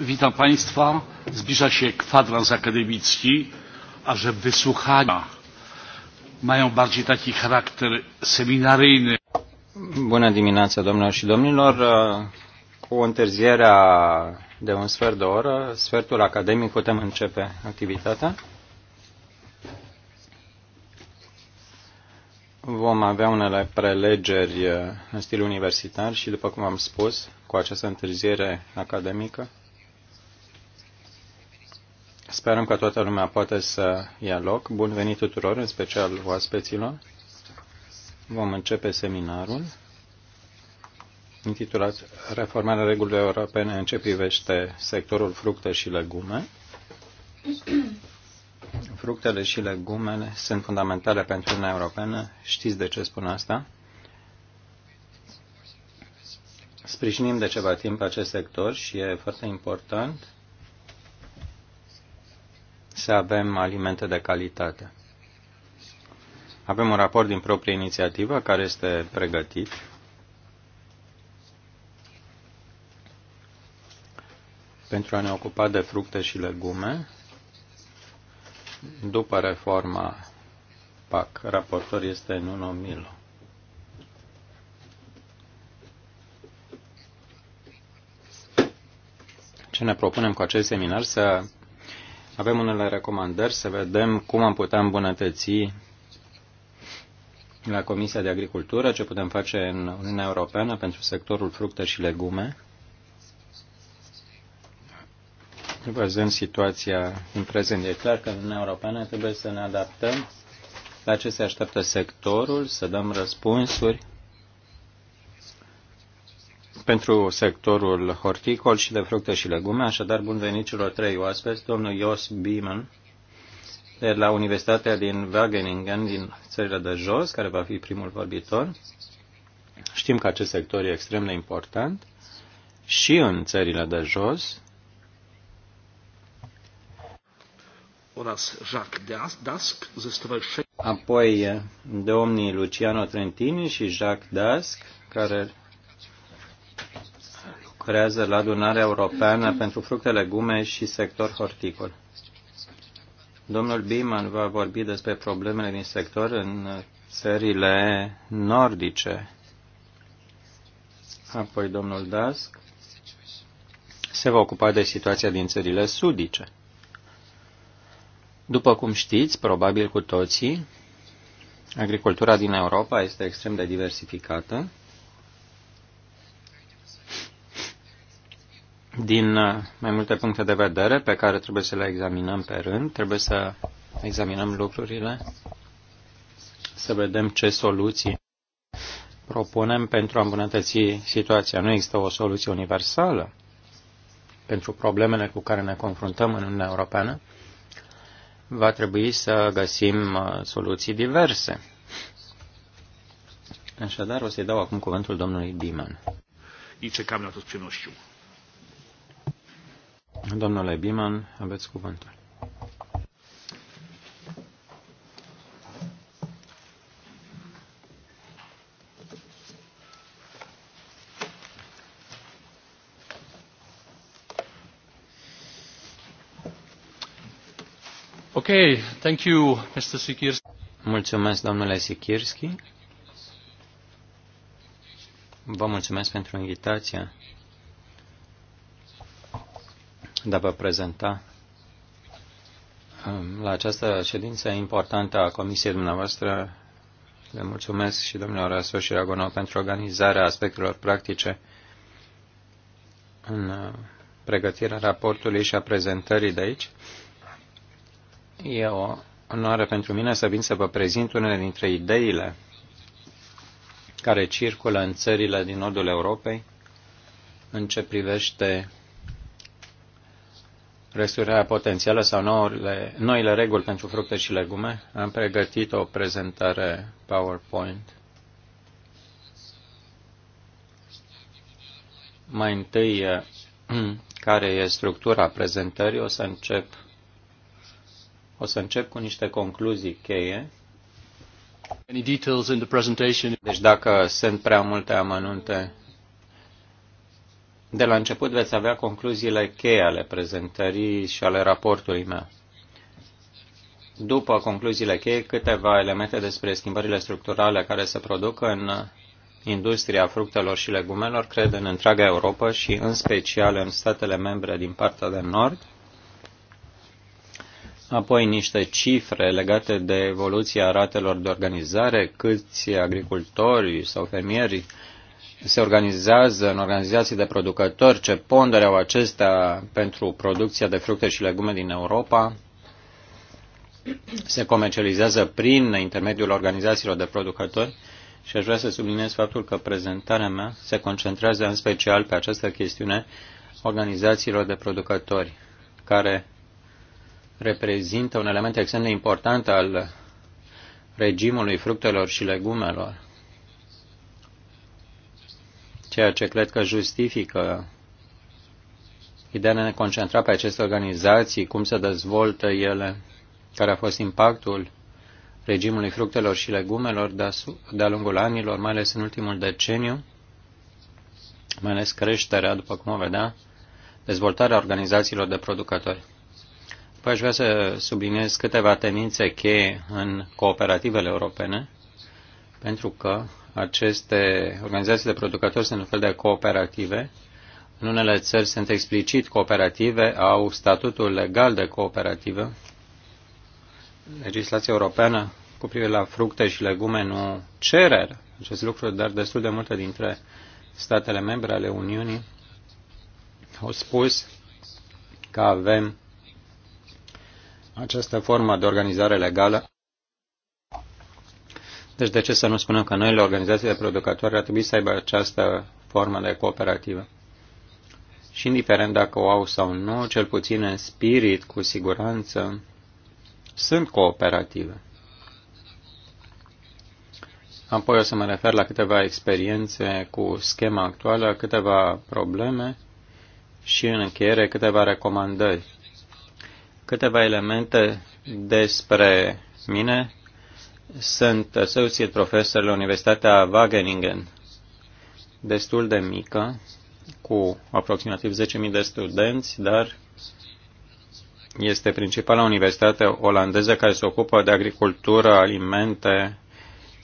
Witam Państwa. Zbliża się kwadrans akademicki, a że wysłuchania mają bardziej taki charakter seminaryjny. Bună dimineața, domnilor și domnilor. Cu întârzierea de un sfert de oră, sfertul academic putem începe activitatea. Vom avea unele prelegeri eh, în stil universitar și, după cum am spus, cu această întârziere academică, sperăm că toată lumea poate să ia loc. Bun venit tuturor, în special oaspeților. Vom începe seminarul intitulat Reformarea regulilor europene în ce privește sectorul fructe și legume. Fructele și legumele sunt fundamentale pentru Uniunea Europeană. Știți de ce spun asta? Sprijinim de ceva timp acest sector și e foarte important să avem alimente de calitate. Avem un raport din proprie inițiativă care este pregătit. pentru a ne ocupa de fructe și legume după reforma PAC. Raportor este 1 Milo. Ce ne propunem cu acest seminar? Să avem unele recomandări, să vedem cum am putea îmbunătăți la Comisia de Agricultură, ce putem face în Uniunea Europeană pentru sectorul fructe și legume, văzând situația în prezent. E clar că în Uniunea Europeană trebuie să ne adaptăm la ce se așteaptă sectorul, să dăm răspunsuri pentru sectorul horticol și de fructe și legume. Așadar, bun venit celor trei oaspeți, domnul Jos Beeman, de la Universitatea din Wageningen, din țările de jos, care va fi primul vorbitor. Știm că acest sector e extrem de important și în țările de jos, oraz Jacques Dask ze Stowarzyszenia. Apoi domnii Luciano Trentini și Jacques Dask, care lucrează la adunarea europeană pentru fructe, legume și sector horticol. Domnul Biman va vorbi despre problemele din sector în țările nordice. Apoi domnul Dask se va ocupa de situația din țările sudice. După cum știți, probabil cu toții, agricultura din Europa este extrem de diversificată. Din uh, mai multe puncte de vedere pe care trebuie să le examinăm pe rând, trebuie să examinăm lucrurile, să vedem ce soluții propunem pentru a îmbunătăți situația. Nu există o soluție universală pentru problemele cu care ne confruntăm în Uniunea Europeană, va trebui să găsim uh, soluții diverse. Așadar, o să-i dau acum cuvântul domnului Biman. I czekam na to z Domnule Biman, aveți cuvântul. Okay, thank you, Mr. Sikirski. Mulțumesc, domnule Sikirski. Vă mulțumesc pentru invitația de a vă prezenta um, la această ședință importantă a Comisiei dumneavoastră. Le mulțumesc și domnilor Asos și Ragonau pentru organizarea aspectelor practice în uh, pregătirea raportului și a prezentării de aici. E o onoare pentru mine să vin să vă prezint unele dintre ideile care circulă în țările din nordul Europei în ce privește restaurarea potențială sau noile, noile reguli pentru fructe și legume. Am pregătit o prezentare PowerPoint. Mai întâi, care e structura prezentării, o să încep o să încep cu niște concluzii cheie. Deci dacă sunt prea multe amănunte, de la început veți avea concluziile cheie ale prezentării și ale raportului meu. După concluziile cheie, câteva elemente despre schimbările structurale care se produc în industria fructelor și legumelor, cred, în întreaga Europa și în special în statele membre din partea de nord. Apoi niște cifre legate de evoluția ratelor de organizare, câți agricultori sau fermieri se organizează în organizații de producători, ce pondere au acestea pentru producția de fructe și legume din Europa, se comercializează prin intermediul organizațiilor de producători și aș vrea să subliniez faptul că prezentarea mea se concentrează în special pe această chestiune organizațiilor de producători, care reprezintă un element extrem de important al regimului fructelor și legumelor, ceea ce cred că justifică ideea de a ne concentra pe aceste organizații, cum se dezvoltă ele, care a fost impactul regimului fructelor și legumelor de-a lungul anilor, mai ales în ultimul deceniu, mai ales creșterea, după cum o vedea, dezvoltarea organizațiilor de producători. Apoi aș vrea să subliniez câteva tendințe cheie în cooperativele europene, pentru că aceste organizații de producători sunt un fel de cooperative. În unele țări sunt explicit cooperative, au statutul legal de cooperativă. Legislația europeană cu privire la fructe și legume nu cere acest lucru, dar destul de multe dintre statele membre ale Uniunii au spus că avem această formă de organizare legală. Deci de ce să nu spunem că noile organizații de producători ar trebui să aibă această formă de cooperativă? Și indiferent dacă o au sau nu, cel puțin în spirit, cu siguranță, sunt cooperative. Apoi o să mă refer la câteva experiențe cu schema actuală, câteva probleme și în încheiere câteva recomandări. Câteva elemente despre mine. Sunt associate profesor la Universitatea Wageningen, destul de mică, cu aproximativ 10.000 de studenți, dar este principala universitate olandeză care se ocupă de agricultură, alimente,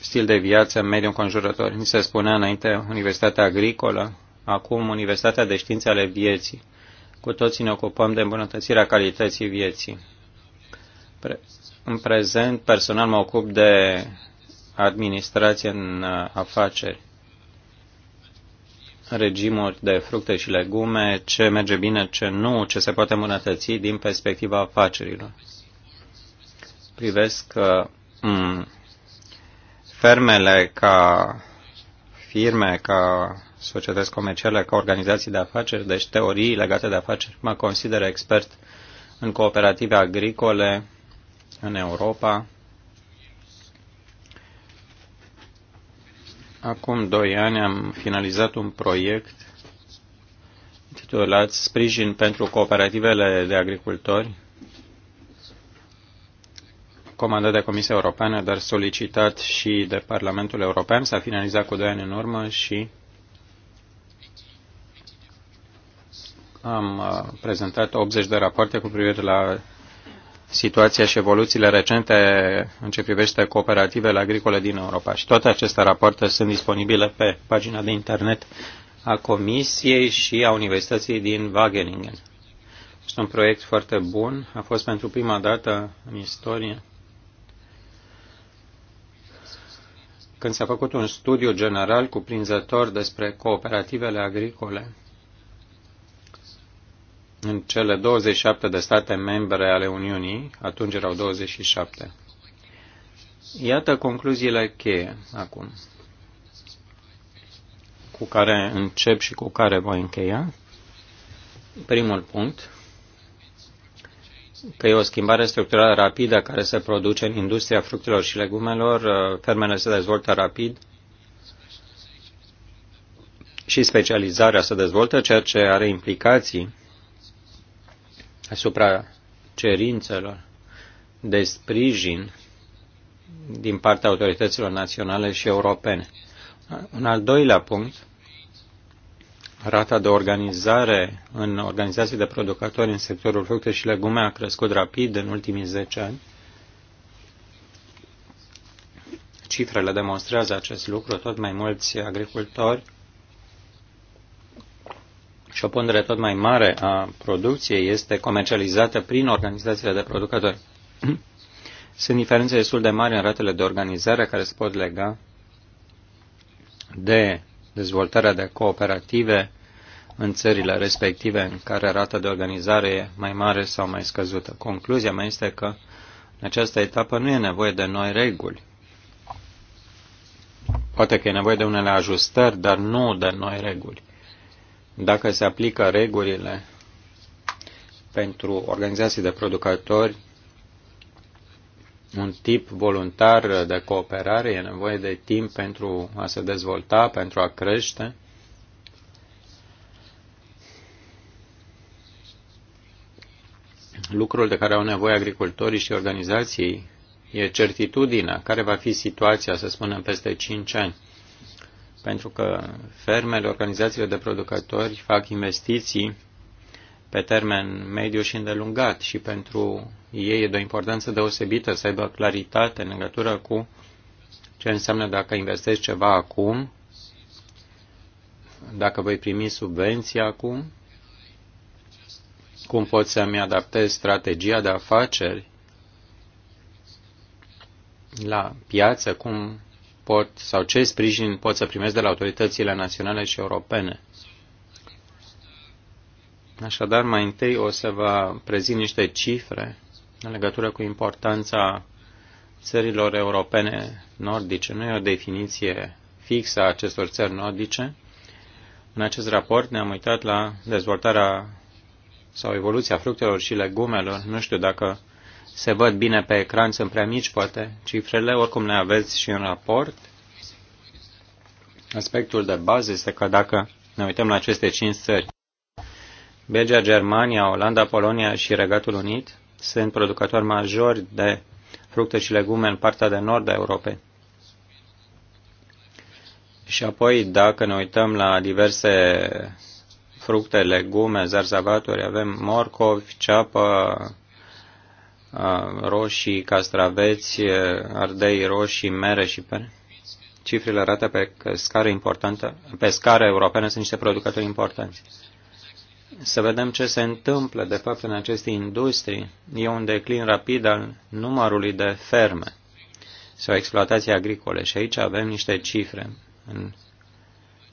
stil de viață, mediu înconjurător. Mi se spunea înainte Universitatea Agricolă, acum Universitatea de Științe ale Vieții. Cu toții ne ocupăm de îmbunătățirea calității vieții. Pre- în prezent, personal mă ocup de administrație în uh, afaceri, regimuri de fructe și legume, ce merge bine, ce nu, ce se poate îmbunătăți din perspectiva afacerilor. Privesc uh, fermele ca firme, ca societăți comerciale ca organizații de afaceri, deci teorii legate de afaceri. Mă consider expert în cooperative agricole în Europa. Acum doi ani am finalizat un proiect intitulat Sprijin pentru cooperativele de agricultori, comandat de Comisia Europeană, dar solicitat și de Parlamentul European. S-a finalizat cu doi ani în urmă și am uh, prezentat 80 de rapoarte cu privire la situația și evoluțiile recente în ce privește cooperativele agricole din Europa. Și toate aceste rapoarte sunt disponibile pe pagina de internet a Comisiei și a Universității din Wageningen. Este un proiect foarte bun, a fost pentru prima dată în istorie când s-a făcut un studiu general cuprinzător despre cooperativele agricole în cele 27 de state membre ale Uniunii, atunci erau 27. Iată concluziile cheie acum, cu care încep și cu care voi încheia. Primul punct, că e o schimbare structurală rapidă care se produce în industria fructelor și legumelor, fermele se dezvoltă rapid și specializarea se dezvoltă, ceea ce are implicații asupra cerințelor de sprijin din partea autorităților naționale și europene. Un al doilea punct, rata de organizare în organizații de producători în sectorul fructe și legume a crescut rapid în ultimii 10 ani. Cifrele demonstrează acest lucru. Tot mai mulți agricultori și o pondere tot mai mare a producției este comercializată prin organizațiile de producători. Sunt diferențe destul de mari în ratele de organizare care se pot lega de dezvoltarea de cooperative în țările respective în care rata de organizare e mai mare sau mai scăzută. Concluzia mea este că în această etapă nu e nevoie de noi reguli. Poate că e nevoie de unele ajustări, dar nu de noi reguli dacă se aplică regulile pentru organizații de producători, un tip voluntar de cooperare, e nevoie de timp pentru a se dezvolta, pentru a crește. Lucrul de care au nevoie agricultorii și organizații e certitudinea care va fi situația, să spunem, peste 5 ani pentru că fermele, organizațiile de producători fac investiții pe termen mediu și îndelungat și pentru ei e de o importanță deosebită să aibă claritate în legătură cu ce înseamnă dacă investești ceva acum, dacă voi primi subvenții acum, cum pot să-mi adaptez strategia de afaceri la piață, cum suport sau ce sprijin pot să primesc de la autoritățile naționale și europene. Așadar, mai întâi o să vă prezint niște cifre în legătură cu importanța țărilor europene nordice. Nu e o definiție fixă a acestor țări nordice. În acest raport ne-am uitat la dezvoltarea sau evoluția fructelor și legumelor. Nu știu dacă se văd bine pe ecran, sunt prea mici poate cifrele, oricum le aveți și în raport. Aspectul de bază este că dacă ne uităm la aceste cinci țări, Belgia, Germania, Olanda, Polonia și Regatul Unit sunt producători majori de fructe și legume în partea de nord a Europei. Și apoi, dacă ne uităm la diverse fructe, legume, zarzavaturi, avem morcovi, ceapă, roșii, castraveți, ardei roșii, mere și pere. Cifrele arată pe scară importantă, pe scară europeană sunt niște producători importanți. Să vedem ce se întâmplă, de fapt, în aceste industrii. E un declin rapid al numărului de ferme sau exploatații agricole. Și aici avem niște cifre. În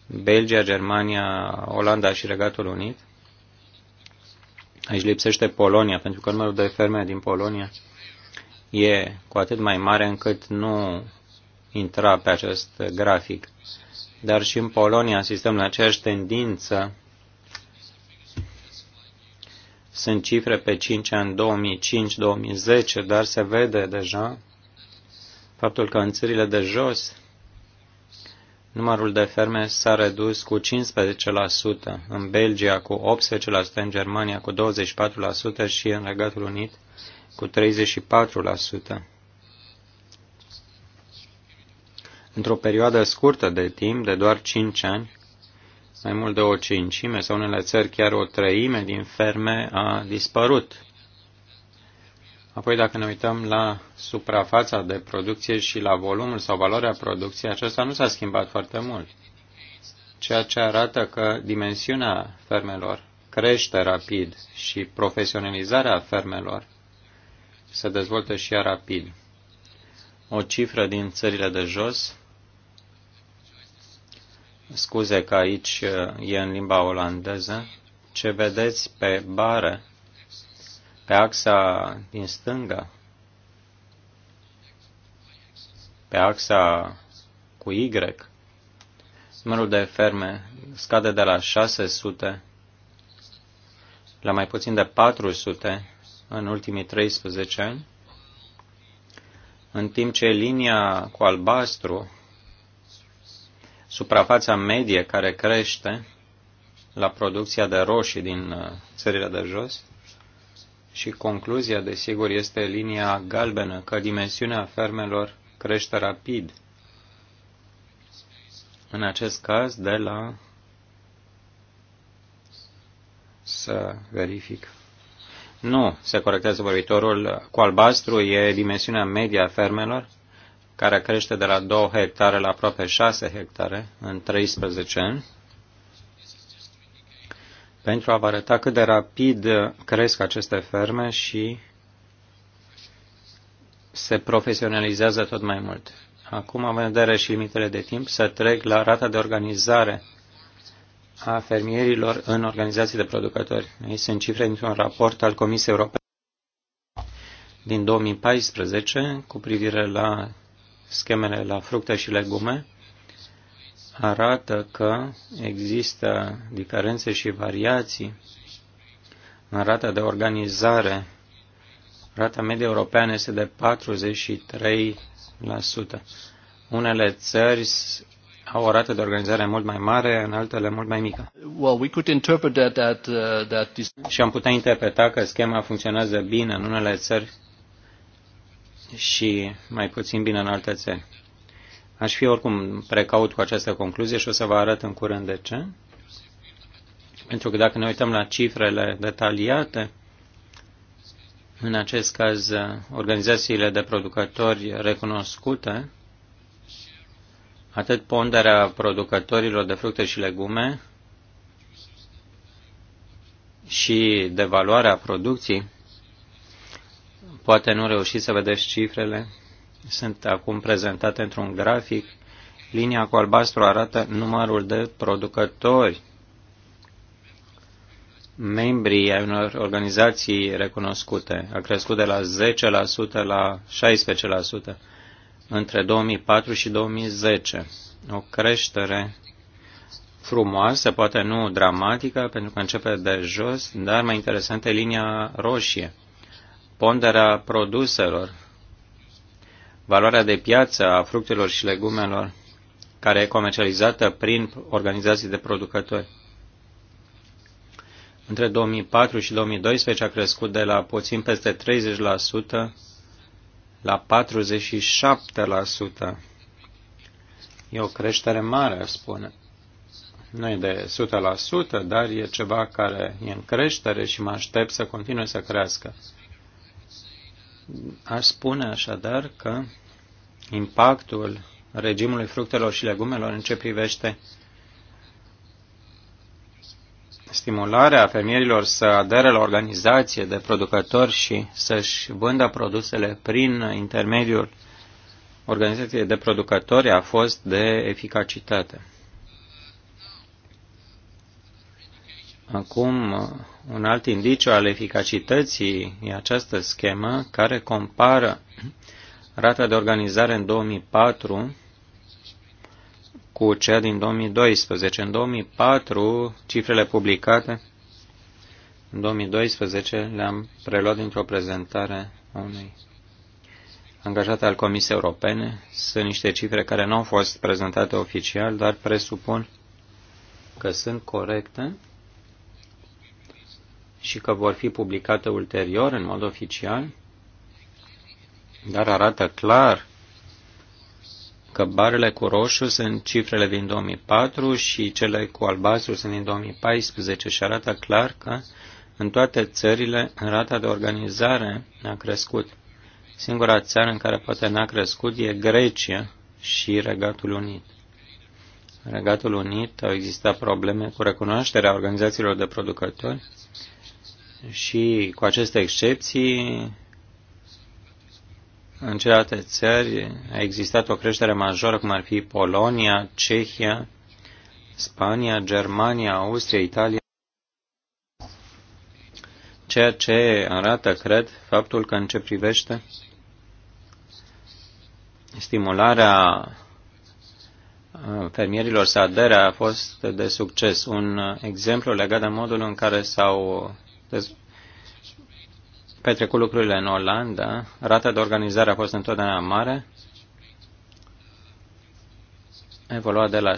Belgia, Germania, Olanda și Regatul Unit, Aici lipsește Polonia, pentru că numărul de ferme din Polonia e cu atât mai mare încât nu intra pe acest grafic. Dar și în Polonia asistăm la aceeași tendință. Sunt cifre pe 5 ani 2005-2010, dar se vede deja faptul că în țările de jos numărul de ferme s-a redus cu 15%, în Belgia cu 18%, în Germania cu 24% și în Regatul Unit cu 34%. Într-o perioadă scurtă de timp, de doar 5 ani, mai mult de o cincime sau unele țări chiar o treime din ferme a dispărut Apoi, dacă ne uităm la suprafața de producție și la volumul sau valoarea producției, acesta nu s-a schimbat foarte mult, ceea ce arată că dimensiunea fermelor crește rapid și profesionalizarea fermelor se dezvoltă și ea rapid. O cifră din țările de jos, scuze că aici e în limba olandeză, ce vedeți pe bară pe axa din stânga, pe axa cu Y, numărul de ferme scade de la 600 la mai puțin de 400 în ultimii 13 ani, în timp ce linia cu albastru, suprafața medie care crește la producția de roșii din uh, țările de jos, și concluzia, desigur, este linia galbenă, că dimensiunea fermelor crește rapid. În acest caz, de la să verific. Nu, se corectează vorbitorul. Cu albastru e dimensiunea media a fermelor, care crește de la 2 hectare la aproape 6 hectare în 13 ani pentru a vă arăta cât de rapid cresc aceste ferme și se profesionalizează tot mai mult. Acum, am vedere și limitele de timp, să trec la rata de organizare a fermierilor în organizații de producători. Aici sunt cifre dintr-un raport al Comisiei Europene din 2014 cu privire la schemele la fructe și legume arată că există diferențe și variații în rata de organizare. Rata medie europeană este de 43%. Unele țări au o rată de organizare mult mai mare, în altele mult mai mică. Well, we could interpret that, that, uh, that this... Și am putea interpreta că schema funcționează bine în unele țări și mai puțin bine în alte țări. Aș fi oricum precaut cu această concluzie și o să vă arăt în curând de ce. Pentru că dacă ne uităm la cifrele detaliate, în acest caz organizațiile de producători recunoscute, atât ponderea producătorilor de fructe și legume și de valoarea producției, poate nu reușiți să vedeți cifrele sunt acum prezentate într-un grafic. Linia cu albastru arată numărul de producători, membrii ai unor organizații recunoscute. A crescut de la 10% la 16% între 2004 și 2010. O creștere frumoasă, poate nu dramatică, pentru că începe de jos, dar mai interesantă e linia roșie. Ponderea produselor valoarea de piață a fructelor și legumelor care e comercializată prin organizații de producători. Între 2004 și 2012 a crescut de la puțin peste 30% la 47%. E o creștere mare, spune. Nu e de 100%, dar e ceva care e în creștere și mă aștept să continue să crească. Aș spune așadar că impactul regimului fructelor și legumelor în ce privește stimularea fermierilor să adere la organizație de producători și să-și vândă produsele prin intermediul organizației de producători a fost de eficacitate. Acum, un alt indiciu al eficacității e această schemă care compară rata de organizare în 2004 cu cea din 2012. În 2004, cifrele publicate în 2012 le-am preluat dintr-o prezentare a unei angajate al Comisiei Europene. Sunt niște cifre care nu au fost prezentate oficial, dar presupun că sunt corecte și că vor fi publicate ulterior în mod oficial dar arată clar că barele cu roșu sunt cifrele din 2004 și cele cu albastru sunt din 2014 și arată clar că în toate țările rata de organizare a crescut. Singura țară în care poate n-a crescut e Grecia și Regatul Unit. În Regatul Unit au existat probleme cu recunoașterea organizațiilor de producători și, cu aceste excepții, în celelalte țări a existat o creștere majoră, cum ar fi Polonia, Cehia, Spania, Germania, Austria, Italia, ceea ce arată, cred, faptul că în ce privește stimularea uh, fermierilor să adere a fost de succes. Un uh, exemplu legat de modul în care s-au petrecut lucrurile în Olanda, rata de organizare a fost întotdeauna mare, evolua de la 65%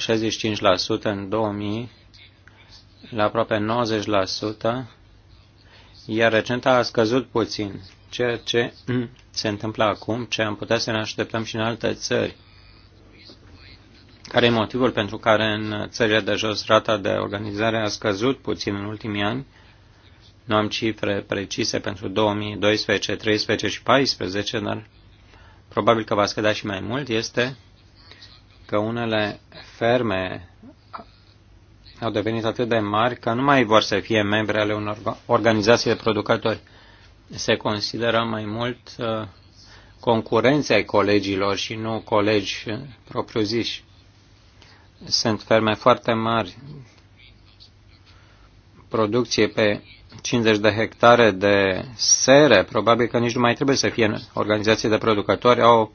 în 2000 la aproape 90%, iar recent a scăzut puțin, ceea ce se întâmplă acum, ce am putea să ne așteptăm și în alte țări. Care e motivul pentru care în țările de jos rata de organizare a scăzut puțin în ultimii ani? Nu am cifre precise pentru 2012, 13 și 14, dar probabil că va scădea și mai mult, este că unele ferme au devenit atât de mari că nu mai vor să fie membre ale unor organizații de producători. Se consideră mai mult uh, concurența ai colegilor și nu colegi propriu-ziși. Sunt ferme foarte mari, producție pe 50 de hectare de sere, probabil că nici nu mai trebuie să fie organizații de producători, au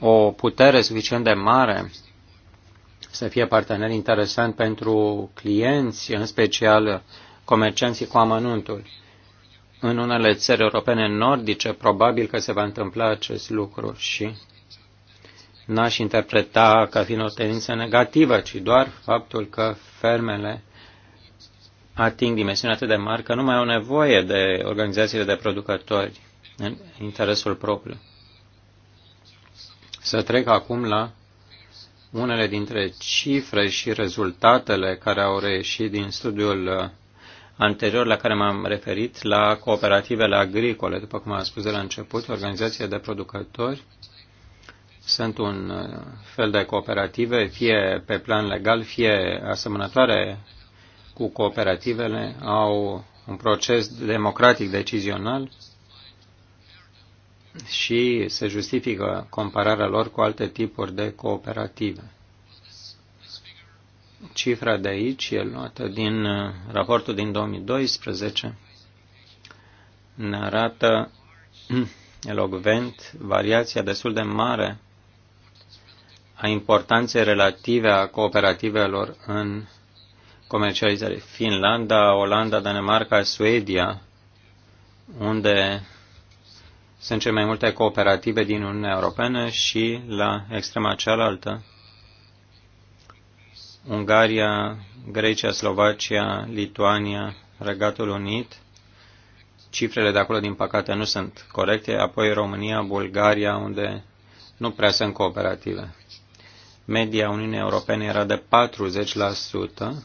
o putere suficient de mare să fie partener interesant pentru clienți, în special comercianții cu amănuntul. În unele țări europene nordice probabil că se va întâmpla acest lucru și n-aș interpreta ca fiind o tendință negativă, ci doar faptul că fermele ating dimensiuni atât de mari că nu mai au nevoie de organizațiile de producători în interesul propriu. Să trec acum la unele dintre cifre și rezultatele care au reieșit din studiul uh, anterior la care m-am referit, la cooperativele agricole. După cum am spus de la început, organizațiile de producători sunt un uh, fel de cooperative, fie pe plan legal, fie asemănătoare cu cooperativele au un proces democratic decizional și se justifică compararea lor cu alte tipuri de cooperative. Cifra de aici e luată din uh, raportul din 2012. Ne arată elogvent variația destul de mare a importanței relative a cooperativelor în comercializare. Finlanda, Olanda, Danemarca, Suedia, unde sunt cele mai multe cooperative din Uniunea Europeană și la extrema cealaltă, Ungaria, Grecia, Slovacia, Lituania, Regatul Unit. Cifrele de acolo, din păcate, nu sunt corecte. Apoi România, Bulgaria, unde nu prea sunt cooperative. Media Uniunii Europene era de 40%,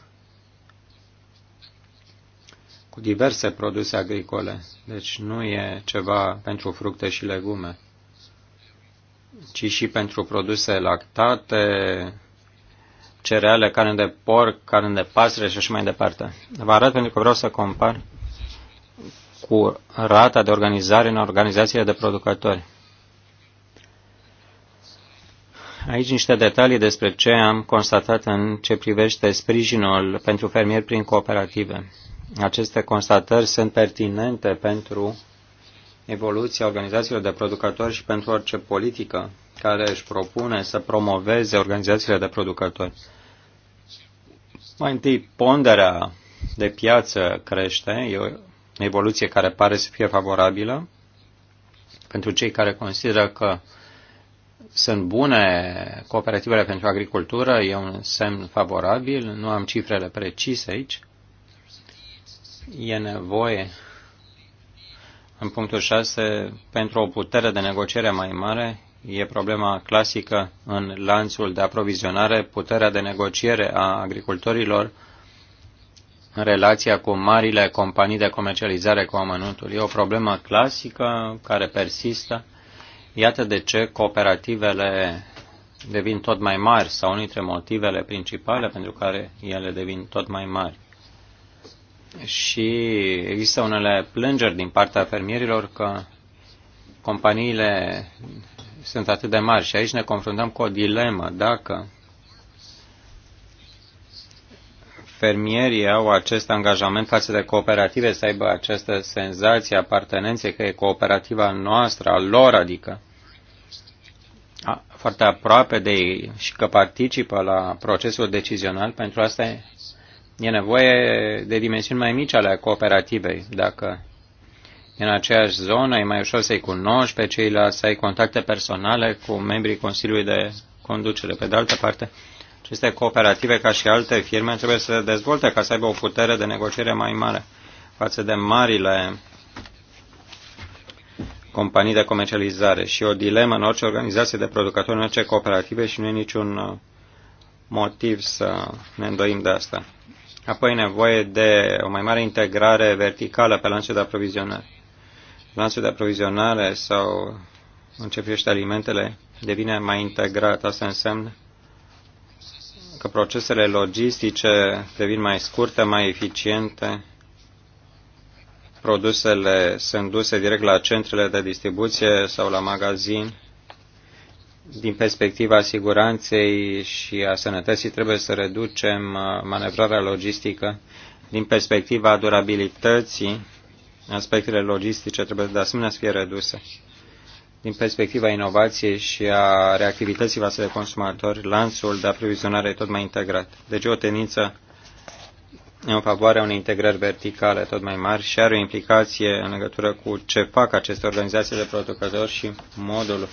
cu diverse produse agricole. Deci nu e ceva pentru fructe și legume, ci și pentru produse lactate, cereale, carne de porc, carne de pasăre și așa mai departe. Vă arăt pentru că vreau să compar cu rata de organizare în organizațiile de producători. Aici niște detalii despre ce am constatat în ce privește sprijinul pentru fermieri prin cooperative aceste constatări sunt pertinente pentru evoluția organizațiilor de producători și pentru orice politică care își propune să promoveze organizațiile de producători. Mai întâi, ponderea de piață crește, e o evoluție care pare să fie favorabilă pentru cei care consideră că sunt bune cooperativele pentru agricultură, e un semn favorabil, nu am cifrele precise aici, e nevoie în punctul 6 pentru o putere de negociere mai mare. E problema clasică în lanțul de aprovizionare, puterea de negociere a agricultorilor în relația cu marile companii de comercializare cu amănuntul. E o problemă clasică care persistă. Iată de ce cooperativele devin tot mai mari sau unul dintre motivele principale pentru care ele devin tot mai mari și există unele plângeri din partea fermierilor că companiile sunt atât de mari și aici ne confruntăm cu o dilemă dacă fermierii au acest angajament față de cooperative, să aibă această senzație apartenenței că e cooperativa noastră, a lor, adică foarte aproape de ei și că participă la procesul decizional, pentru asta E nevoie de dimensiuni mai mici ale cooperativei. Dacă în aceeași zonă e mai ușor să-i cunoști pe ceilalți, să ai contacte personale cu membrii Consiliului de Conducere. Pe de altă parte, aceste cooperative, ca și alte firme, trebuie să se dezvolte ca să aibă o putere de negociere mai mare față de marile companii de comercializare și o dilemă în orice organizație de producători, în orice cooperative și nu e niciun motiv să ne îndoim de asta. Apoi e nevoie de o mai mare integrare verticală pe lanțul de aprovizionare. Lanțul de aprovizionare sau în ce privește alimentele devine mai integrat. Asta înseamnă că procesele logistice devin mai scurte, mai eficiente, produsele sunt duse direct la centrele de distribuție sau la magazin din perspectiva siguranței și a sănătății, trebuie să reducem uh, manevrarea logistică. Din perspectiva durabilității, aspectele logistice trebuie de asemenea să fie reduse. Din perspectiva inovației și a reactivității față de consumatori, lanțul de aprovizionare e tot mai integrat. Deci o tendință în favoarea unei integrări verticale tot mai mari și are o implicație în legătură cu ce fac aceste organizații de producători și modul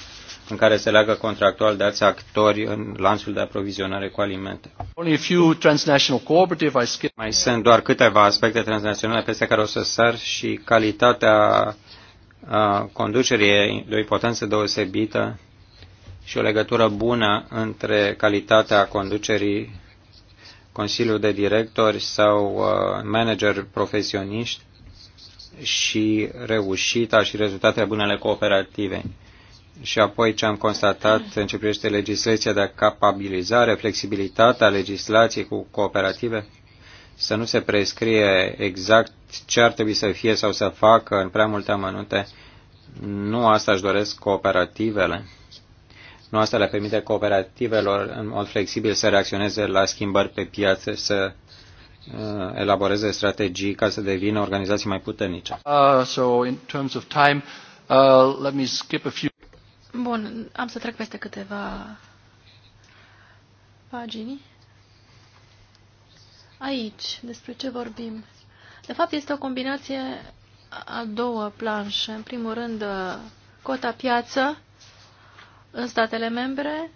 în care se leagă contractual de alți actori în lanțul de aprovizionare cu alimente. Mai sunt doar câteva aspecte transnaționale peste care o să sar și calitatea conducerii de o importanță deosebită și o legătură bună între calitatea conducerii Consiliul de Directori sau manager profesioniști și reușita și rezultatele bune ale cooperativei și apoi ce am constatat în ce privește legislația de capabilizare, flexibilitatea legislației cu cooperative, să nu se prescrie exact ce ar trebui să fie sau să facă în prea multe amănunte. Nu asta își doresc cooperativele. Nu asta le permite cooperativelor în mod flexibil să reacționeze la schimbări pe piață, să uh, elaboreze strategii ca să devină organizații mai puternice. Uh, so in terms of time, uh, let me skip a few Bun, am să trec peste câteva pagini. Aici, despre ce vorbim? De fapt, este o combinație a două planșe. În primul rând, uh, cota piață în statele membre,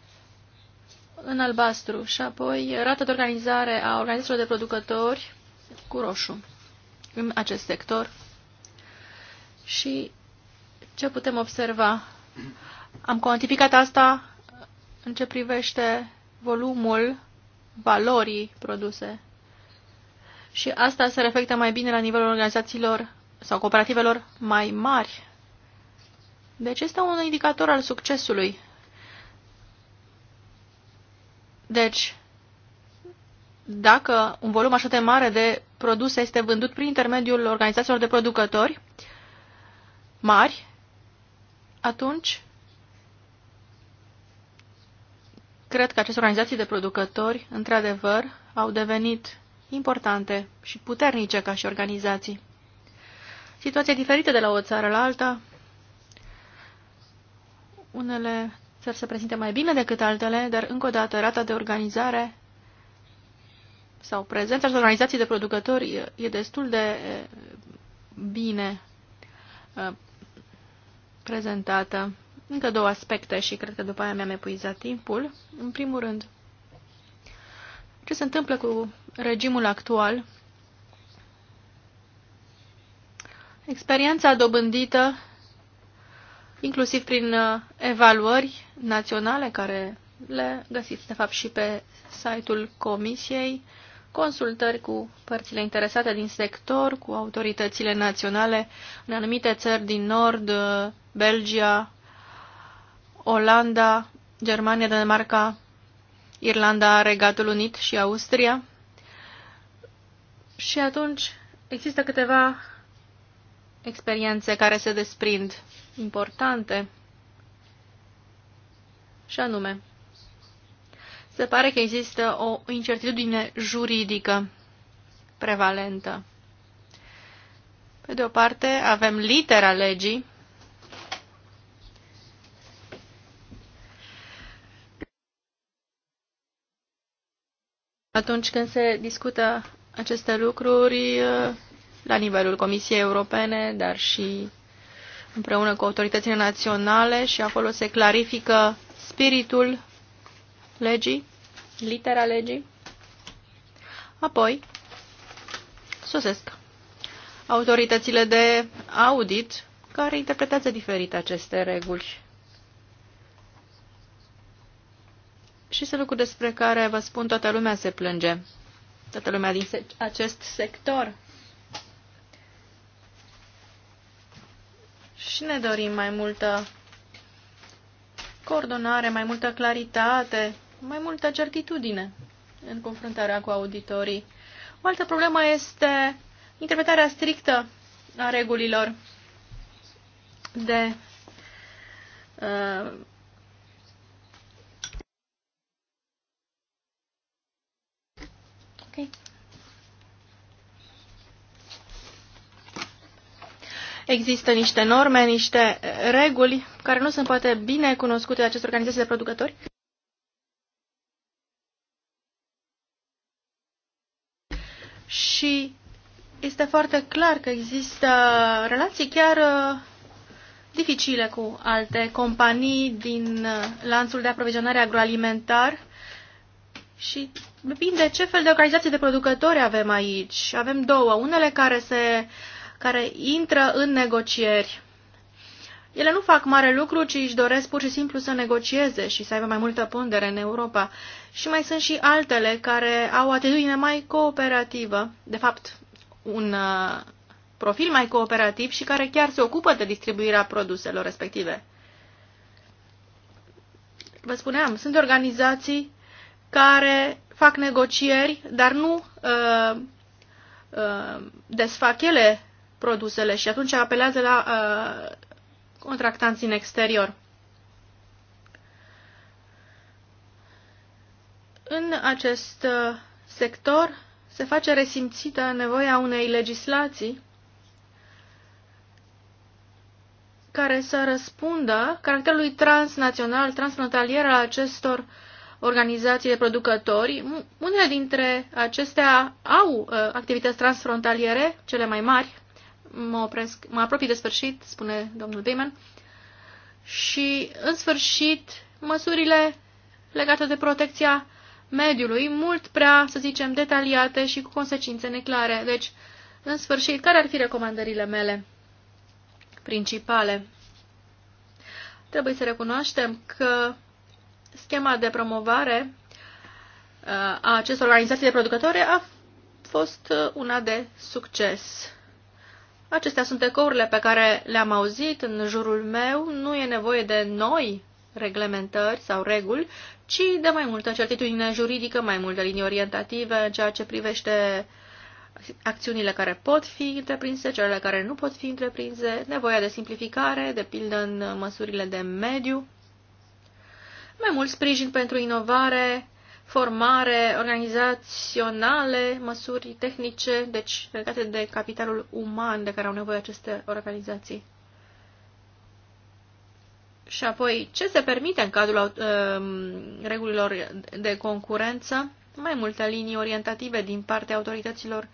în albastru, și apoi rata de organizare a organizațiilor de producători cu roșu în acest sector. Și ce putem observa? Am cuantificat asta în ce privește volumul valorii produse. Și asta se reflectă mai bine la nivelul organizațiilor sau cooperativelor mai mari. Deci este un indicator al succesului. Deci, dacă un volum așa de mare de produse este vândut prin intermediul organizațiilor de producători mari, atunci Cred că aceste organizații de producători, într-adevăr, au devenit importante și puternice ca și organizații. Situația diferită de la o țară la alta. Unele țări se prezintă mai bine decât altele, dar încă o dată rata de organizare sau prezența și organizații de producători e destul de bine prezentată încă două aspecte și cred că după aia mi-am epuizat timpul. În primul rând, ce se întâmplă cu regimul actual? Experiența dobândită, inclusiv prin uh, evaluări naționale, care le găsiți, de fapt, și pe site-ul Comisiei, consultări cu părțile interesate din sector, cu autoritățile naționale în anumite țări din Nord, uh, Belgia, Olanda, Germania, Danemarca, Irlanda, Regatul Unit și Austria. Și atunci există câteva experiențe care se desprind importante. Și anume, se pare că există o incertitudine juridică prevalentă. Pe de o parte, avem litera legii, atunci când se discută aceste lucruri uh, la nivelul Comisiei Europene, dar și împreună cu autoritățile naționale și acolo se clarifică spiritul legii, litera legii. Apoi, sosesc autoritățile de audit care interpretează diferit aceste reguli. Și sunt lucruri despre care, vă spun, toată lumea se plânge. Toată lumea din acest sector. Și ne dorim mai multă coordonare, mai multă claritate, mai multă certitudine în confruntarea cu auditorii. O altă problemă este interpretarea strictă a regulilor de uh, Ok. Există niște norme, niște eh, reguli care nu sunt poate bine cunoscute de aceste organizații de producători. Și este foarte clar că există relații chiar eh, dificile cu alte companii din eh, lanțul de aprovizionare agroalimentar și depinde ce fel de organizații de producători avem aici. Avem două, unele care, se, care intră în negocieri. Ele nu fac mare lucru, ci își doresc pur și simplu să negocieze și să aibă mai multă pondere în Europa. Și mai sunt și altele care au o atitudine mai cooperativă, de fapt un uh, profil mai cooperativ și care chiar se ocupă de distribuirea produselor respective. Vă spuneam, sunt organizații care fac negocieri, dar nu uh, uh, desfac ele produsele și atunci apelează la uh, contractanții în exterior. În acest uh, sector se face resimțită nevoia unei legislații care să răspundă caracterului transnațional, transfrontalier al acestor organizații producători. Unele dintre acestea au uh, activități transfrontaliere, cele mai mari. Mă, opresc, mă apropii de sfârșit, spune domnul Beeman. Și, în sfârșit, măsurile legate de protecția mediului, mult prea, să zicem, detaliate și cu consecințe neclare. Deci, în sfârșit, care ar fi recomandările mele principale? Trebuie să recunoaștem că schema de promovare uh, a acestor organizații de producători a fost uh, una de succes. Acestea sunt ecourile pe care le-am auzit în jurul meu. Nu e nevoie de noi reglementări sau reguli, ci de mai multă certitudine juridică, mai multe linii orientative în ceea ce privește acțiunile care pot fi întreprinse, cele care nu pot fi întreprinse, nevoia de simplificare, de pildă în măsurile de mediu, mai mult sprijin pentru inovare, formare organizaționale, măsuri tehnice, deci legate de capitalul uman de care au nevoie aceste organizații. Și apoi, ce se permite în cadrul uh, regulilor de concurență? Mai multe linii orientative din partea autorităților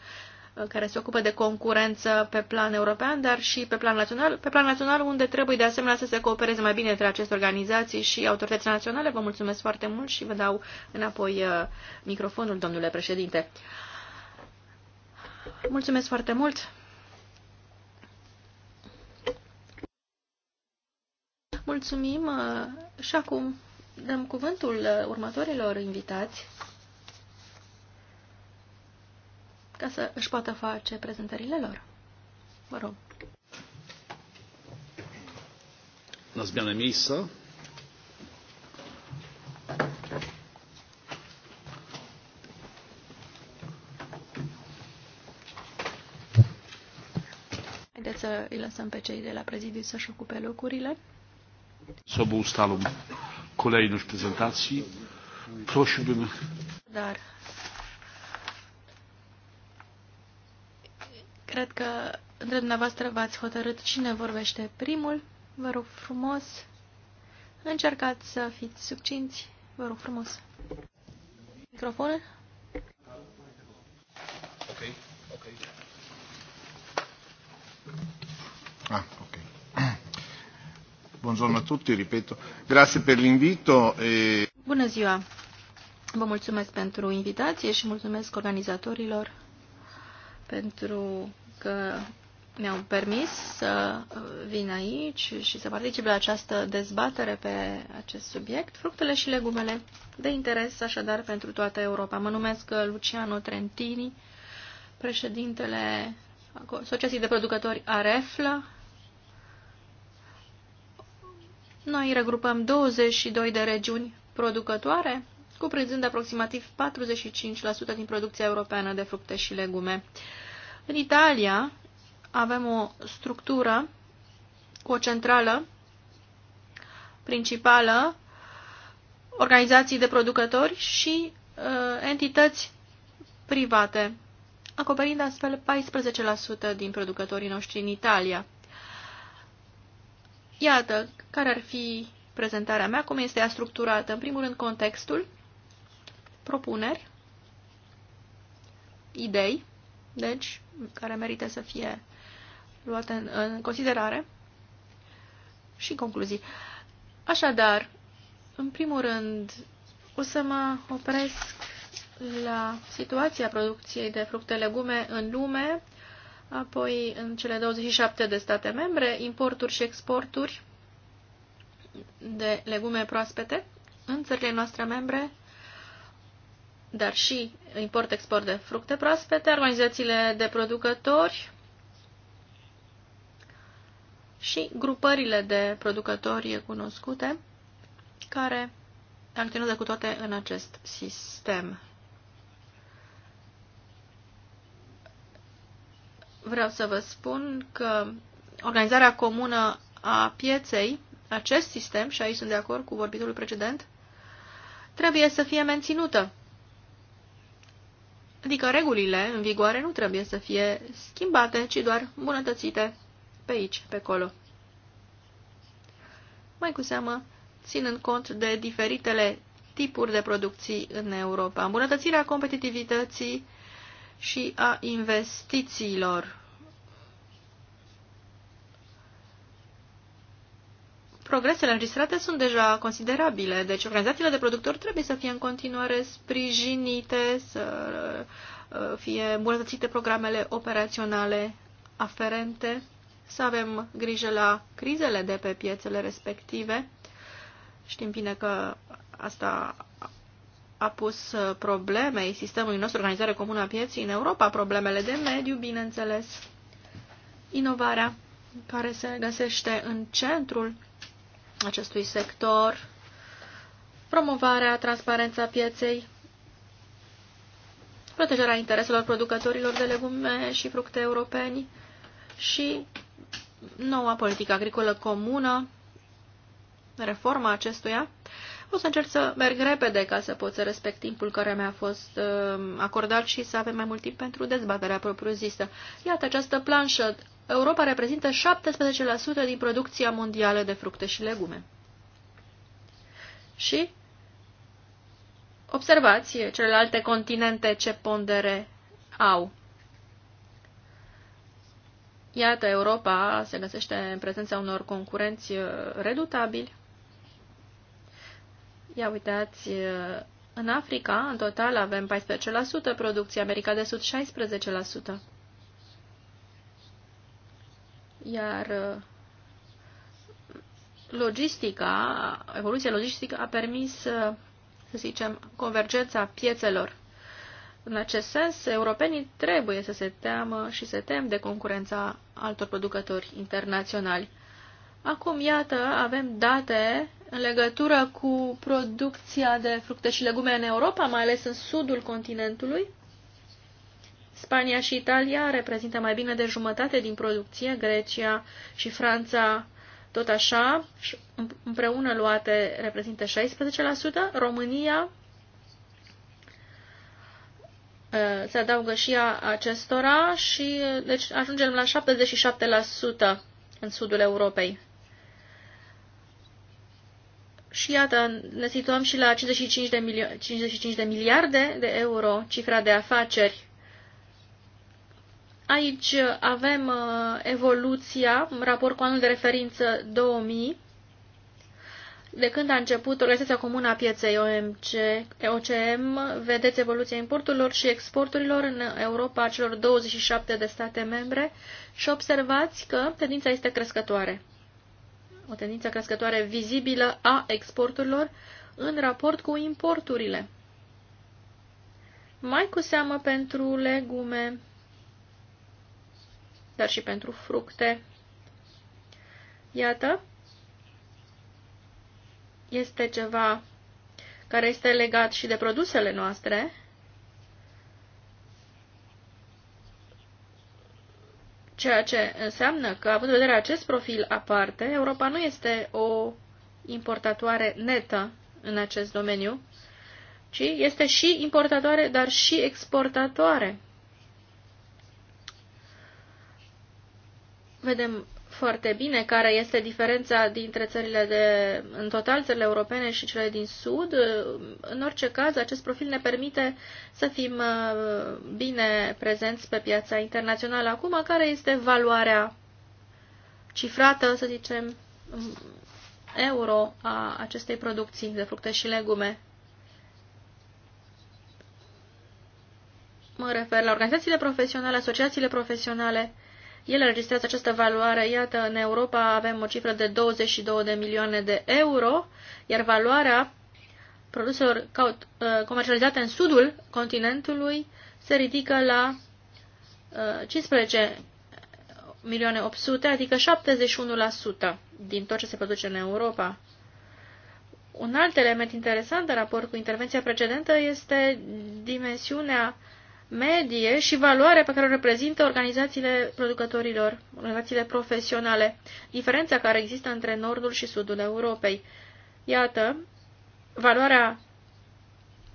care se ocupă de concurență pe plan european, dar și pe plan național, pe plan național unde trebuie de asemenea să se coopereze mai bine între aceste organizații și autoritățile naționale. Vă mulțumesc foarte mult și vă dau înapoi uh, microfonul, domnule președinte. Mulțumesc foarte mult! Mulțumim uh, și acum dăm cuvântul uh, următorilor invitați. ca să își poată face prezentările lor. Vă rog. La zmianę misă. Haideți să îi lăsăm pe cei de la prezidiu să-și ocupe locurile. Sobą ustalą kolejność prezentacji. Prosiłbym... Dar Cred că între dumneavoastră v-ați hotărât cine vorbește primul. Vă rog frumos, încercați să fiți succinți. Vă rog frumos. Microfonul? Ok, ok. Ah, ok. Buongiorno a tutti, ripeto. Grazie per l'invito. E... Bună ziua! Vă mulțumesc pentru invitație și mulțumesc organizatorilor pentru că mi-au permis să vin aici și să particip la această dezbatere pe acest subiect, fructele și legumele de interes așadar pentru toată Europa. Mă numesc Luciano Trentini, președintele Asociației de Producători Arefla. Noi regrupăm 22 de regiuni producătoare, cuprinzând aproximativ 45% din producția europeană de fructe și legume. Uh, în Italia avem o structură cu o centrală principală, organizații de producători și uh, entități private, acoperind astfel 14% din producătorii noștri în Italia. Iată care ar fi prezentarea mea, cum este ea structurată. În primul rând, contextul, propuneri, idei, deci, care merită să fie luate în, în considerare și concluzii. Așadar, în primul rând, o să mă opresc la situația producției de fructe legume în lume, apoi în cele 27 de state membre, importuri și exporturi de legume proaspete în țările noastre membre dar și import-export de fructe proaspete, organizațiile de producători și grupările de producători cunoscute care acționează cu toate în acest sistem. Vreau să vă spun că organizarea comună a pieței, acest sistem, și aici sunt de acord cu vorbitorul precedent, trebuie să fie menținută Adică regulile în vigoare nu trebuie să fie schimbate, ci doar bunătățite pe aici, pe acolo. Mai cu seamă, ținând cont de diferitele tipuri de producții în Europa, îmbunătățirea competitivității și a investițiilor. progresele înregistrate sunt deja considerabile, deci organizațiile de producători trebuie să fie în continuare sprijinite, să uh, fie îmbunătățite programele operaționale aferente, să avem grijă la crizele de pe piețele respective. Știm bine că asta a pus problemei sistemului nostru organizare comună a pieții în Europa, problemele de mediu, bineînțeles, inovarea care se găsește în centrul acestui sector, promovarea, transparența pieței, protejarea intereselor producătorilor de legume și fructe europeni și noua politică agricolă comună, reforma acestuia. O să încerc să merg repede ca să pot să respect timpul care mi-a fost uh, acordat și să avem mai mult timp pentru dezbaterea propriu-zisă. Iată această planșă Europa reprezintă 17% din producția mondială de fructe și legume. Și observați celelalte continente ce pondere au. Iată, Europa se găsește în prezența unor concurenți uh, redutabili. Ia uitați, uh, în Africa, în total, avem 14%, producția America de Sud 16%. Iar uh, logistica, evoluția logistică a permis, uh, să zicem, convergența piețelor. În acest sens, europenii trebuie să se teamă și se tem de concurența altor producători internaționali. Acum, iată, avem date în legătură cu producția de fructe și legume în Europa, mai ales în sudul continentului, Spania și Italia reprezintă mai bine de jumătate din producție, Grecia și Franța tot așa, împreună luate reprezintă 16%, România se adaugă și a acestora și deci ajungem la 77% în sudul Europei. Și iată, ne situăm și la 55 de, milio- 55 de miliarde de euro cifra de afaceri Aici avem uh, evoluția în raport cu anul de referință 2000, de când a început Organizația Comună a Pieței OMC, OCM, vedeți evoluția importurilor și exporturilor în Europa a celor 27 de state membre și observați că tendința este crescătoare. O tendință crescătoare vizibilă a exporturilor în raport cu importurile. Mai cu seamă pentru legume dar și pentru fructe. Iată, este ceva care este legat și de produsele noastre, ceea ce înseamnă că, având în vedere acest profil aparte, Europa nu este o importatoare netă în acest domeniu, ci este și importatoare, dar și exportatoare. vedem foarte bine care este diferența dintre țările de, în total, țările europene și cele din Sud. În orice caz, acest profil ne permite să fim uh, bine prezenți pe piața internațională. Acum, care este valoarea cifrată, să zicem, euro a acestei producții de fructe și legume? Mă refer la organizațiile profesionale, asociațiile profesionale, el înregistrează această valoare. Iată, în Europa avem o cifră de 22 de milioane de euro, iar valoarea produselor uh, comercializate în sudul continentului se ridică la 15 uh, milioane 800, adică 71% din tot ce se produce în Europa. Un alt element interesant în raport cu intervenția precedentă este dimensiunea medie și valoarea pe care o reprezintă organizațiile producătorilor, organizațiile profesionale, diferența care există între nordul și sudul Europei. Iată, valoarea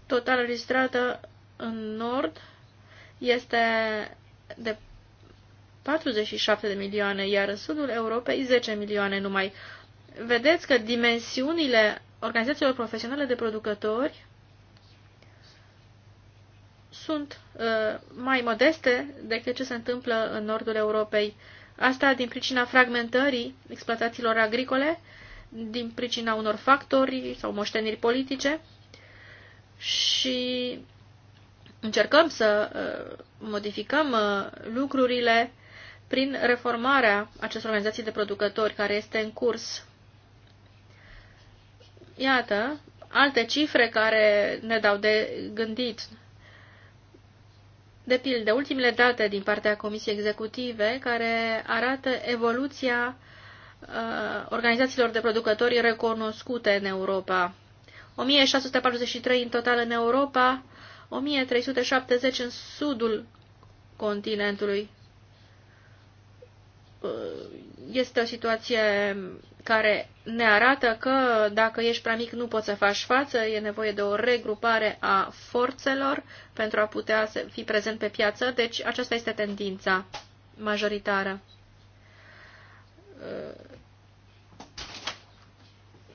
totală registrată în nord este de 47 de milioane, iar în sudul Europei 10 milioane numai. Vedeți că dimensiunile organizațiilor profesionale de producători sunt uh, mai modeste decât ce se întâmplă în nordul Europei. Asta din pricina fragmentării exploatațiilor agricole, din pricina unor factori sau moșteniri politice și încercăm să uh, modificăm uh, lucrurile prin reformarea acestor organizații de producători care este în curs. Iată, alte cifre care ne dau de gândit de pildă, ultimele date din partea Comisiei Executive care arată evoluția uh, organizațiilor de producători recunoscute în Europa. 1643 în total în Europa, 1370 în sudul continentului. Uh, este o situație care ne arată că dacă ești prea mic nu poți să faci față, e nevoie de o regrupare a forțelor pentru a putea să fi prezent pe piață, deci aceasta este tendința majoritară.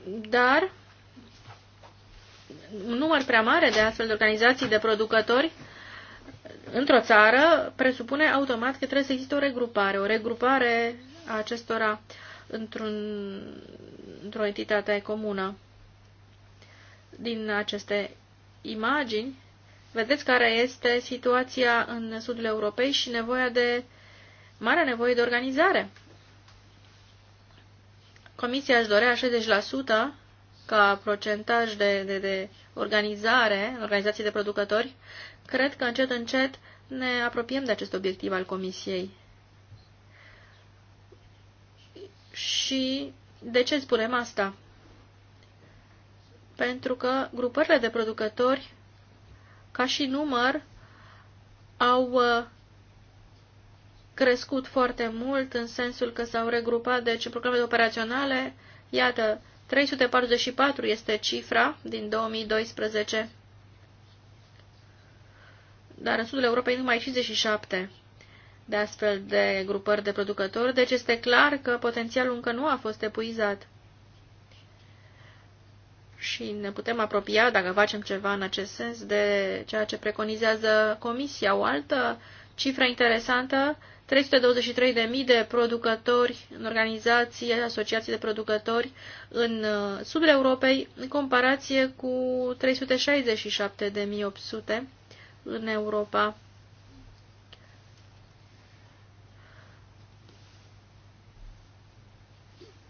Dar un număr prea mare de astfel de organizații de producători într-o țară presupune automat că trebuie să existe o regrupare, o regrupare a acestora uh, într-un, într-o entitate comună. Din aceste imagini, vedeți care este situația în sudul Europei și nevoia de mare nevoie de organizare. Comisia își dorea 60% ca procentaj de, de, de organizare, organizații de producători. Cred că încet, încet ne apropiem de acest obiectiv al Comisiei. Și de ce spunem asta? Pentru că grupările de producători, ca și număr, au uh, crescut foarte mult în sensul că s-au regrupat, deci în programele operaționale, iată, 344 este cifra din 2012, dar în sudul Europei numai 57 de astfel de grupări de producători, deci este clar că potențialul încă nu a fost epuizat. Și ne putem apropia, dacă facem ceva în acest sens, de ceea ce preconizează Comisia. O altă cifră interesantă 323.000 de producători în organizații, asociații de producători în uh, sudul Europei, în comparație cu 367.800 în Europa.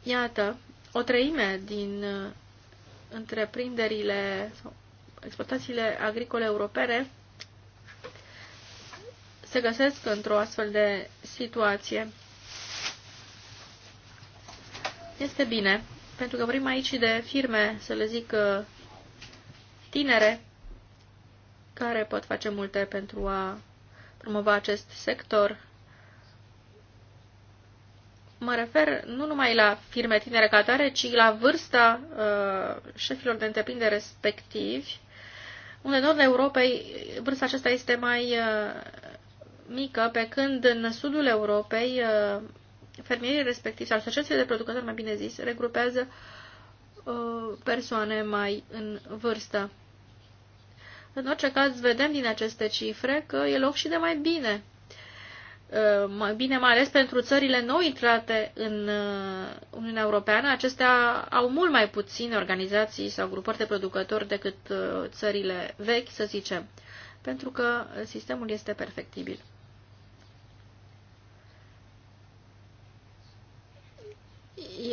Iată, o treime din uh, întreprinderile sau exploatațiile agricole europene se găsesc într-o astfel de situație. Este bine, pentru că vorbim aici de firme, să le zic, uh, tinere, care pot face multe pentru a promova acest sector mă refer nu numai la firme tinere ca tare, ci la vârsta uh, șefilor de întreprindere respectivi, unde în nordul Europei vârsta aceasta este mai uh, mică, pe când în sudul Europei uh, fermierii respectivi sau asociațiile de producători, mai bine zis, regrupează uh, persoane mai în vârstă. În orice caz, vedem din aceste cifre că e loc și de mai bine Uh, mai bine mai ales pentru țările noi intrate în uh, Uniunea Europeană, acestea au mult mai puține organizații sau grupări de producători decât uh, țările vechi, să zicem, pentru că sistemul este perfectibil.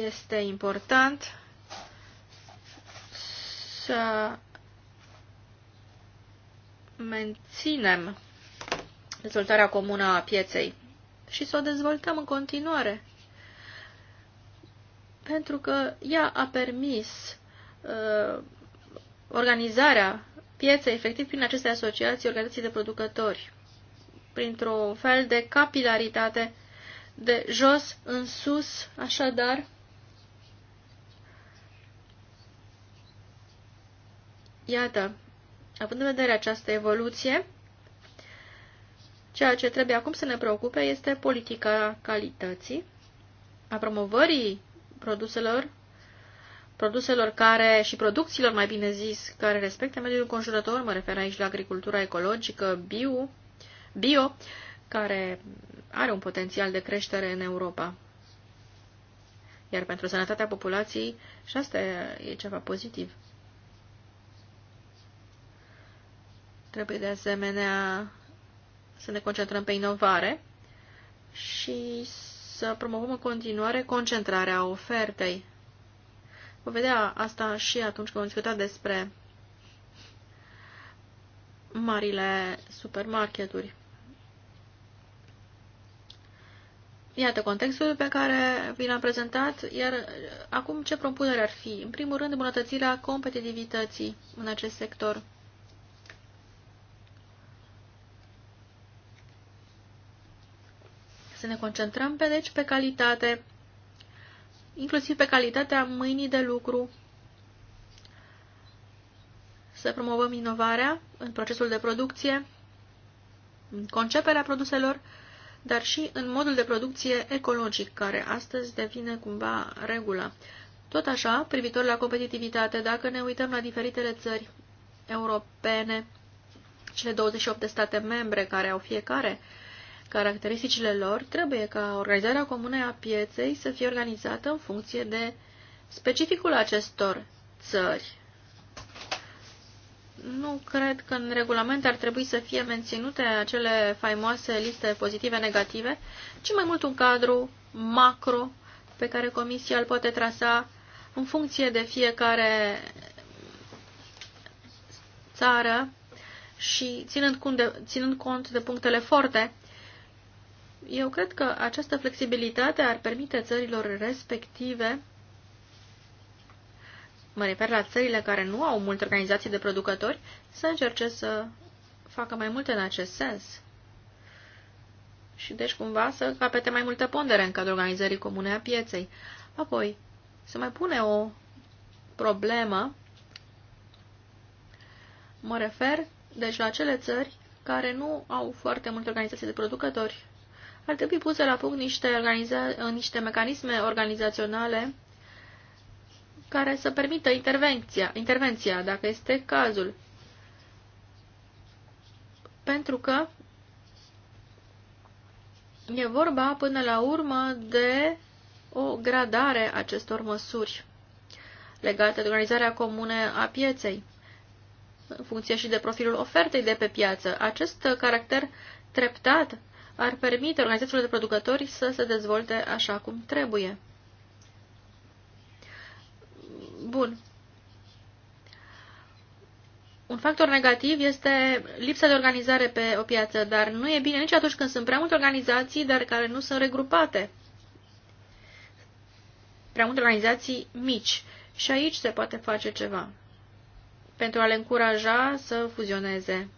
Este important să menținem dezvoltarea comună a pieței și să o dezvoltăm în continuare. Pentru că ea a permis uh, organizarea pieței efectiv prin aceste asociații, organizații de producători, printr-un fel de capilaritate de jos în sus, așadar, Iată, având în vedere această evoluție, Ceea ce trebuie acum să ne preocupe este politica calității, a promovării produselor, produselor care și producțiilor, mai bine zis, care respectă mediul înconjurător, mă refer aici la agricultura ecologică, bio, bio care are un potențial de creștere în Europa. Iar pentru sănătatea populației și asta e ceva pozitiv. Trebuie de asemenea să ne concentrăm pe inovare și să promovăm în continuare concentrarea ofertei. Vom vedea asta și atunci când vom discuta despre marile supermarketuri. Iată contextul pe care vi l-am prezentat, iar acum ce propunere ar fi? În primul rând, îmbunătățirea competitivității în acest sector. să ne concentrăm pe, deci, pe calitate, inclusiv pe calitatea mâinii de lucru, să promovăm inovarea în procesul de producție, în conceperea produselor, dar și în modul de producție ecologic, care astăzi devine cumva regulă. Tot așa, privitor la competitivitate, dacă ne uităm la diferitele țări europene, cele 28 de state membre care au fiecare caracteristicile lor, trebuie ca organizarea comună a pieței să fie organizată în funcție de specificul acestor țări. Nu cred că în regulament ar trebui să fie menținute acele faimoase liste pozitive-negative, ci mai mult un cadru macro pe care Comisia îl poate trasa în funcție de fiecare țară și ținând cont de, ținând cont de punctele forte eu cred că această flexibilitate ar permite țărilor respective, mă refer la țările care nu au multe organizații de producători, să încerce să facă mai multe în acest sens. Și deci cumva să capete mai multă pondere în cadrul organizării comune a pieței. Apoi, se mai pune o problemă, mă refer deci la acele țări care nu au foarte multe organizații de producători ar trebui puse la punct niște, organiza- niște mecanisme organizaționale care să permită intervenția, intervenția, dacă este cazul. Pentru că e vorba până la urmă de o gradare acestor măsuri legate de organizarea comune a pieței, în funcție și de profilul ofertei de pe piață. Acest caracter treptat ar permite organizațiilor de producători să se dezvolte așa cum trebuie. Bun. Un factor negativ este lipsa de organizare pe o piață, dar nu e bine nici atunci când sunt prea multe organizații, dar care nu sunt regrupate. Prea multe organizații mici. Și aici se poate face ceva pentru a le încuraja să fuzioneze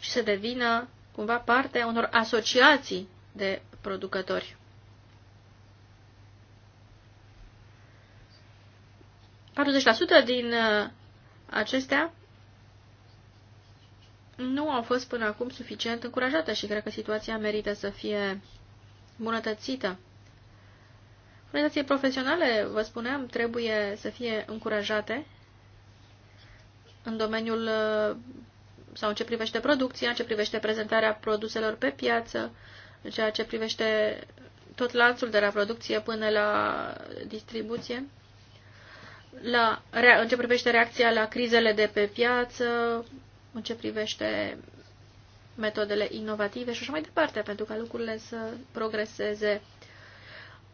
și să devină cumva parte a unor asociații de producători. ...40% din uh, acestea nu au fost până acum suficient încurajate și cred că situația merită să fie bunătățită. Organizații profesionale, vă spuneam, trebuie să fie încurajate în domeniul uh, sau în ce privește producția, în ce privește prezentarea produselor pe piață, în ceea ce privește tot lanțul de la producție până la distribuție, la, în ce privește reacția la crizele de pe piață, în ce privește metodele inovative și așa mai departe, pentru ca lucrurile să progreseze.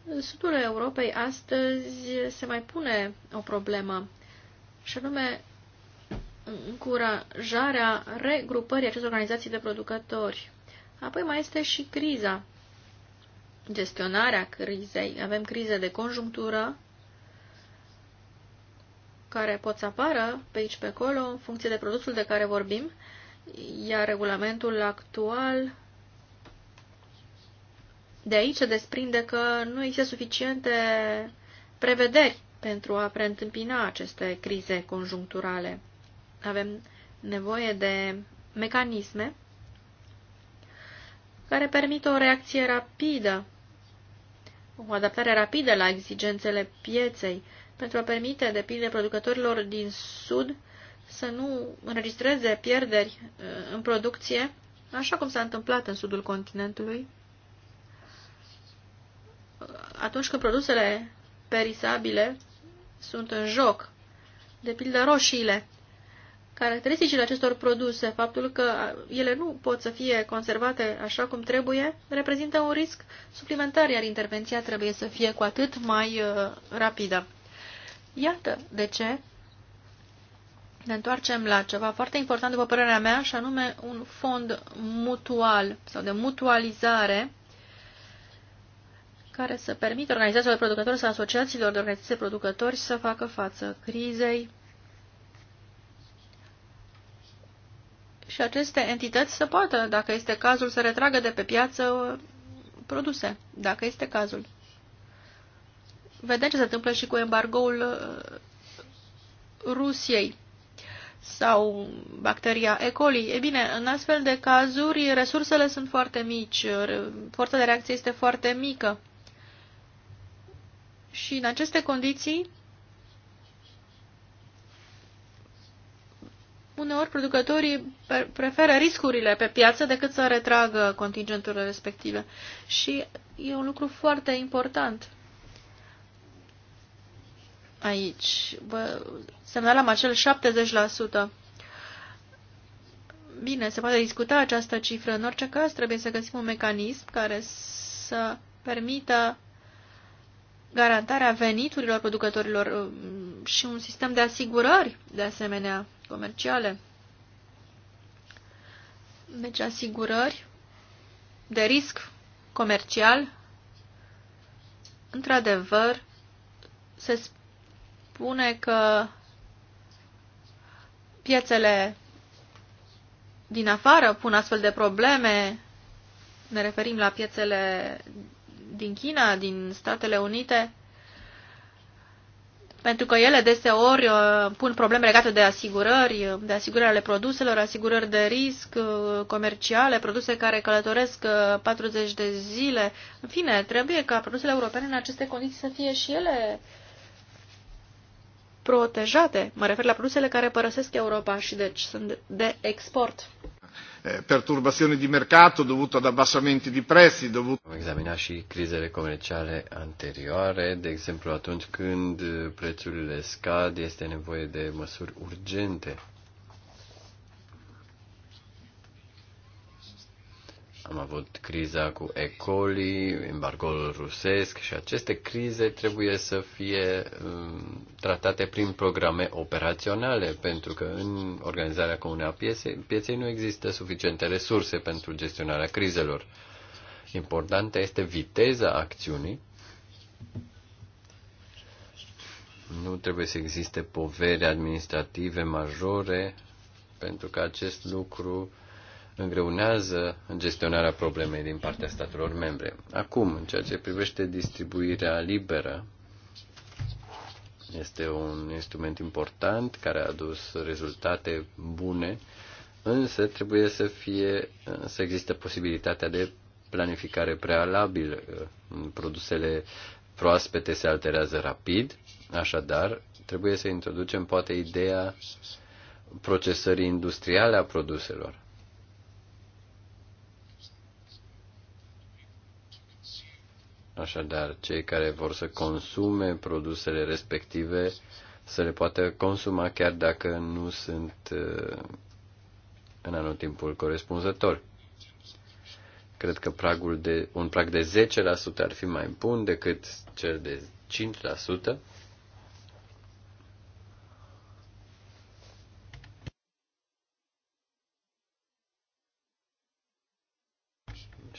În sudul Europei astăzi se mai pune o problemă, și anume încurajarea regrupării acestor organizații de producători. Apoi mai este și criza, gestionarea crizei. Avem crize de conjunctură care pot să apară pe aici, pe acolo, în funcție de produsul de care vorbim, iar regulamentul actual de aici se desprinde că nu există suficiente prevederi pentru a preîntâmpina aceste crize conjuncturale. Avem nevoie de mecanisme care permit o reacție rapidă, o adaptare rapidă la exigențele pieței, pentru a permite, de pildă, producătorilor din Sud să nu înregistreze pierderi uh, în producție, așa cum s-a întâmplat în sudul continentului, uh, atunci când produsele perisabile sunt în joc, de pildă roșiile Caracteristicile acestor produse, faptul că ele nu pot să fie conservate așa cum trebuie, reprezintă un risc suplimentar, iar intervenția trebuie să fie cu atât mai uh, rapidă. Iată de ce ne întoarcem la ceva foarte important, după părerea mea, și anume un fond mutual sau de mutualizare care să permită organizațiilor producători sau asociațiilor de organizații producători să facă față crizei și aceste entități să poată, dacă este cazul, să retragă de pe piață uh, produse, dacă este cazul. Vedem ce se întâmplă și cu embargoul uh, Rusiei sau bacteria E. coli. E bine, în astfel de cazuri, resursele sunt foarte mici, forța de reacție este foarte mică. Și în aceste condiții, uneori producătorii preferă riscurile pe piață decât să retragă contingenturile respective. Și e un lucru foarte important aici. Bă, semnalam acel 70%. Bine, se poate discuta această cifră. În orice caz, trebuie să găsim un mecanism care să permită garantarea veniturilor producătorilor um, și un sistem de asigurări, de asemenea, comerciale. Deci asigurări de risc comercial, într-adevăr, se spune că piețele din afară pun astfel de probleme. Ne referim la piețele din China, din Statele Unite, pentru că ele deseori uh, pun probleme legate de asigurări, de asigurări ale produselor, asigurări de risc uh, comerciale, produse care călătoresc 40 uh, de zile. În fine, trebuie ca produsele europene în aceste condiții să fie și ele protejate. Mă refer la produsele care părăsesc Europa și deci sunt de export. Eh, perturbazioni di mercato dovute ad abbassamenti di prezzi. Dovuto... Am examinat și crizele comerciale anterioare, de exemplu atunci când eh, prețurile scad este nevoie de măsuri urgente Am avut criza cu E. coli, embargoul rusesc și aceste crize trebuie să fie um, tratate prin programe operaționale, pentru că în organizarea comunei a pieței, pieței nu există suficiente resurse pentru gestionarea crizelor. Importantă este viteza acțiunii. Nu trebuie să existe povere administrative majore, pentru că acest lucru îngreunează gestionarea problemei din partea statelor membre. Acum, în ceea ce privește distribuirea liberă, este un instrument important care a adus rezultate bune, însă trebuie să fie să existe posibilitatea de planificare prealabilă. Produsele proaspete se alterează rapid, așadar trebuie să introducem poate ideea procesării industriale a produselor. Așadar, cei care vor să consume produsele respective să le poată consuma chiar dacă nu sunt uh, în anotimpul corespunzător. Cred că pragul de, un prag de 10% ar fi mai bun decât cel de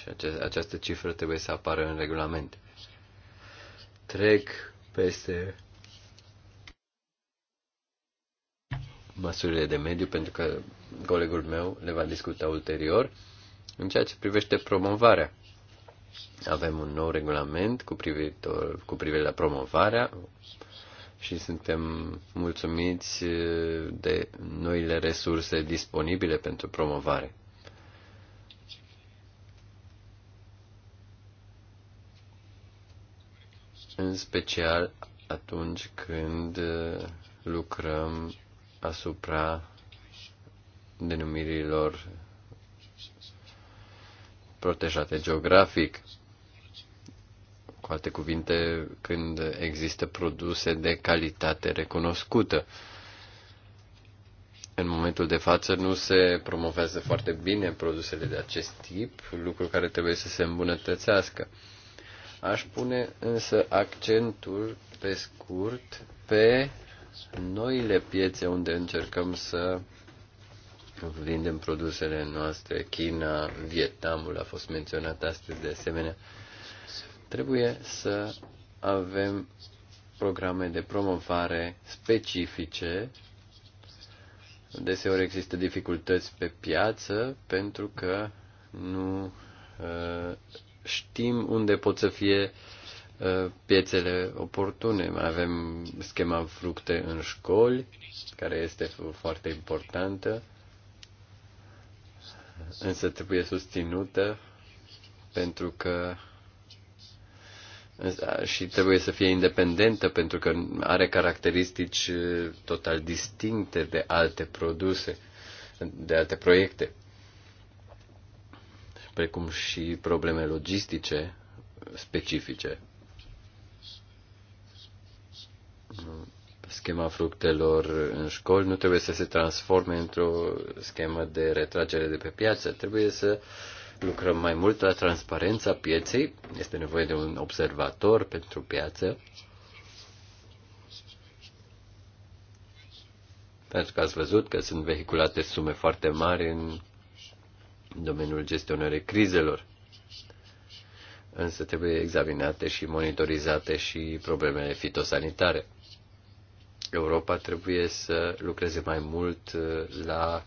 și acea, această cifră trebuie să apară în regulament. Trec peste măsurile de mediu, pentru că colegul meu le va discuta ulterior, în ceea ce privește promovarea. Avem un nou regulament cu, privitor, cu privire la promovarea și suntem mulțumiți de noile resurse disponibile pentru promovare. în special atunci când uh, lucrăm asupra denumirilor protejate geografic. Cu alte cuvinte, când există produse de calitate recunoscută. În momentul de față nu se promovează foarte bine produsele de acest tip, lucru care trebuie să se îmbunătățească. Aș pune însă accentul pe scurt pe noile piețe unde încercăm să vindem produsele noastre. China, Vietnamul a fost menționat astăzi de asemenea. Trebuie să avem programe de promovare specifice. Deseori există dificultăți pe piață pentru că nu uh, știm unde pot să fie uh, piețele oportune. Mai avem schema fructe în școli, care este foarte importantă, însă trebuie susținută pentru că și trebuie să fie independentă pentru că are caracteristici uh, total distincte de alte produse, de alte proiecte precum și probleme logistice specifice. Schema fructelor în școli nu trebuie să se transforme într-o schemă de retragere de pe piață. Trebuie să lucrăm mai mult la transparența pieței. Este nevoie de un observator pentru piață. Pentru că ați văzut că sunt vehiculate sume foarte mari în în domeniul gestionării crizelor. Însă trebuie examinate și monitorizate și problemele fitosanitare. Europa trebuie să lucreze mai mult uh, la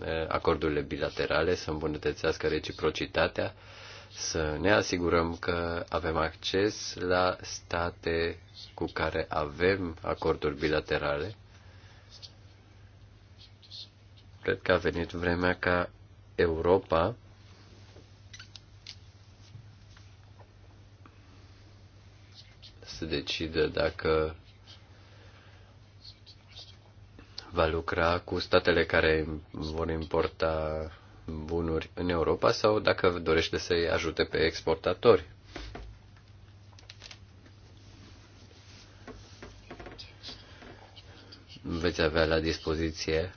uh, acordurile bilaterale, să îmbunătățească reciprocitatea, să ne asigurăm că avem acces la state cu care avem acorduri bilaterale. Cred că a venit vremea ca Europa să decidă dacă va lucra cu statele care vor importa bunuri în Europa sau dacă dorește să-i ajute pe exportatori. Veți avea la dispoziție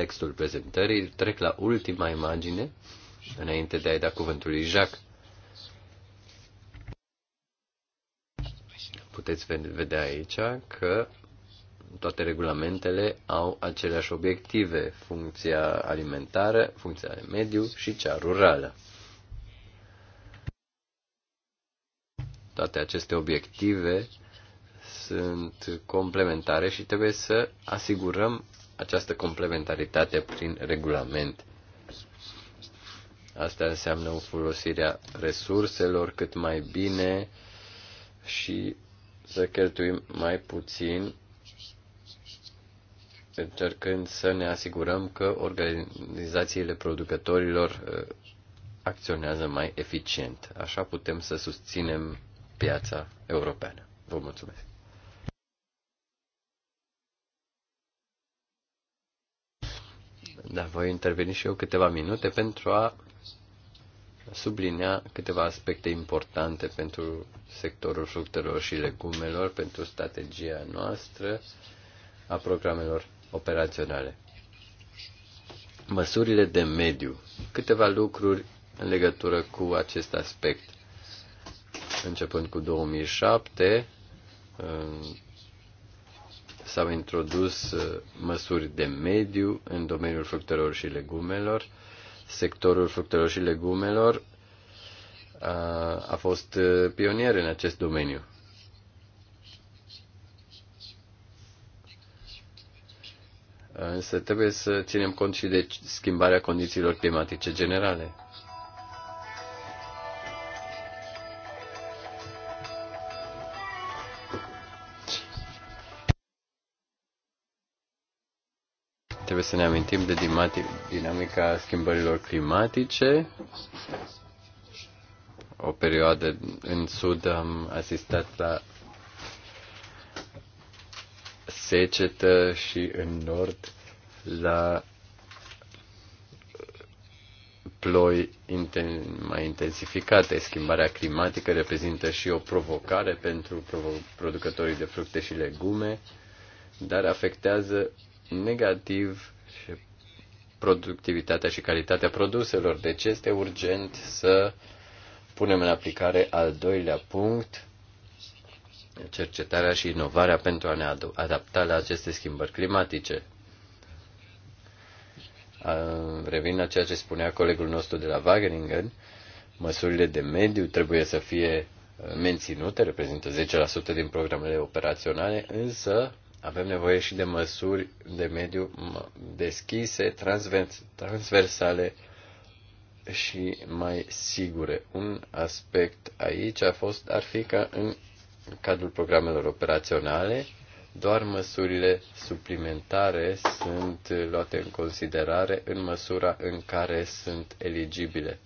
textul prezentării, trec la ultima imagine, înainte de a-i da cuvântul lui Jacques. Puteți vedea aici că toate regulamentele au aceleași obiective, funcția alimentară, funcția de mediu și cea rurală. Toate aceste obiective sunt complementare și trebuie să asigurăm această complementaritate prin regulament. Asta înseamnă o folosirea resurselor cât mai bine și să cheltuim mai puțin, încercând să ne asigurăm că organizațiile producătorilor uh, acționează mai eficient. Așa putem să susținem piața europeană. Vă mulțumesc! Dar voi interveni și eu câteva minute pentru a sublinea câteva aspecte importante pentru sectorul fructelor și legumelor, pentru strategia noastră a programelor operaționale. Măsurile de mediu. Câteva lucruri în legătură cu acest aspect. Începând cu 2007, S-au introdus uh, măsuri de mediu în domeniul fructelor și legumelor. Sectorul fructelor și legumelor uh, a fost uh, pionier în acest domeniu. Însă trebuie să ținem cont și de schimbarea condițiilor climatice generale. trebuie să ne amintim de dinamica schimbărilor climatice. O perioadă în sud am asistat la secetă și în nord la ploi mai intensificate. Schimbarea climatică reprezintă și o provocare pentru producătorii de fructe și legume, dar afectează negativ și productivitatea și calitatea produselor. Deci este urgent să punem în aplicare al doilea punct, cercetarea și inovarea pentru a ne adapta la aceste schimbări climatice. Revin la ceea ce spunea colegul nostru de la Wageningen, măsurile de mediu trebuie să fie uh, menținute, reprezintă 10% din programele operaționale, însă avem nevoie și de măsuri de mediu deschise, transversale și mai sigure. Un aspect aici a fost, ar fi că în cadrul programelor operaționale, doar măsurile suplimentare sunt luate în considerare în măsura în care sunt eligibile.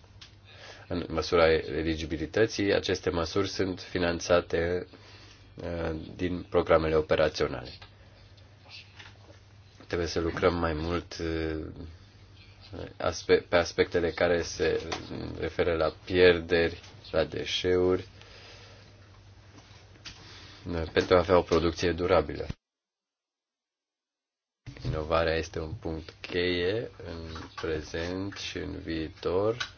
În măsura eligibilității, aceste măsuri sunt finanțate uh, din programele operaționale. Trebuie să lucrăm mai mult eh, pe aspectele care se referă la pierderi, la deșeuri, eh, pentru a avea o producție durabilă. Inovarea este un punct cheie în prezent și în viitor,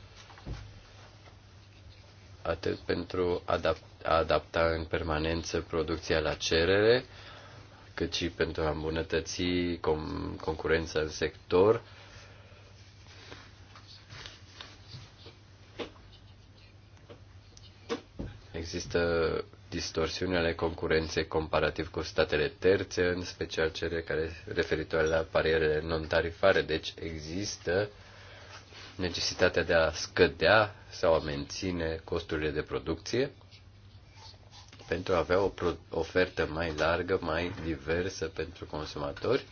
atât pentru a adapta în permanență producția la cerere, cât și pentru a îmbunătăți com- concurența în sector. Există distorsiuni ale concurenței comparativ cu statele terțe, în special cele care referitoare la parierele non-tarifare. Deci există necesitatea de a scădea sau a menține costurile de producție pentru a avea o ofertă mai largă, mai diversă pentru consumatori.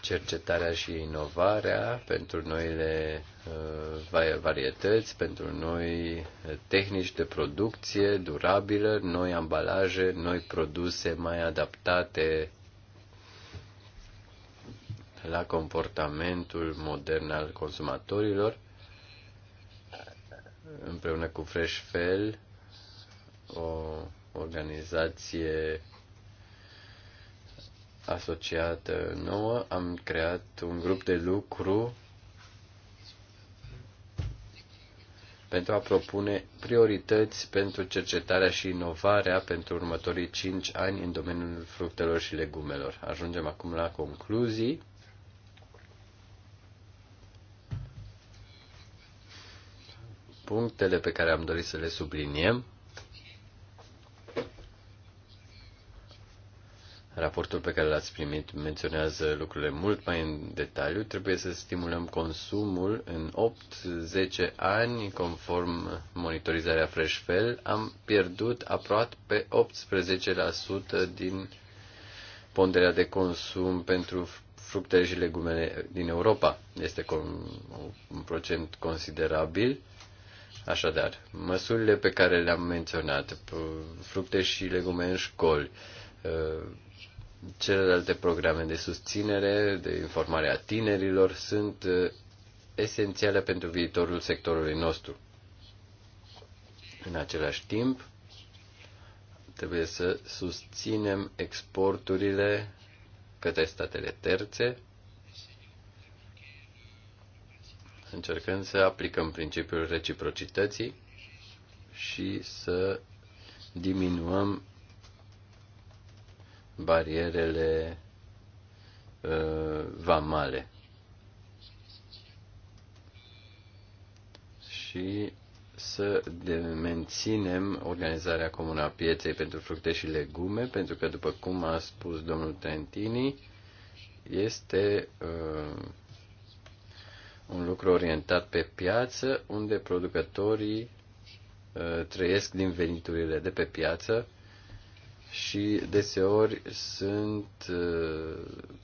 Cercetarea și inovarea pentru noile uh, varietăți, pentru noi uh, tehnici de producție durabilă, noi ambalaje, noi produse mai adaptate la comportamentul modern al consumatorilor, împreună cu Fresh Fell, o organizație asociată nouă, am creat un grup de lucru pentru a propune priorități pentru cercetarea și inovarea pentru următorii 5 ani în domeniul fructelor și legumelor. Ajungem acum la concluzii. Punctele pe care am dorit să le subliniem Raportul pe care l-ați primit menționează lucrurile mult mai în detaliu. Trebuie să stimulăm consumul în 8-10 ani, conform monitorizarea Freshfell. Am pierdut aproape 18% din ponderea de consum pentru fructele și legumele din Europa. Este un procent considerabil. Așadar, măsurile pe care le-am menționat, fructe și legume în școli, uh, Celelalte programe de susținere, de informare a tinerilor sunt uh, esențiale pentru viitorul sectorului nostru. În același timp, trebuie să susținem exporturile către statele terțe, încercând să aplicăm principiul reciprocității și să diminuăm barierele uh, vamale. Și să menținem organizarea comună a pieței pentru fructe și legume, pentru că, după cum a spus domnul Trentini, este uh, un lucru orientat pe piață, unde producătorii uh, trăiesc din veniturile de pe piață și deseori sunt uh,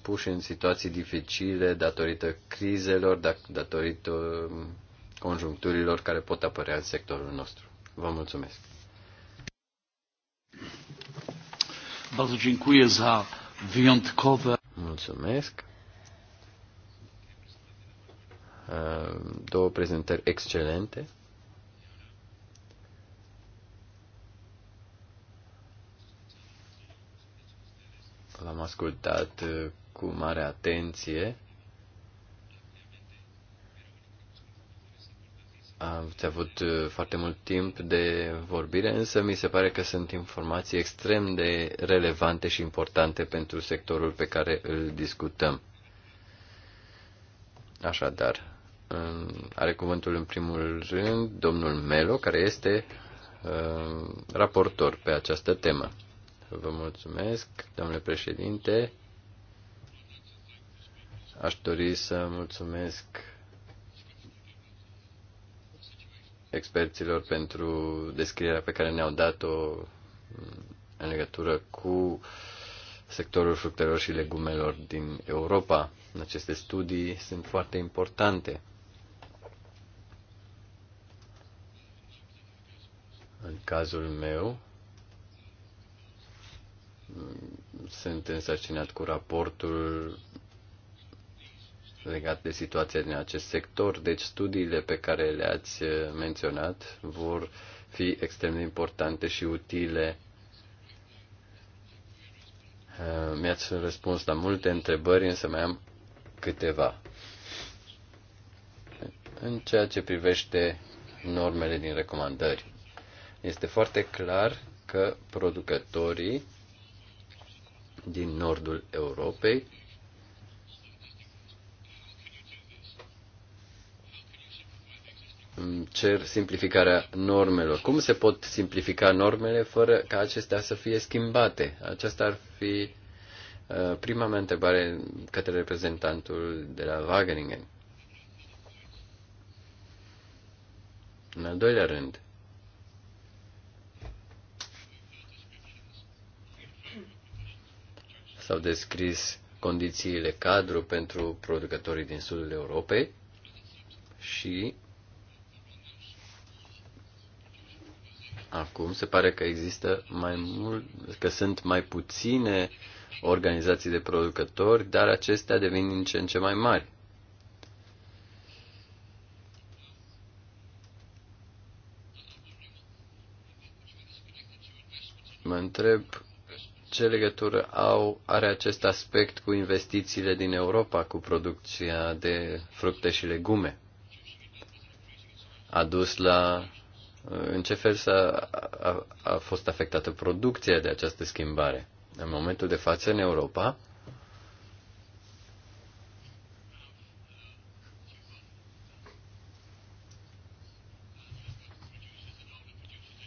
puși în situații dificile datorită crizelor, da, datorită um, conjuncturilor care pot apărea în sectorul nostru. Vă mulțumesc. Bardzo dziękuję za wyjątkowe. Mulțumesc. Uh, două prezentări excelente. L-am ascultat uh, cu mare atenție. Ați avut uh, foarte mult timp de vorbire, însă mi se pare că sunt informații extrem de relevante și importante pentru sectorul pe care îl discutăm. Așadar, are cuvântul în primul rând domnul Melo, care este uh, raportor pe această temă. Vă mulțumesc, domnule președinte. Aș dori să mulțumesc experților pentru descrierea pe care ne-au dat-o în legătură cu sectorul fructelor și legumelor din Europa. Aceste studii sunt foarte importante. În cazul meu, sunt însărcinat cu raportul legat de situația din acest sector, deci studiile pe care le-ați menționat vor fi extrem de importante și utile. Uh, mi-ați răspuns la multe întrebări, însă mai am câteva. În ceea ce privește normele din recomandări, este foarte clar că producătorii din nordul Europei. Cer simplificarea normelor. Cum se pot simplifica normele fără ca acestea să fie schimbate? Aceasta ar fi uh, prima mea întrebare către reprezentantul de la Wageningen. În al doilea rând, S-au descris condițiile cadru pentru producătorii din sudul Europei și acum se pare că există mai mult, că sunt mai puține organizații de producători, dar acestea devin din ce în ce mai mari. Mă întreb ce legătură au, are acest aspect cu investițiile din Europa, cu producția de fructe și legume? A dus la. În ce fel s-a, a, a fost afectată producția de această schimbare? În momentul de față, în Europa,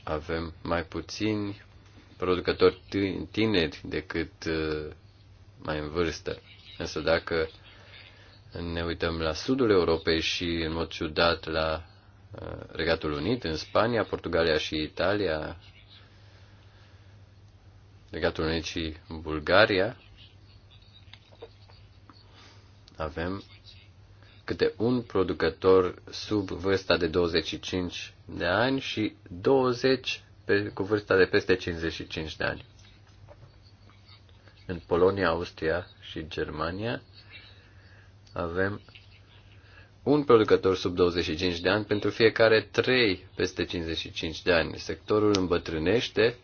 avem mai puțini producători tineri decât uh, mai în vârstă. Însă dacă ne uităm la sudul Europei și, în mod ciudat, la uh, Regatul Unit, în Spania, Portugalia și Italia, Regatul Unit și Bulgaria, avem câte un producător sub vârsta de 25 de ani și 20 pe, cu vârsta de peste 55 de ani. În Polonia, Austria și Germania avem un producător sub 25 de ani pentru fiecare 3 peste 55 de ani. Sectorul îmbătrânește.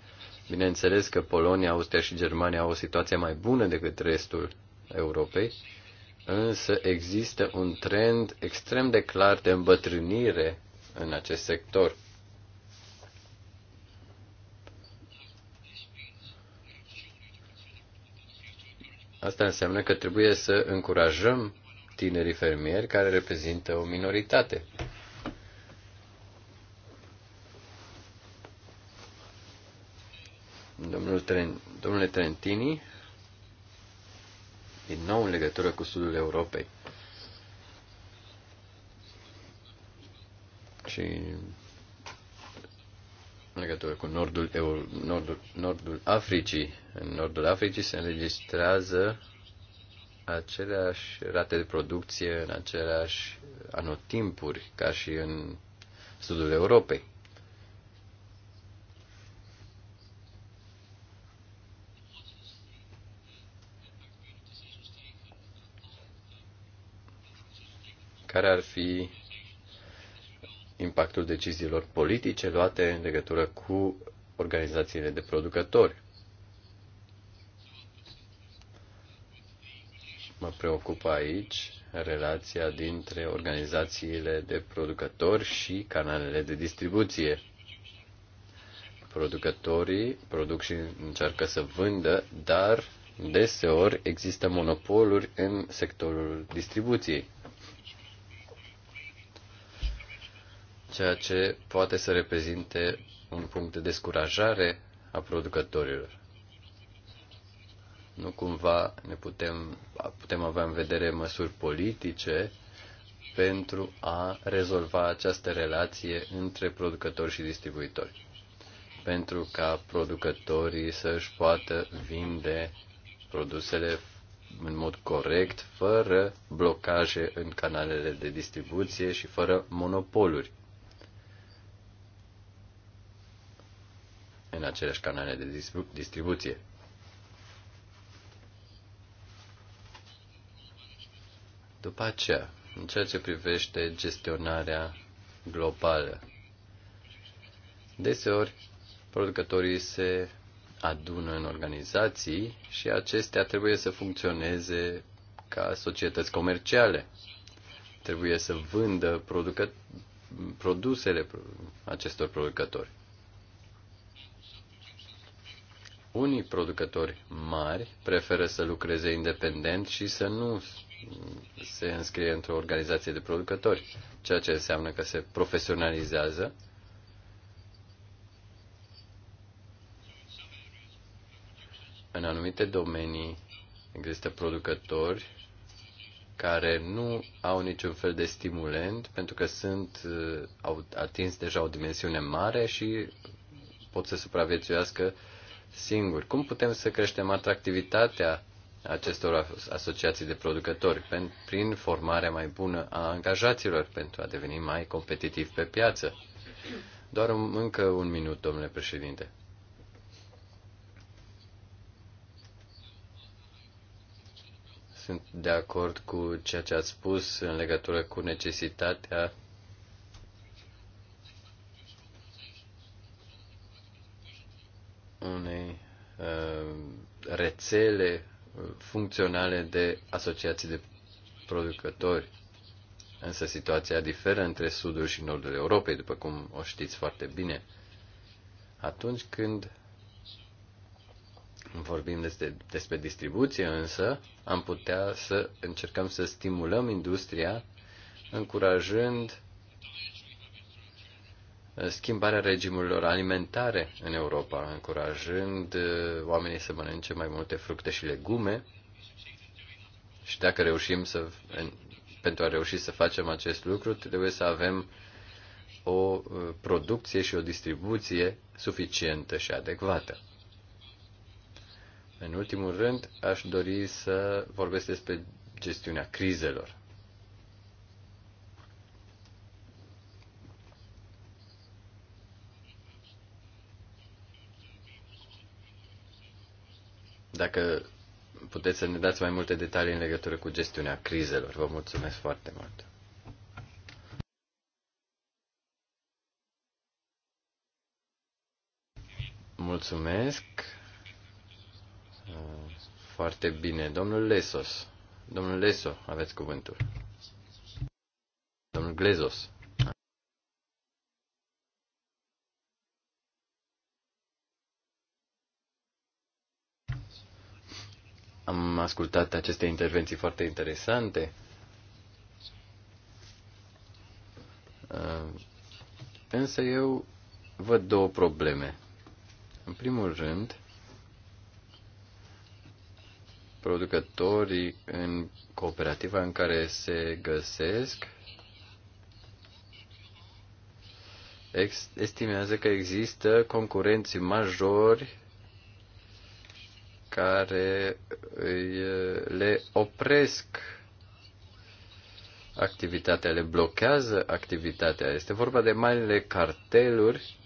Bineînțeles că Polonia, Austria și Germania au o situație mai bună decât restul Europei, însă există un trend extrem de clar de îmbătrânire în acest sector. Asta înseamnă că trebuie să încurajăm tinerii fermieri care reprezintă o minoritate. Domnul Tren, domnule Trentini, din nou în legătură cu sudul Europei. Și în legătură cu nordul, nordul, nordul Africii. În nordul Africii se înregistrează aceleași rate de producție în aceleași anotimpuri ca și în sudul Europei. Care ar fi impactul deciziilor politice luate în legătură cu organizațiile de producători. Mă preocupă aici relația dintre organizațiile de producători și canalele de distribuție. Producătorii produc și încearcă să vândă, dar deseori există monopoluri în sectorul distribuției. ceea ce poate să reprezinte un punct de descurajare a producătorilor. Nu cumva ne putem, putem avea în vedere măsuri politice pentru a rezolva această relație între producători și distribuitori. Pentru ca producătorii să-și poată vinde produsele în mod corect, fără blocaje în canalele de distribuție și fără monopoluri. în aceleași canale de distribuție. După aceea, în ceea ce privește gestionarea globală, deseori producătorii se adună în organizații și acestea trebuie să funcționeze ca societăți comerciale. Trebuie să vândă producă, produsele acestor producători. Unii producători mari preferă să lucreze independent și să nu se înscrie într-o organizație de producători, ceea ce înseamnă că se profesionalizează în anumite domenii există producători care nu au niciun fel de stimulent pentru că sunt, uh, au atins deja o dimensiune mare și pot să supraviețuiască singuri. Cum putem să creștem atractivitatea acestor asociații de producători prin formarea mai bună a angajaților pentru a deveni mai competitiv pe piață? Doar un, încă un minut, domnule președinte. Sunt de acord cu ceea ce ați spus în legătură cu necesitatea unei uh, rețele funcționale de asociații de producători. Însă situația diferă între sudul și nordul Europei, după cum o știți foarte bine. Atunci când vorbim despre, despre distribuție, însă, am putea să încercăm să stimulăm industria, încurajând schimbarea regimurilor alimentare în Europa, încurajând uh, oamenii să mănânce mai multe fructe și legume. Și dacă reușim să, pentru a reuși să facem acest lucru, trebuie să avem o uh, producție și o distribuție suficientă și adecvată. În ultimul rând, aș dori să vorbesc despre gestiunea crizelor. dacă puteți să ne dați mai multe detalii în legătură cu gestiunea crizelor. Vă mulțumesc foarte mult! Mulțumesc! Foarte bine. Domnul Lesos. Domnul Leso, aveți cuvântul. Domnul Glezos. Am ascultat aceste intervenții foarte interesante. Uh, însă eu văd două probleme. În primul rând, producătorii în cooperativa în care se găsesc estimează că există concurenți majori care îi, le opresc activitatea, le blochează activitatea. Este vorba de marile carteluri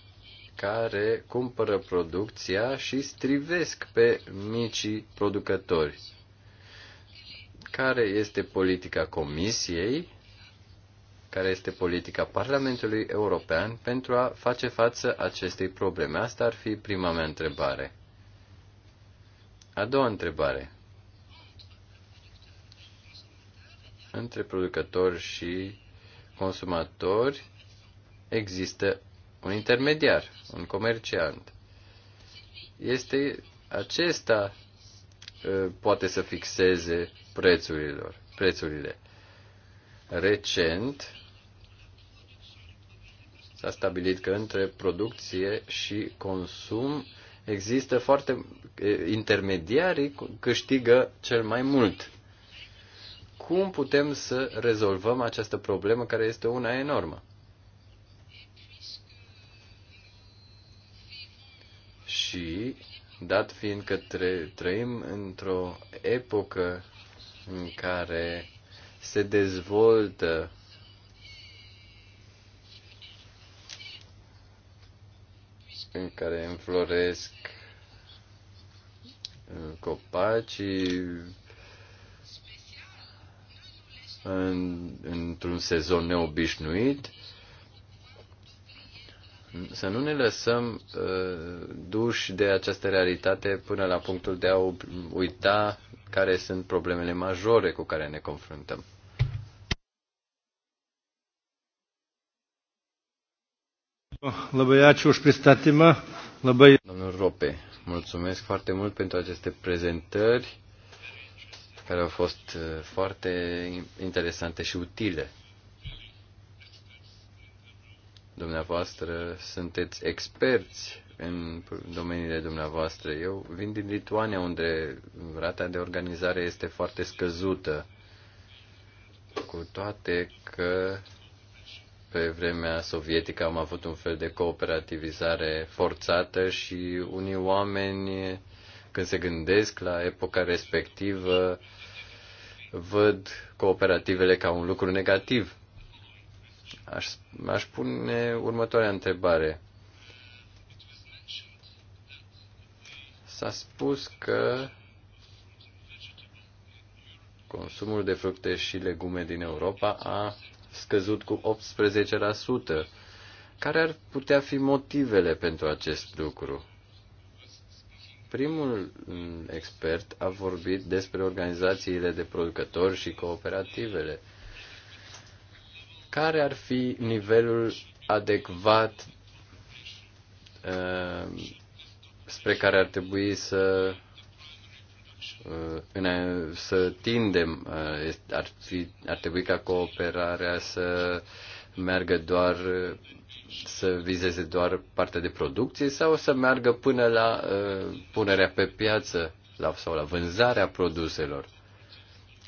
care cumpără producția și strivesc pe micii producători. Care este politica Comisiei? Care este politica Parlamentului European pentru a face față acestei probleme? Asta ar fi prima mea întrebare. A doua întrebare. Între producători și consumatori există un intermediar, un comerciant. Este acesta ă, poate să fixeze prețurilor, prețurile. Recent s-a stabilit că între producție și consum există foarte intermediarii câștigă cel mai mult. Cum putem să rezolvăm această problemă care este una enormă? Și, dat fiind că trăim într-o epocă în care se dezvoltă în care înfloresc uh, copacii în, într-un sezon neobișnuit, să nu ne lăsăm uh, duși de această realitate până la punctul de a uita care sunt problemele majore cu care ne confruntăm. Labai ačiū už pristatymą. Labai... Domnul Rope, mulțumesc foarte mult pentru aceste prezentări care au fost uh, foarte interesante și utile. Dumneavoastră sunteți experți în domeniile dumneavoastră. Eu vin din Lituania, unde rata de organizare este foarte scăzută, cu toate că pe vremea sovietică am avut un fel de cooperativizare forțată și unii oameni, când se gândesc la epoca respectivă, văd cooperativele ca un lucru negativ. Aș, aș pune următoarea întrebare. S-a spus că consumul de fructe și legume din Europa a scăzut cu 18%. Care ar putea fi motivele pentru acest lucru? Primul expert a vorbit despre organizațiile de producători și cooperativele. Care ar fi nivelul adecvat uh, spre care ar trebui să în, uh, să tindem, uh, ar, fi, ar trebui ca cooperarea să meargă doar, să vizeze doar partea de producție sau să meargă până la uh, punerea pe piață la, sau la vânzarea produselor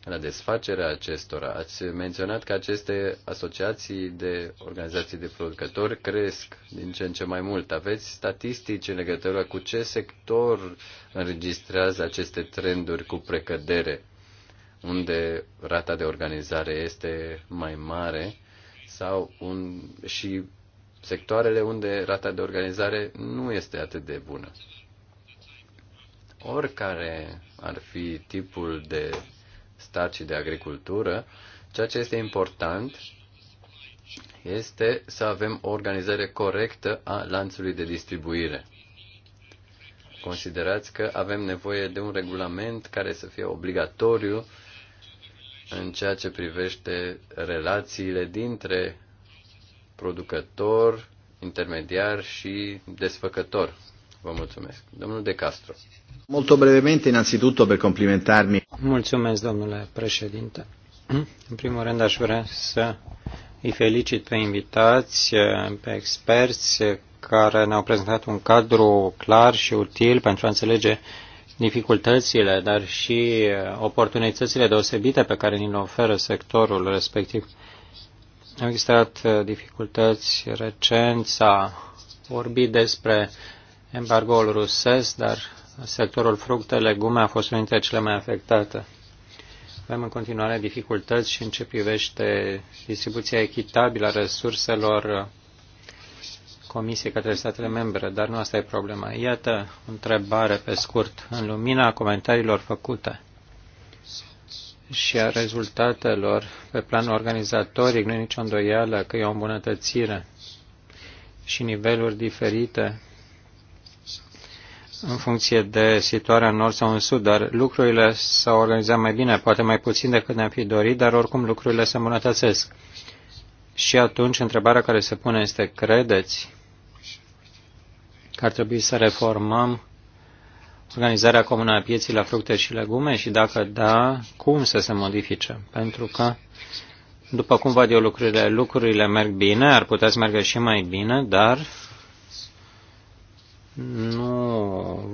la desfacerea acestora. Ați menționat că aceste asociații de organizații de producători cresc din ce în ce mai mult. Aveți statistici în legătură cu ce sector înregistrează aceste trenduri cu precădere, unde rata de organizare este mai mare sau un, și sectoarele unde rata de organizare nu este atât de bună. Oricare ar fi tipul de stat și de agricultură. Ceea ce este important este să avem o organizare corectă a lanțului de distribuire. Considerați că avem nevoie de un regulament care să fie obligatoriu în ceea ce privește relațiile dintre producător, intermediar și desfăcător. Vă mulțumesc. Domnul De Castro. Molto brevemente, innanzitutto, per complimentarmi. Mulțumesc, domnule președinte. În primul rând, aș vrea să îi felicit pe invitați, pe experți care ne-au prezentat un cadru clar și util pentru a înțelege dificultățile, dar și oportunitățile deosebite pe care ni le oferă sectorul respectiv. Au existat dificultăți recent, s-a vorbit despre embargoul rusesc, dar sectorul fructe-legume a fost unul dintre cele mai afectate. Avem în continuare dificultăți și în ce privește distribuția echitabilă a resurselor Comisiei către statele membre, dar nu asta e problema. Iată o întrebare pe scurt, în lumina comentariilor făcute și a rezultatelor pe plan organizatoric, nu e nicio îndoială că e o îmbunătățire și niveluri diferite în funcție de situarea în nord sau în sud, dar lucrurile s-au organizat mai bine, poate mai puțin decât ne-am fi dorit, dar oricum lucrurile se îmbunătățesc. Și atunci întrebarea care se pune este, credeți că ar trebui să reformăm organizarea comună a pieții la fructe și legume și dacă da, cum să se modifice? Pentru că, după cum văd eu lucrurile, lucrurile merg bine, ar putea să meargă și mai bine, dar nu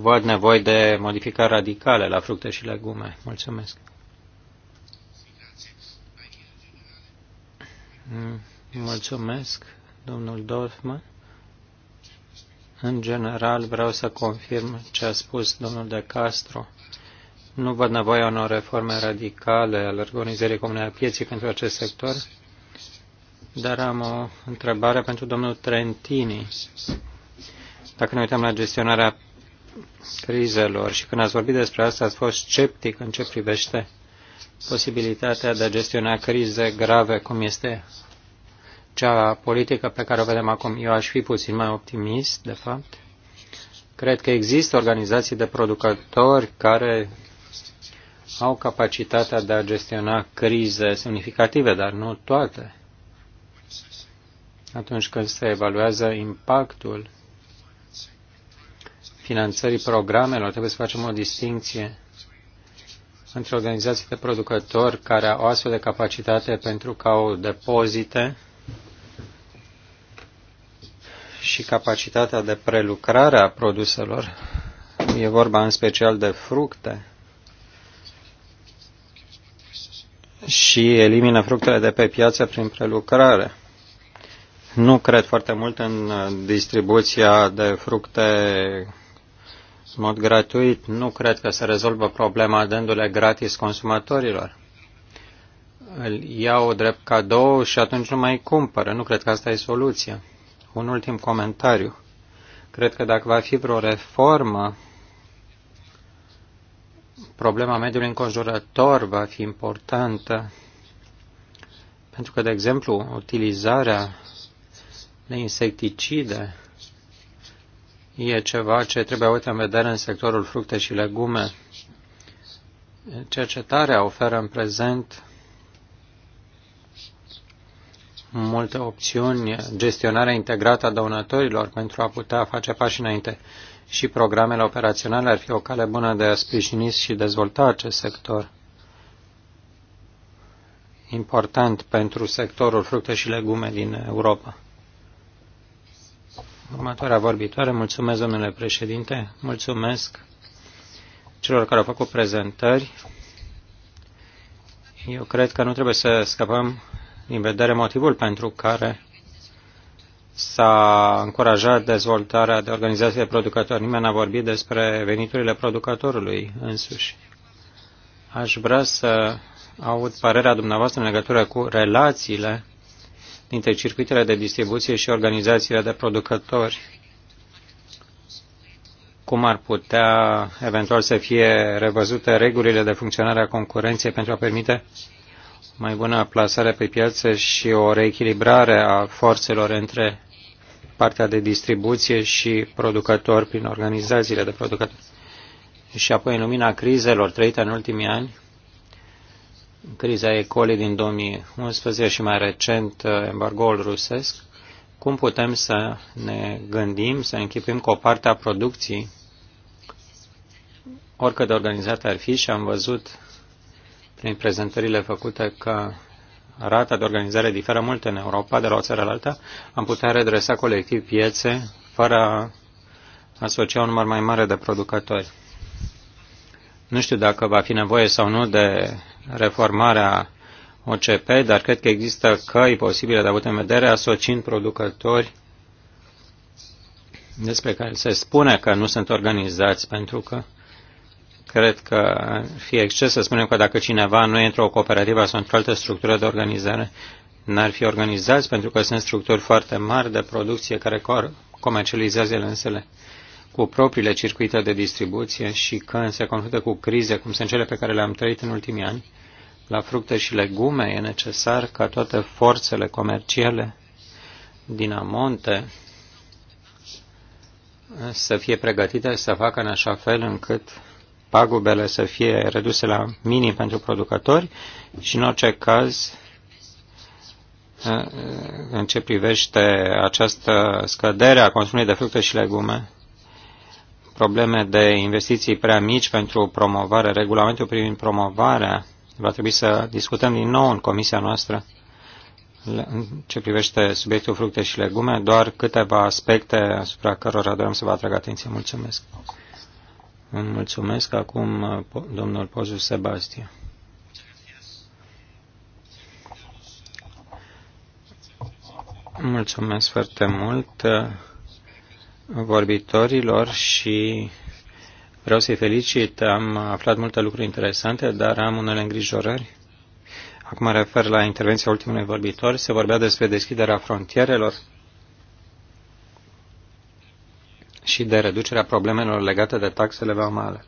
văd nevoie de modificări radicale la fructe și legume. Mulțumesc. Mulțumesc, domnul Dorfman. În general, vreau să confirm ce a spus domnul De Castro. Nu văd nevoia unor reforme radicale al organizării comunei a pieții pentru acest sector, dar am o întrebare pentru domnul Trentini dacă ne uităm la gestionarea crizelor și când ați vorbit despre asta, ați fost sceptic în ce privește posibilitatea de a gestiona crize grave cum este cea politică pe care o vedem acum. Eu aș fi puțin mai optimist, de fapt. Cred că există organizații de producători care au capacitatea de a gestiona crize semnificative, dar nu toate. Atunci când se evaluează impactul finanțării programelor, trebuie să facem o distinție între organizații de producători care au astfel de capacitate pentru că au depozite și capacitatea de prelucrare a produselor. E vorba în special de fructe și elimină fructele de pe piață prin prelucrare. Nu cred foarte mult în distribuția de fructe în mod gratuit, nu cred că se rezolvă problema dându-le gratis consumatorilor. Îl iau drept cadou și atunci nu mai cumpără. Nu cred că asta e soluția. Un ultim comentariu. Cred că dacă va fi vreo reformă, problema mediului înconjurător va fi importantă. Pentru că, de exemplu, utilizarea de insecticide e ceva ce trebuie avut în vedere în sectorul fructe și legume. Cercetarea oferă în prezent multe opțiuni, gestionarea integrată a donatorilor pentru a putea face pași înainte și programele operaționale ar fi o cale bună de a sprijini și dezvolta acest sector. Important pentru sectorul fructe și legume din Europa. Următoarea vorbitoare, mulțumesc, domnule președinte, mulțumesc celor care au făcut prezentări. Eu cred că nu trebuie să scăpăm din vedere motivul pentru care s-a încurajat dezvoltarea de organizații de producători. Nimeni n-a vorbit despre veniturile producătorului însuși. Aș vrea să aud părerea dumneavoastră în legătură cu relațiile dintre circuitele de distribuție și organizațiile de producători, cum ar putea eventual să fie revăzute regulile de funcționare a concurenței pentru a permite mai bună plasare pe piață și o reechilibrare a forțelor între partea de distribuție și producători prin organizațiile de producători. Și apoi, în lumina crizelor trăite în ultimii ani, criza E. din 2011 și mai recent uh, embargoul rusesc, cum putem să ne gândim, să închipim cu o parte a producției, oricât de organizată ar fi, și am văzut prin prezentările făcute că rata de organizare diferă mult în Europa de la o țară la alta, am putea redresa colectiv piețe fără a asocia un număr mai mare de producători. Nu știu dacă va fi nevoie sau nu de reformarea OCP, dar cred că există căi posibile de avut în vedere asociind producători despre care se spune că nu sunt organizați, pentru că cred că ar fi exces să spunem că dacă cineva nu e într-o cooperativă sau într-o altă structură de organizare, n-ar fi organizați, pentru că sunt structuri foarte mari de producție care comercializează ele însele cu propriile circuite de distribuție și când se confruntă cu crize, cum sunt cele pe care le-am trăit în ultimii ani, la fructe și legume e necesar ca toate forțele comerciale din amonte să fie pregătite să facă în așa fel încât pagubele să fie reduse la minim pentru producători și în orice caz în ce privește această scădere a consumului de fructe și legume, probleme de investiții prea mici pentru promovare, regulamentul privind promovarea, va trebui să discutăm din nou în comisia noastră în ce privește subiectul fructe și legume, doar câteva aspecte asupra cărora dorim să vă atrag atenție. Mulțumesc. Îmi mulțumesc acum domnul Pozu Sebastian. Mulțumesc foarte mult vorbitorilor și vreau să-i felicit. Am aflat multe lucruri interesante, dar am unele îngrijorări. Acum refer la intervenția ultimului vorbitor. Se vorbea despre deschiderea frontierelor și de reducerea problemelor legate de taxele vamale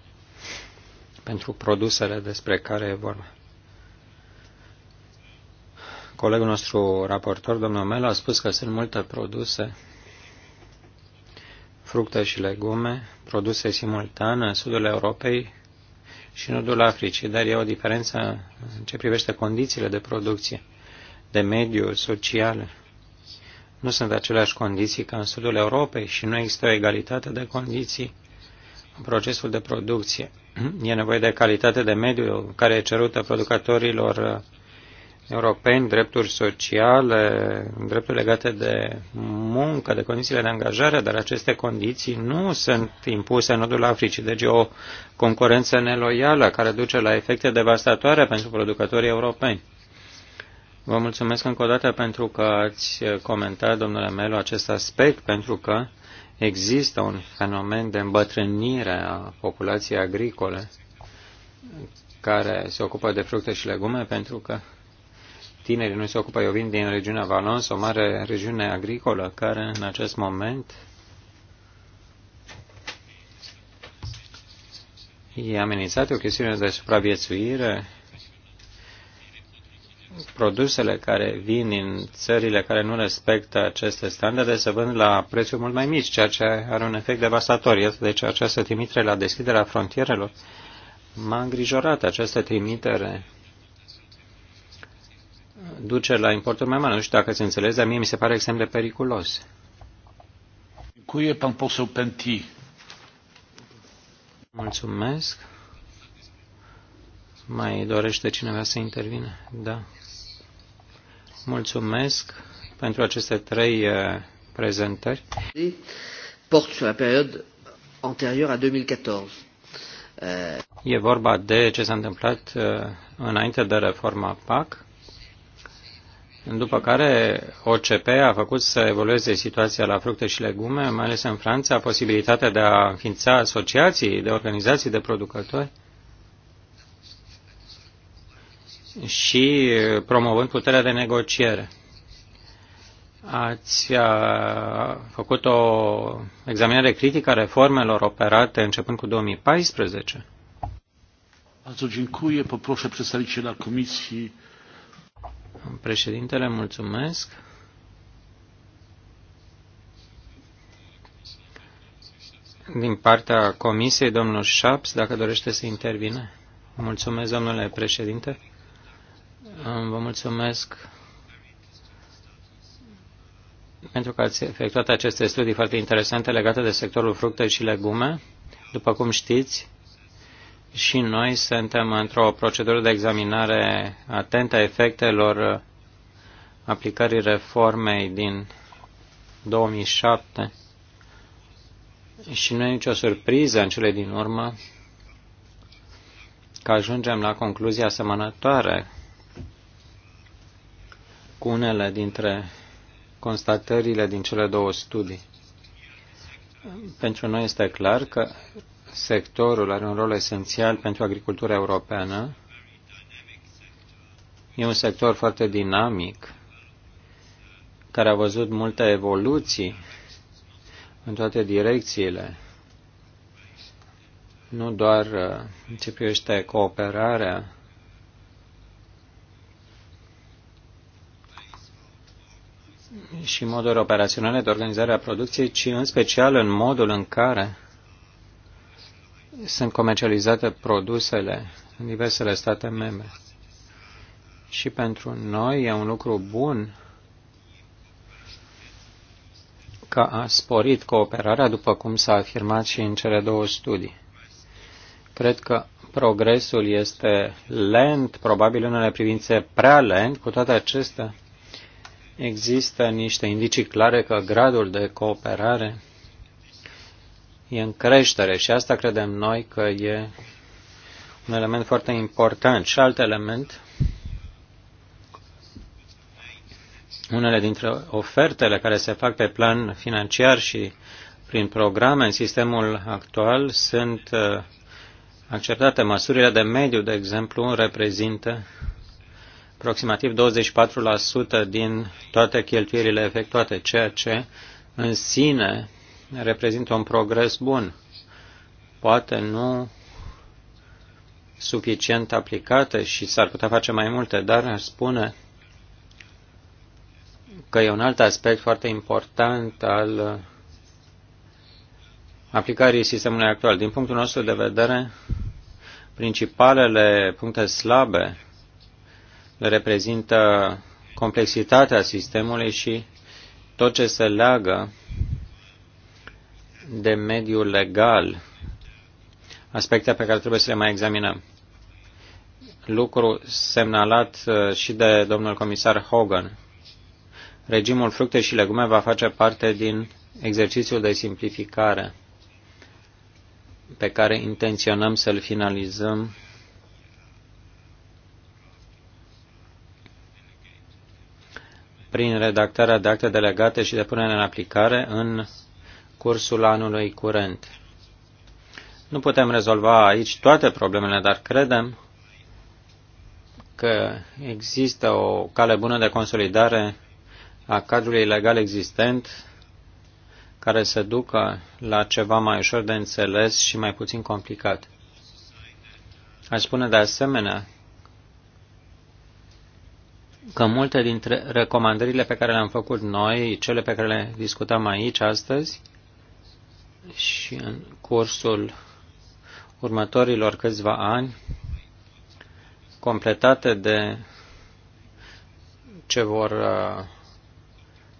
pentru produsele despre care e vorba. Colegul nostru raportor, domnul Mel, a spus că sunt multe produse fructe și legume produse simultan în sudul Europei și nordul Africii, dar e o diferență în ce privește condițiile de producție, de mediu, social. Nu sunt aceleași condiții ca în sudul Europei și nu există o egalitate de condiții în procesul de producție. E nevoie de calitate de mediu care e cerută producătorilor europeni, drepturi sociale, drepturi legate de muncă, de condițiile de angajare, dar aceste condiții nu sunt impuse în nodul Africii. Deci e o concurență neloială care duce la efecte devastatoare pentru producătorii europeni. Vă mulțumesc încă o dată pentru că ați comentat, domnule Melo, acest aspect, pentru că există un fenomen de îmbătrânire a populației agricole care se ocupă de fructe și legume, pentru că tinerii nu se ocupă. Eu vin din regiunea Valons, o mare regiune agricolă, care în acest moment e amenințată o chestiune de supraviețuire. Produsele care vin din țările care nu respectă aceste standarde se vând la prețuri mult mai mici, ceea ce are un efect devastator. Iată deci această trimitere la deschiderea frontierelor m-a îngrijorat această trimitere duce la importuri mai mari. Nu știu dacă se înțeles, dar mie mi se pare extrem de periculos. Cuie pan poseu penti. Mulțumesc. Mai dorește cineva să intervine? Da. Mulțumesc pentru aceste trei eh, prezentări. Port sur la période antérieure à 2014. Eh, e vorba de ce s-a întâmplat eh, înainte de reforma PAC după care OCP a făcut să evolueze situația la fructe și legume, mai ales în Franța, posibilitatea de a înființa asociații de organizații de producători și promovând puterea de negociere. Ați făcut o examinare critică a reformelor operate începând cu 2014? Bardzo dziękuję. Poproszę przedstawiciela Komisji Președintele, mulțumesc. Din partea Comisiei, domnul Șaps, dacă dorește să intervine. Mulțumesc, domnule președinte. Vă mulțumesc pentru că ați efectuat aceste studii foarte interesante legate de sectorul fructe și legume. După cum știți, și noi suntem într-o procedură de examinare atentă a efectelor aplicării reformei din 2007 și nu e nicio surpriză în cele din urmă că ajungem la concluzia asemănătoare cu unele dintre constatările din cele două studii. Pentru noi este clar că sectorul are un rol esențial pentru agricultura europeană. E un sector foarte dinamic, care a văzut multe evoluții în toate direcțiile, nu doar uh, în ce privește cooperarea, și modul operațional de organizare a producției, ci în special în modul în care sunt comercializate produsele în diversele state membre. Și pentru noi e un lucru bun că a sporit cooperarea, după cum s-a afirmat și în cele două studii. Cred că progresul este lent, probabil în unele privințe prea lent, cu toate acestea există niște indicii clare că gradul de cooperare e în creștere și asta credem noi că e un element foarte important. Și alt element, unele dintre ofertele care se fac pe plan financiar și prin programe în sistemul actual sunt uh, acceptate. Măsurile de mediu, de exemplu, reprezintă aproximativ 24% din toate cheltuielile efectuate, ceea ce în sine reprezintă un progres bun, poate nu suficient aplicată și s-ar putea face mai multe, dar aș spune că e un alt aspect foarte important al aplicării sistemului actual. Din punctul nostru de vedere, principalele puncte slabe le reprezintă complexitatea sistemului și tot ce se leagă de mediu legal, aspecte pe care trebuie să le mai examinăm. Lucru semnalat uh, și de domnul comisar Hogan. Regimul fructe și legume va face parte din exercițiul de simplificare pe care intenționăm să-l finalizăm prin redactarea de acte delegate și de punere în aplicare în cursul anului curent. Nu putem rezolva aici toate problemele, dar credem că există o cale bună de consolidare a cadrului legal existent care să ducă la ceva mai ușor de înțeles și mai puțin complicat. Aș spune de asemenea că multe dintre recomandările pe care le-am făcut noi, cele pe care le discutăm aici astăzi, și în cursul următorilor câțiva ani, completate de ce vor uh,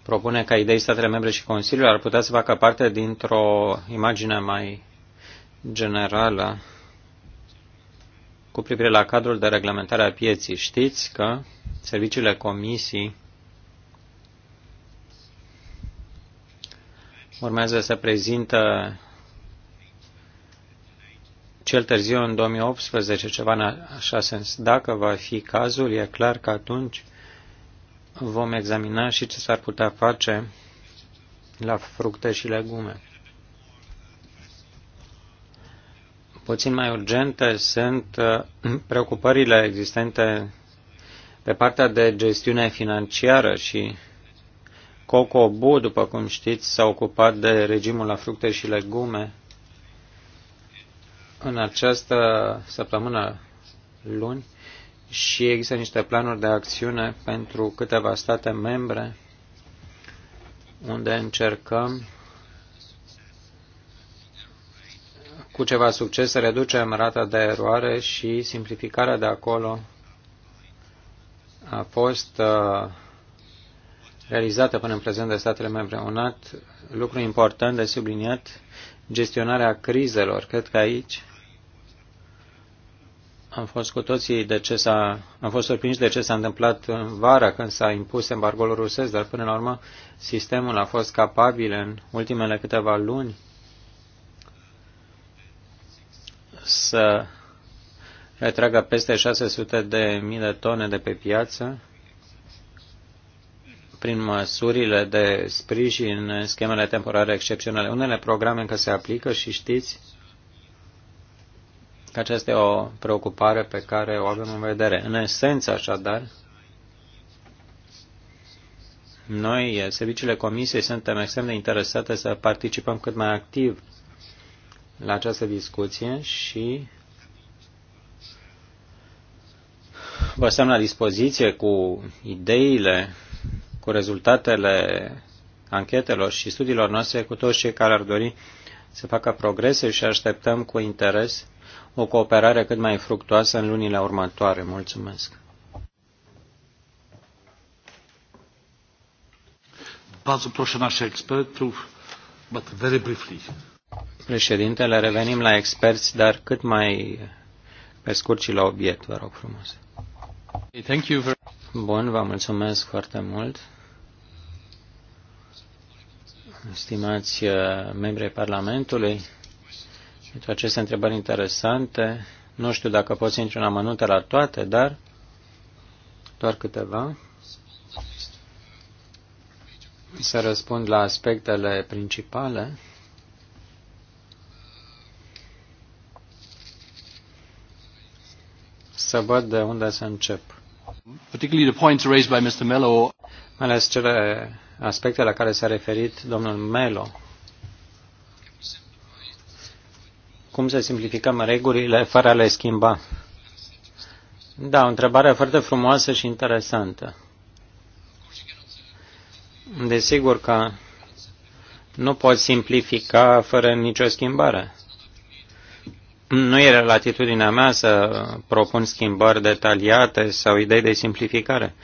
propune ca idei statele membre și Consiliul, ar putea să facă parte dintr-o imagine mai generală cu privire la cadrul de reglementare a pieții. Știți că serviciile comisii urmează să prezintă cel târziu în 2018, ceva în așa sens. Dacă va fi cazul, e clar că atunci vom examina și ce s-ar putea face la fructe și legume. Puțin mai urgente sunt uh, preocupările existente pe partea de gestiune financiară și Cocobu, după cum știți, s-a ocupat de regimul la fructe și legume. În această săptămână luni și există niște planuri de acțiune pentru câteva state membre unde încercăm cu ceva succes să reducem rata de eroare și simplificarea de acolo a fost uh, realizată până în prezent de statele membre. Un alt lucru important de subliniat, gestionarea crizelor. Cred că aici am fost cu toții de ce s-a, am fost surprinși de ce s-a întâmplat în vara când s-a impus embargoul rusesc, dar până la urmă sistemul a fost capabil în ultimele câteva luni să retragă peste 600 de mii de tone de pe piață prin măsurile de sprijin schemele temporare excepționale. Unele programe încă se aplică și știți că aceasta e o preocupare pe care o avem în vedere. În esență, așadar, noi, serviciile Comisiei, suntem extrem de interesate să participăm cât mai activ la această discuție și vă stăm la dispoziție cu ideile cu rezultatele anchetelor și studiilor noastre cu toți cei care ar dori să facă progrese și așteptăm cu interes o cooperare cât mai fructuoasă în lunile următoare. Mulțumesc! Bardzo proszę naszych ekspertów, but very briefly. Președintele, revenim la experți, dar cât mai pe scurt și la obiect, vă rog frumos. Bun, vă mulțumesc foarte mult stimați uh, membrii Parlamentului, pentru aceste întrebări interesante. Nu știu dacă poți intra în amănunte la toate, dar doar câteva. Să răspund la aspectele principale. Să văd de unde să încep. Particularly the points raised by Mr. Mello. Mai ales cele aspecte la care s-a referit domnul Melo. Cum să simplificăm regulile fără a le schimba? Da, o întrebare foarte frumoasă și interesantă. Desigur că nu poți simplifica fără nicio schimbare. Nu era latitudinea mea să propun schimbări detaliate sau idei de simplificare.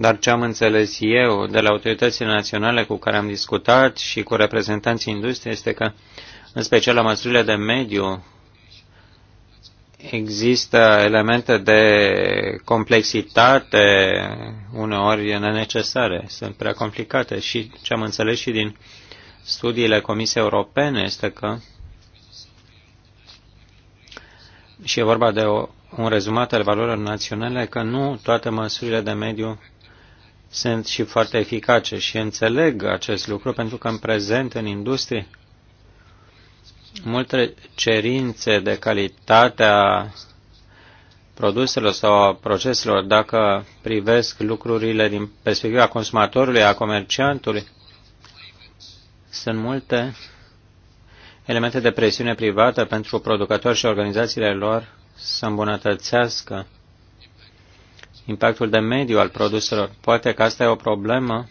Dar ce am înțeles eu de la autoritățile naționale cu care am discutat și cu reprezentanții industriei este că, în special la măsurile de mediu, există elemente de complexitate uneori nenecesare, sunt prea complicate și ce am înțeles și din studiile Comisiei Europene este că și e vorba de o, un rezumat al valorilor naționale, că nu toate măsurile de mediu sunt și foarte eficace și înțeleg acest lucru pentru că în prezent în industrie multe cerințe de calitate a produselor sau a proceselor, dacă privesc lucrurile din perspectiva consumatorului, a comerciantului, sunt multe elemente de presiune privată pentru producători și organizațiile lor să îmbunătățească impactul de mediu al produselor. Poate că asta e o problemă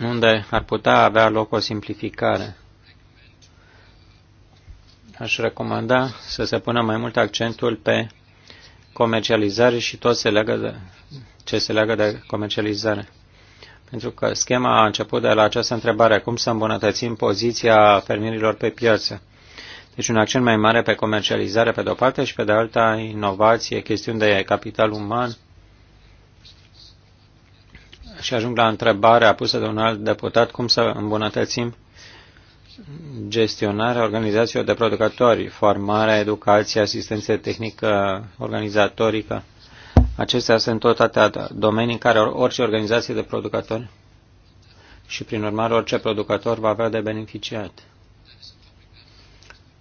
unde ar putea avea loc o simplificare. Aș recomanda să se pună mai mult accentul pe comercializare și tot se leagă de, ce se leagă de comercializare. Pentru că schema a început de la această întrebare, cum să îmbunătățim poziția fermierilor pe piață. Deci un accent mai mare pe comercializare pe de-o parte și pe de alta inovație, chestiuni de capital uman. Și ajung la întrebarea pusă de un alt deputat, cum să îmbunătățim gestionarea organizațiilor de producători, formarea, educație, asistență tehnică, organizatorică. Acestea sunt tot atâtea domenii în care orice organizație de producători și, prin urmare, orice producător va avea de beneficiat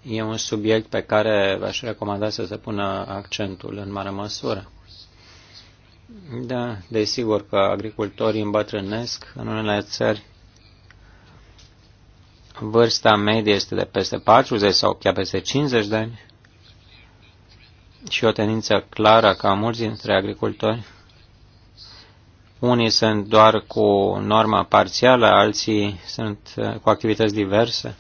e un subiect pe care aș recomanda să se pună accentul în mare măsură. Da, desigur că agricultorii îmbătrânesc în unele țări. Vârsta medie este de peste 40 sau chiar peste 50 de ani și o tendință clară ca mulți dintre agricultori. Unii sunt doar cu norma parțială, alții sunt uh, cu activități diverse.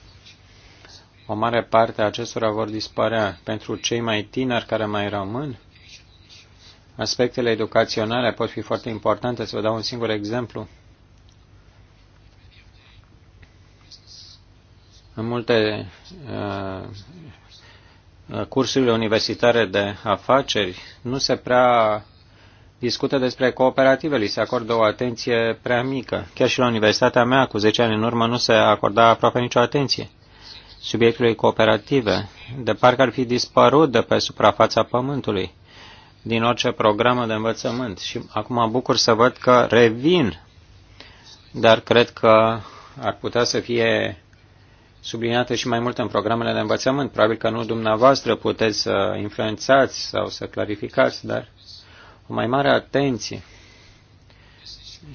O mare parte a acestora vor dispărea. Pentru cei mai tineri care mai rămân, aspectele educaționale pot fi foarte importante. Să vă dau un singur exemplu. În multe uh, cursurile universitare de afaceri nu se prea discută despre cooperative, li se acordă o atenție prea mică. Chiar și la universitatea mea, cu 10 ani în urmă, nu se acorda aproape nicio atenție subiectului cooperative, de parcă ar fi dispărut de pe suprafața pământului din orice programă de învățământ. Și acum mă bucur să văd că revin, dar cred că ar putea să fie subliniată și mai mult în programele de învățământ. Probabil că nu dumneavoastră puteți să influențați sau să clarificați, dar o mai mare atenție.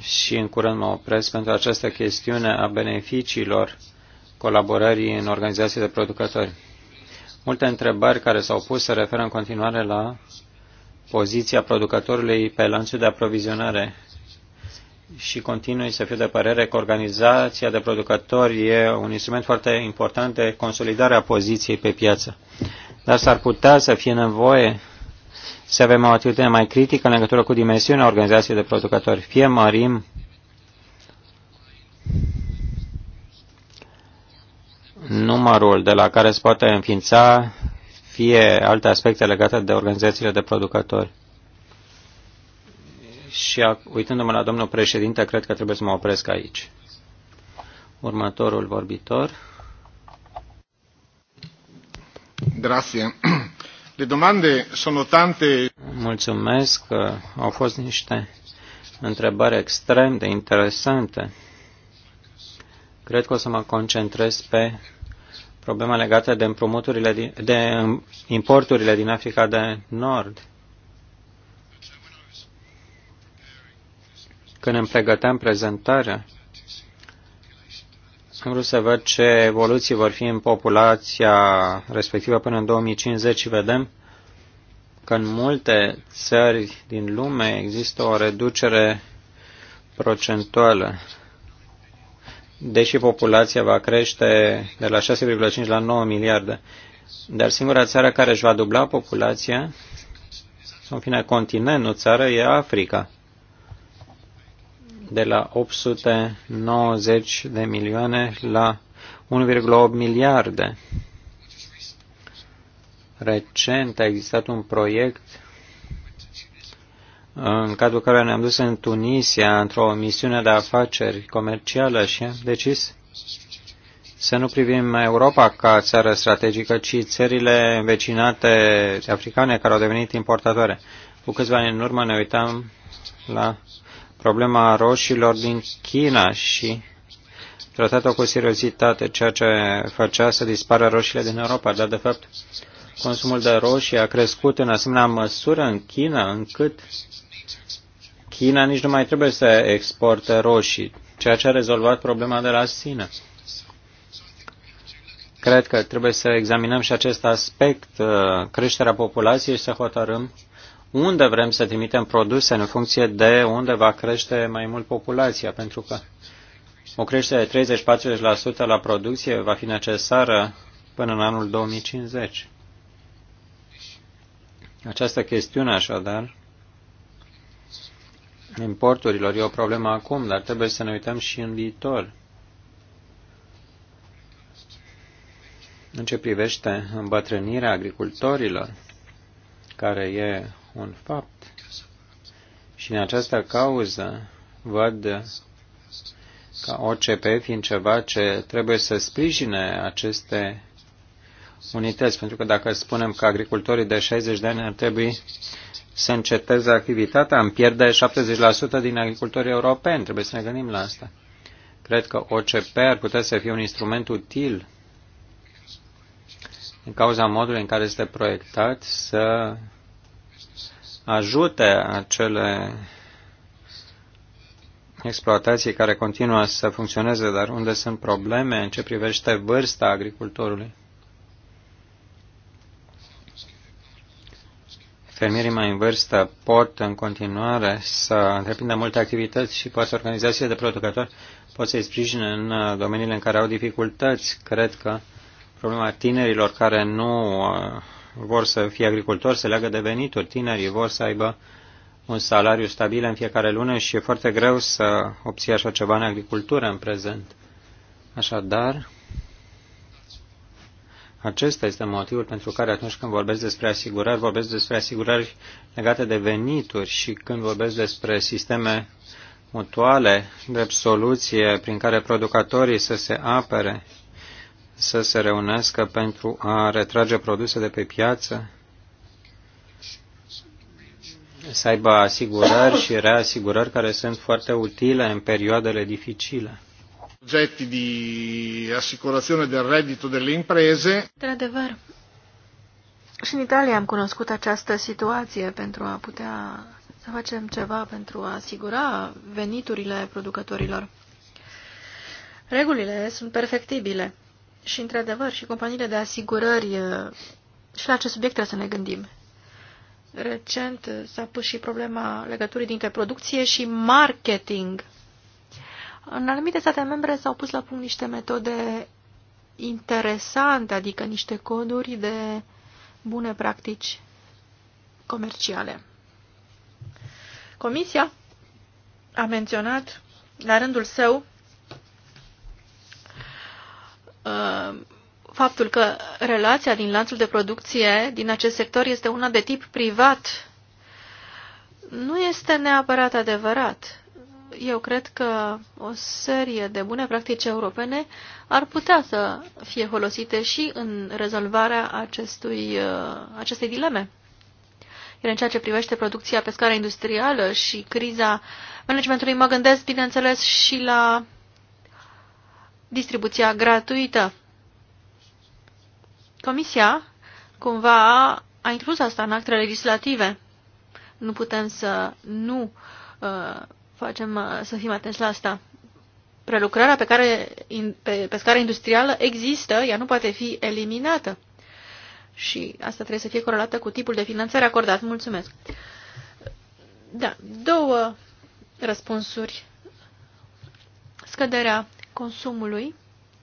Și în curând mă opresc pentru această chestiune a beneficiilor colaborării în organizații de producători. Multe întrebări care s-au pus se referă în continuare la poziția producătorului pe lanțul de aprovizionare și continui să fiu de părere că organizația de producători e un instrument foarte important de consolidare a poziției pe piață. Dar s-ar putea să fie nevoie să avem o atitudine mai critică în legătură cu dimensiunea organizației de producători. Fie mărim numărul de la care se poate înființa, fie alte aspecte legate de organizațiile de producători. Și uitându-mă la domnul președinte, cred că trebuie să mă opresc aici. Următorul vorbitor. Grazie. Le domande sono tante. Mulțumesc, au fost niște întrebări extrem de interesante. Cred că o să mă concentrez pe problema legată de împrumuturile din, de importurile din Africa de Nord. Când îmi pregăteam prezentarea, am vrut să văd ce evoluții vor fi în populația respectivă până în 2050 și vedem că în multe țări din lume există o reducere procentuală deși populația va crește de la 6,5 la 9 miliarde. Dar singura țară care își va dubla populația, în fine continent, nu țară, e Africa. De la 890 de milioane la 1,8 miliarde. Recent a existat un proiect în cadrul căruia ne-am dus în Tunisia într-o misiune de afaceri comercială și am decis să nu privim Europa ca țară strategică, ci țările învecinate africane care au devenit importatoare. Cu câțiva ani în urmă ne uitam la problema roșilor din China și tratat-o cu seriozitate, ceea ce făcea să dispară roșile din Europa, dar de fapt Consumul de roșii a crescut în asemenea măsură în China, încât China nici nu mai trebuie să exporte roșii, ceea ce a rezolvat problema de la sine. Cred că trebuie să examinăm și acest aspect, uh, creșterea populației și să hotărâm unde vrem să trimitem produse în funcție de unde va crește mai mult populația, pentru că o creștere de 30-40% la producție va fi necesară până în anul 2050. Această chestiune, așadar, importurilor e o problemă acum, dar trebuie să ne uităm și în viitor. În ce privește îmbătrânirea agricultorilor, care e un fapt, și în această cauză văd ca OCP fiind ceva ce trebuie să sprijine aceste unități, pentru că dacă spunem că agricultorii de 60 de ani ar trebui să înceteze activitatea, am pierde 70% din agricultorii europeni. Trebuie să ne gândim la asta. Cred că OCP ar putea să fie un instrument util în cauza modului în care este proiectat să ajute acele exploatații care continuă să funcționeze, dar unde sunt probleme în ce privește vârsta agricultorului. fermierii mai în vârstă pot în continuare să întreprindă multe activități și poate organizațiile de producători pot să-i sprijine în uh, domeniile în care au dificultăți. Cred că problema tinerilor care nu uh, vor să fie agricultori se leagă de venituri. Tinerii vor să aibă un salariu stabil în fiecare lună și e foarte greu să obții așa ceva în agricultură în prezent. Așadar, acesta este motivul pentru care atunci când vorbesc despre asigurări, vorbesc despre asigurări legate de venituri și când vorbesc despre sisteme mutuale, de soluție prin care producătorii să se apere, să se reunească pentru a retrage produse de pe piață, să aibă asigurări și reasigurări care sunt foarte utile în perioadele dificile progetti di assicurazione del reddito delle imprese. Într-adevăr, și în Italia am cunoscut această situație pentru a putea să facem ceva pentru a asigura veniturile producătorilor. Regulile sunt perfectibile și, într-adevăr, și companiile de asigurări eh, și la acest subiect trebuie să ne gândim. Recent s-a pus și problema legăturii dintre producție și marketing în anumite state membre s-au pus la punct niște metode interesante, adică niște coduri de bune practici comerciale. Comisia a menționat la rândul său uh, faptul că relația din lanțul de producție din acest sector este una de tip privat. Nu este neapărat adevărat eu cred că o serie de bune practici europene ar putea să fie folosite și în rezolvarea acestui, uh, acestei dileme. Iar în ceea ce privește producția pe scară industrială și criza managementului, mă gândesc, bineînțeles, și la distribuția gratuită. Comisia cumva a introdus asta în actele legislative. Nu putem să nu uh, facem, uh, să fim atenți la asta. Prelucrarea pe, care, pe, pe scară industrială există, ea nu poate fi eliminată. Și asta trebuie să fie corelată cu tipul de finanțare acordat. Mulțumesc. Da, două răspunsuri. Scăderea consumului,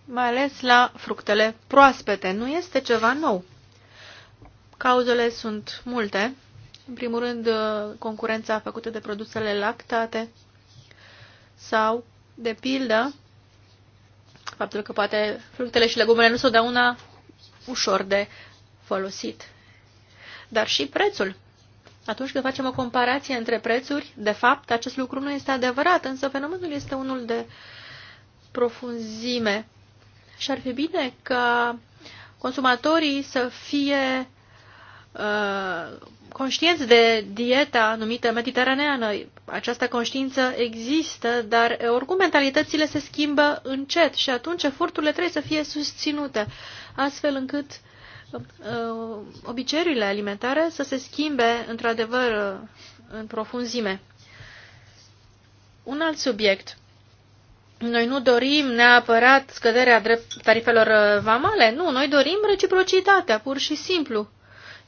mai ales la fructele proaspete, nu este ceva nou. Cauzele sunt multe. În primul rând, uh, concurența făcută de produsele lactate, sau, de pildă, faptul că poate fructele și legumele nu sunt de una ușor de folosit. Dar și prețul. Atunci când facem o comparație între prețuri, de fapt, acest lucru nu este adevărat, însă fenomenul este unul de profunzime. Și ar fi bine ca consumatorii să fie uh, conștienți de dieta numită mediteraneană. Această conștiință există, dar oricum mentalitățile se schimbă încet și atunci eforturile trebuie să fie susținute, astfel încât uh, obiceiurile alimentare să se schimbe într-adevăr în profunzime. Un alt subiect. Noi nu dorim neapărat scăderea drept tarifelor uh, vamale, nu, noi dorim reciprocitatea, pur și simplu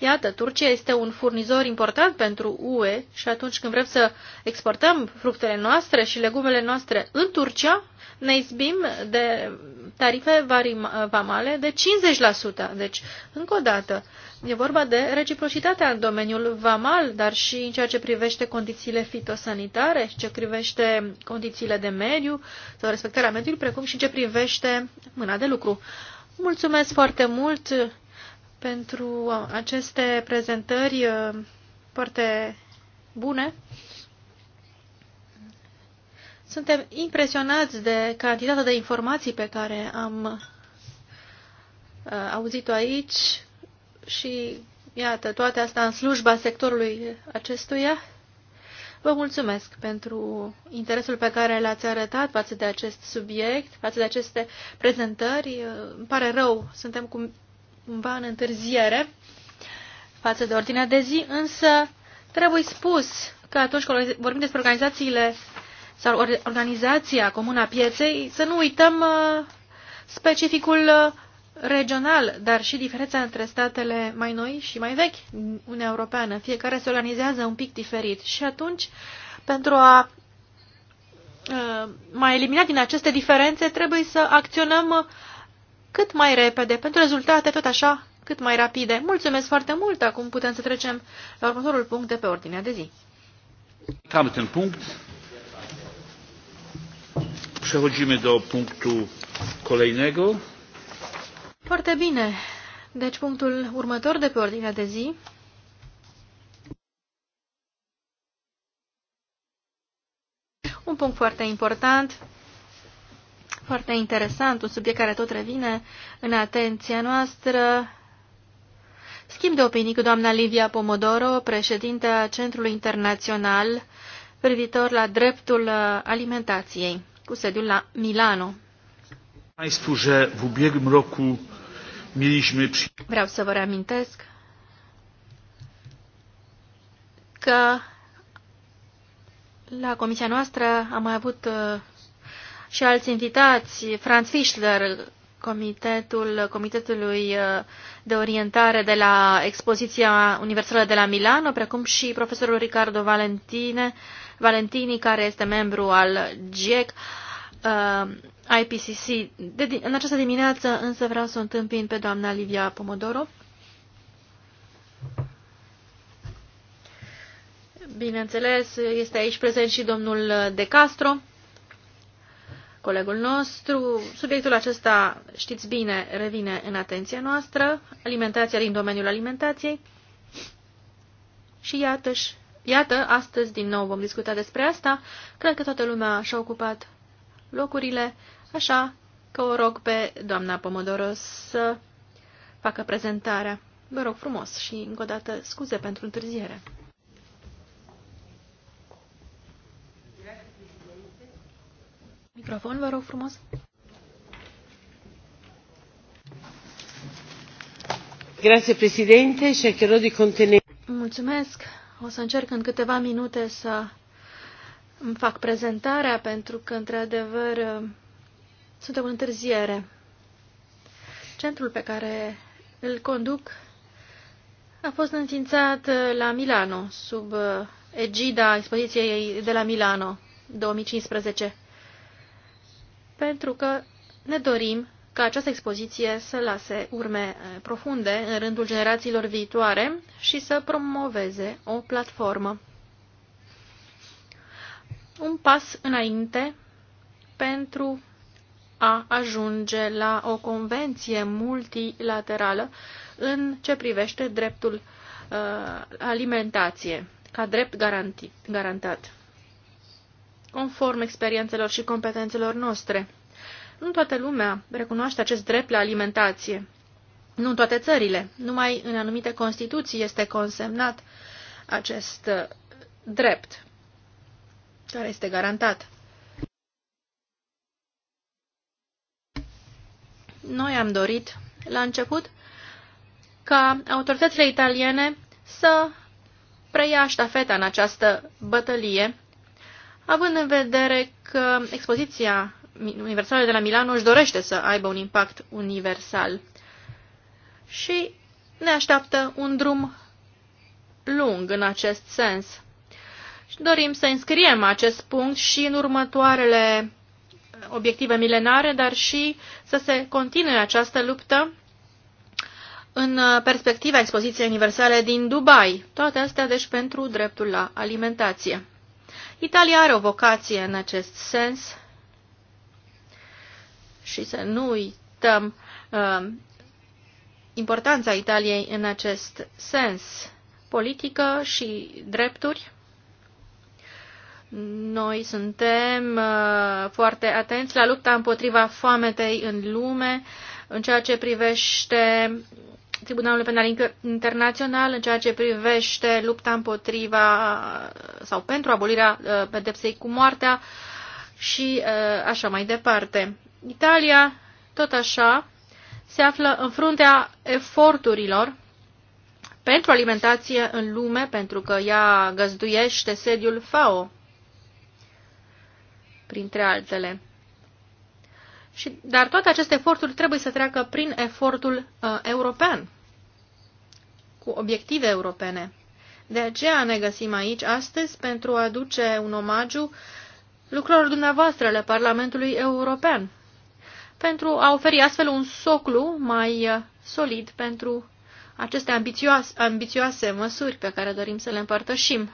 Iată, Turcia este un furnizor important pentru UE și atunci când vrem să exportăm fructele noastre și legumele noastre în Turcia, ne izbim de tarife vamale de 50%. Deci, încă o dată, e vorba de reciprocitatea în domeniul vamal, dar și în ceea ce privește condițiile fitosanitare, ce privește condițiile de mediu sau respectarea mediului, precum și ce privește mâna de lucru. Mulțumesc foarte mult! pentru aceste prezentări uh, foarte bune. Suntem impresionați de cantitatea de informații pe care am uh, auzit-o aici și, iată, toate astea în slujba sectorului acestuia. Vă mulțumesc pentru interesul pe care l-ați arătat față de acest subiect, față de aceste prezentări. Uh, îmi pare rău, suntem cu cumva în întârziere față de ordinea de zi, însă trebuie spus că atunci când vorbim despre organizațiile sau organizația comună a pieței, să nu uităm uh, specificul uh, regional, dar și diferența între statele mai noi și mai vechi Uniunea Europeană. Fiecare se organizează un pic diferit și atunci, pentru a uh, mai elimina din aceste diferențe, trebuie să acționăm cât mai repede, pentru rezultate tot așa, cât mai rapide. Mulțumesc foarte mult! Acum putem să trecem la următorul punct de pe ordinea de zi. Tam ten punct. Przechodzimy do punktu kolejnego. Foarte bine. Deci punctul următor de pe ordinea de zi un punct foarte important foarte interesant, un subiect care tot revine în atenția noastră. Schimb de opinii cu doamna Livia Pomodoro, președintea Centrului Internațional privitor la dreptul uh, alimentației, cu sediul la Milano. Vreau să vă reamintesc că la comisia noastră am mai avut uh, și alți invitați, Franz Fischler, comitetul, Comitetului uh, de Orientare de la Expoziția Universală de la Milano, precum și profesorul Ricardo Valentine, Valentini, care este membru al GIEC, uh, IPCC. De, în această dimineață însă vreau să o întâmpin pe doamna Livia Pomodoro. Bineînțeles, este aici prezent și domnul De Castro colegul nostru. Subiectul acesta, știți bine, revine în atenția noastră, alimentația din domeniul alimentației. Și iată, -și, iată, astăzi din nou vom discuta despre asta. Cred că toată lumea și-a ocupat locurile, așa că o rog pe doamna Pomodoro să facă prezentarea. Vă rog frumos și încă o dată scuze pentru întârziere. microfon, vă rog frumos. Grazie, Presidente. Cercherò di contenere... Mulțumesc. O să încerc în câteva minute să îmi fac prezentarea, pentru că, într-adevăr, suntem în întârziere. Centrul pe care îl conduc a fost înființat la Milano, sub egida expoziției de la Milano, 2015 pentru că ne dorim ca această expoziție să lase urme eh, profunde în rândul generațiilor viitoare și să promoveze o platformă. Un pas înainte pentru a ajunge la o convenție multilaterală în ce privește dreptul uh, alimentație ca drept garantit, garantat conform experiențelor și competențelor noastre. Nu toată lumea recunoaște acest drept la alimentație. Nu în toate țările, numai în anumite constituții este consemnat acest uh, drept care este garantat. Noi am dorit, la început, ca autoritățile italiene să preia ștafeta în această bătălie având în vedere că expoziția universală de la Milano își dorește să aibă un impact universal. Și ne așteaptă un drum lung în acest sens. Și dorim să înscriem acest punct și în următoarele obiective milenare, dar și să se continue această luptă în perspectiva expoziției universale din Dubai. Toate astea, deci, pentru dreptul la alimentație. Italia are o vocație în acest sens și să nu uităm uh, importanța Italiei în acest sens, politică și drepturi. Noi suntem uh, foarte atenți la lupta împotriva foametei în lume, în ceea ce privește Tribunalului Penal Internațional în ceea ce privește lupta împotriva uh, sau pentru abolirea uh, pedepsei cu moartea și uh, așa mai departe. Italia, tot așa, se află în fruntea eforturilor pentru alimentație în lume, pentru că ea găzduiește sediul FAO, printre altele. Și, dar toate aceste eforturi trebuie să treacă prin efortul uh, european, cu obiective europene. De aceea ne găsim aici astăzi pentru a aduce un omagiu lucrurilor dumneavoastră ale Parlamentului European, pentru a oferi astfel un soclu mai uh, solid pentru aceste ambițioase, ambițioase măsuri pe care dorim să le împărtășim.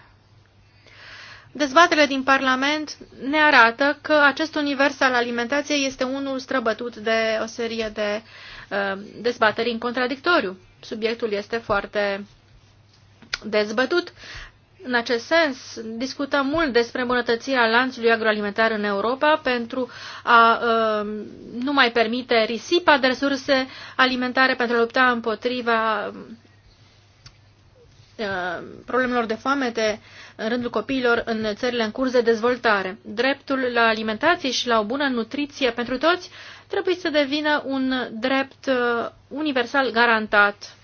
Dezbaterile din Parlament ne arată că acest univers al alimentației este unul străbătut de o serie de uh, dezbateri în contradictoriu. Subiectul este foarte dezbătut. În acest sens, discutăm mult despre îmbunătățirea lanțului agroalimentar în Europa pentru a uh, nu mai permite risipa de resurse alimentare pentru a lupta împotriva uh, problemelor de foamete, în rândul copiilor în țările în curs de dezvoltare. Dreptul la alimentație și la o bună nutriție pentru toți trebuie să devină un drept uh, universal garantat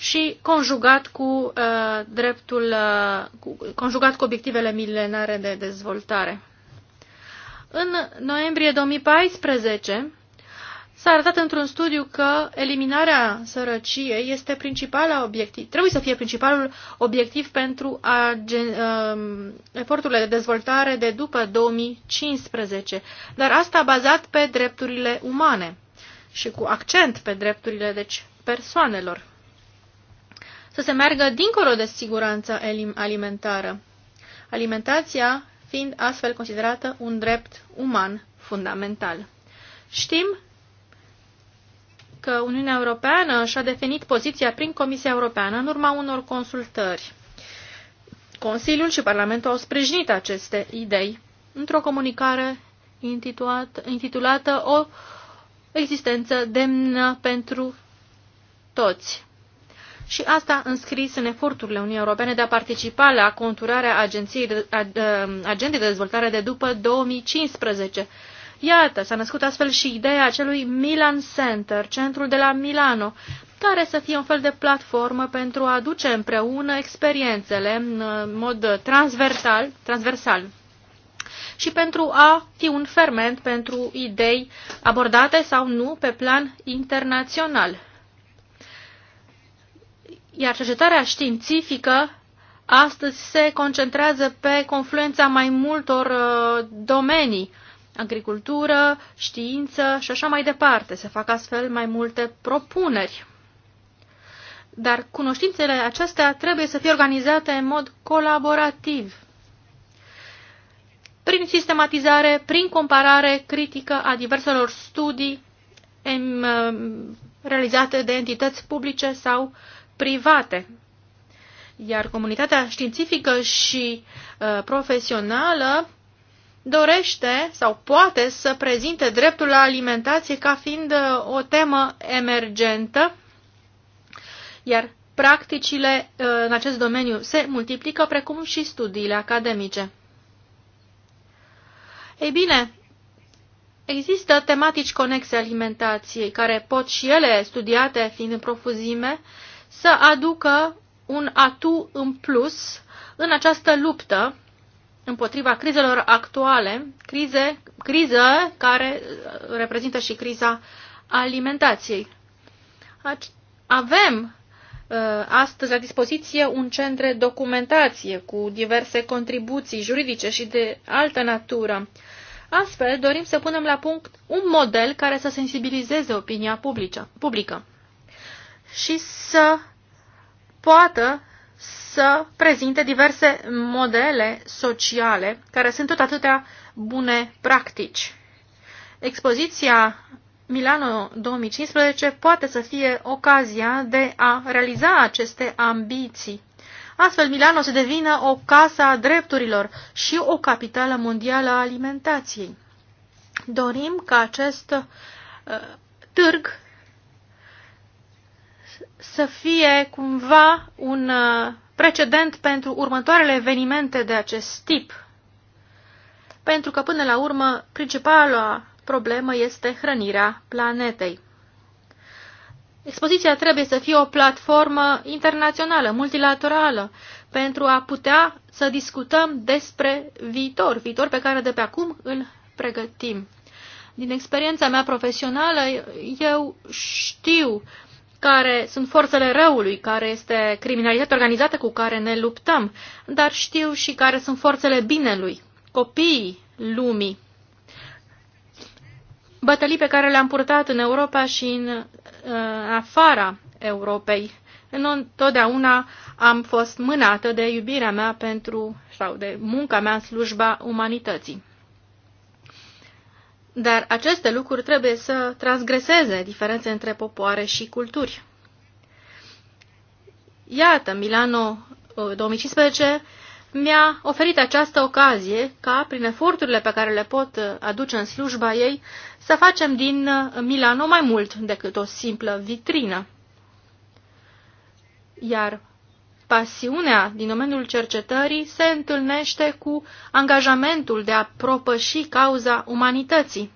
și conjugat cu uh, dreptul uh, cu, conjugat cu obiectivele milenare de dezvoltare. În noiembrie 2014, S-a arătat într-un studiu că eliminarea sărăciei este principala obiectiv, trebuie să fie principalul obiectiv pentru a, gen, um, eforturile de dezvoltare de după 2015, dar asta bazat pe drepturile umane și cu accent pe drepturile deci, persoanelor. Să se meargă dincolo de siguranța alimentară, alimentația fiind astfel considerată un drept uman fundamental. Știm că Uniunea Europeană și-a definit poziția prin Comisia Europeană în urma unor consultări. Consiliul și Parlamentul au sprijinit aceste idei într-o comunicare intitulată, intitulată O existență demnă pentru toți. Și asta înscris în eforturile Uniunii Europene de a participa la conturarea agenției, agendei de dezvoltare de după 2015 Iată, s-a născut astfel și ideea acelui Milan Center, centrul de la Milano, care să fie un fel de platformă pentru a aduce împreună experiențele în uh, mod transversal, transversal și pentru a fi un ferment pentru idei abordate sau nu pe plan internațional. Iar cercetarea științifică astăzi se concentrează pe confluența mai multor uh, domenii agricultură, știință și așa mai departe. Se fac astfel mai multe propuneri. Dar cunoștințele acestea trebuie să fie organizate în mod colaborativ, prin sistematizare, prin comparare critică a diverselor studii în, uh, realizate de entități publice sau private. Iar comunitatea științifică și uh, profesională dorește sau poate să prezinte dreptul la alimentație ca fiind uh, o temă emergentă, iar practicile uh, în acest domeniu se multiplică, precum și studiile academice. Ei bine, există tematici conexe alimentației, care pot și ele, studiate fiind în profuzime, să aducă un atu în plus în această luptă împotriva crizelor actuale, crize, criză care uh, reprezintă și criza alimentației. Avem uh, astăzi la dispoziție un centru de documentație cu diverse contribuții juridice și de altă natură. Astfel, dorim să punem la punct un model care să sensibilizeze opinia publică și să poată să prezinte diverse modele sociale care sunt tot atâtea bune practici. Expoziția Milano 2015 poate să fie ocazia de a realiza aceste ambiții. Astfel, Milano se devină o casă a drepturilor și o capitală mondială a alimentației. Dorim ca acest uh, târg să fie cumva un uh, precedent pentru următoarele evenimente de acest tip. Pentru că, până la urmă, principala problemă este hrănirea planetei. Expoziția trebuie să fie o platformă internațională, multilaterală, pentru a putea să discutăm despre viitor, viitor pe care de pe acum îl pregătim. Din experiența mea profesională, eu știu care sunt forțele răului, care este criminalitatea organizată cu care ne luptăm, dar știu și care sunt forțele binelui, copiii lumii. Bătălii pe care le-am purtat în Europa și în, în uh, afara Europei. Întotdeauna am fost mânată de iubirea mea pentru, sau de munca mea în slujba umanității. Dar aceste lucruri trebuie să transgreseze diferențe între popoare și culturi. Iată, Milano 2015 uh, mi-a oferit această ocazie ca, prin eforturile pe care le pot uh, aduce în slujba ei, să facem din uh, Milano mai mult decât o simplă vitrină. Iar pasiunea din domeniul cercetării se întâlnește cu angajamentul de a propăși cauza umanității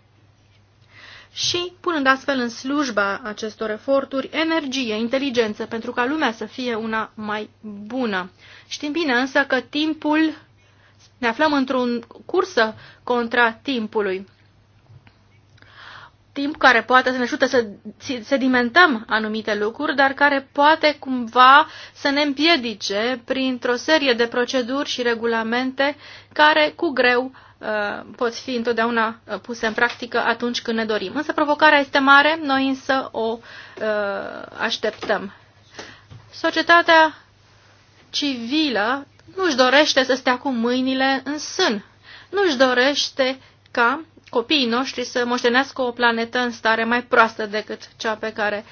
și punând astfel în slujba acestor eforturi energie, inteligență, pentru ca lumea să fie una mai bună. Știm bine însă că timpul, ne aflăm într-o cursă contra timpului timp care poate să ne ajute să sedimentăm anumite lucruri, dar care poate cumva să ne împiedice printr-o serie de proceduri și regulamente care cu greu uh, pot fi întotdeauna uh, puse în practică atunci când ne dorim. Însă provocarea este mare, noi însă o uh, așteptăm. Societatea civilă nu-și dorește să stea cu mâinile în sân, nu-și dorește ca copiii noștri să moștenească o planetă în stare mai proastă decât cea pe care,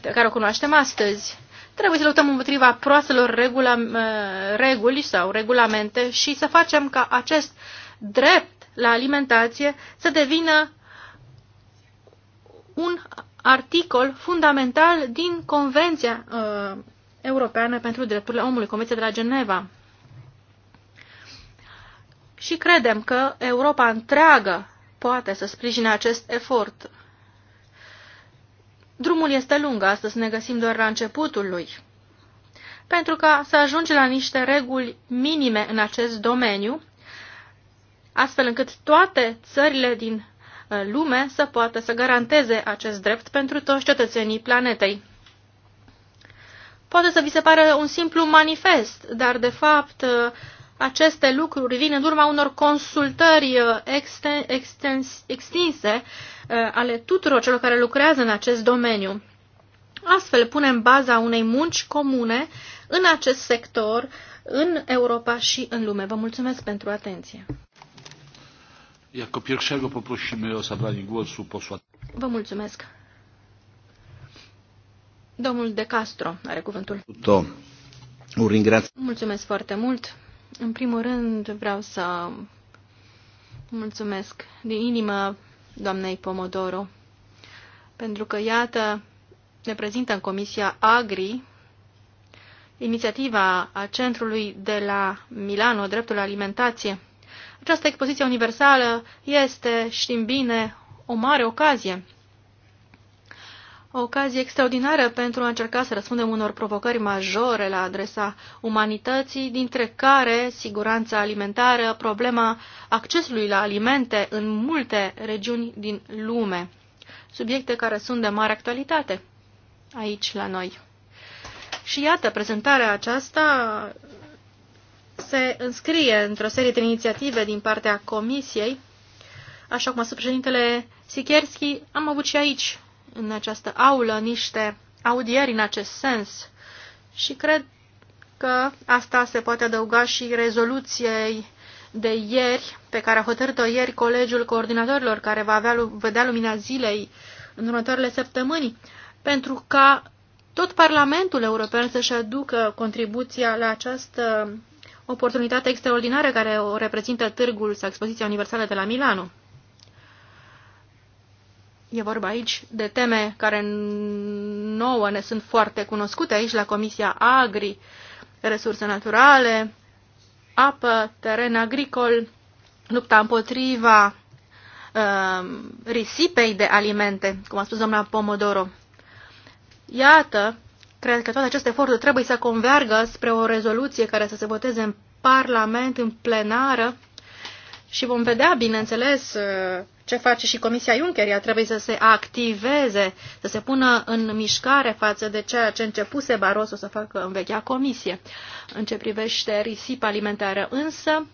pe care o cunoaștem astăzi. Trebuie să luptăm împotriva proastelor regula, reguli sau regulamente și să facem ca acest drept la alimentație să devină un articol fundamental din Convenția uh, Europeană pentru Drepturile Omului, Convenția de la Geneva și credem că Europa întreagă poate să sprijine acest efort. Drumul este lung, astăzi ne găsim doar la începutul lui. Pentru ca să ajungi la niște reguli minime în acest domeniu, astfel încât toate țările din uh, lume să poată să garanteze acest drept pentru toți cetățenii planetei. Poate să vi se pare un simplu manifest, dar de fapt uh, aceste lucruri vin în urma unor consultări uh, exten, extens, extinse uh, ale tuturor celor care lucrează în acest domeniu. Astfel punem baza unei munci comune în acest sector, în Europa și în lume. Vă mulțumesc pentru atenție. Vă mulțumesc. Domnul De Castro are cuvântul. Mulțumesc foarte mult. În primul rând vreau să mulțumesc din inimă doamnei Pomodoro, pentru că, iată, ne prezintă în Comisia Agri inițiativa a Centrului de la Milano, Dreptul la Alimentație. Această expoziție universală este, știm bine, o mare ocazie o ocazie extraordinară pentru a încerca să răspundem unor provocări majore la adresa umanității, dintre care siguranța alimentară, problema accesului la alimente în multe regiuni din lume, subiecte care sunt de mare actualitate aici la noi. Și iată, prezentarea aceasta se înscrie într-o serie de inițiative din partea Comisiei. Așa cum a spus președintele Sikierski, am avut și aici în această aulă niște audieri în acest sens și cred că asta se poate adăuga și rezoluției de ieri, pe care a hotărât-o ieri Colegiul Coordinatorilor, care va avea, vedea lumina zilei în următoarele săptămâni, pentru ca tot Parlamentul European să-și aducă contribuția la această oportunitate extraordinară care o reprezintă târgul sau expoziția universală de la Milano. E vorba aici de teme care nouă ne sunt foarte cunoscute aici la Comisia Agri, resurse naturale, apă, teren agricol, lupta împotriva uh, risipei de alimente, cum a spus doamna Pomodoro. Iată, cred că toate aceste eforturi trebuie să convergă spre o rezoluție care să se voteze în Parlament, în plenară și vom vedea, bineînțeles, uh, ce face și Comisia Juncker. Ea trebuie să se activeze, să se pună în mișcare față de ceea ce începuse Barroso să facă în vechea comisie în ce privește risipa alimentară. Însă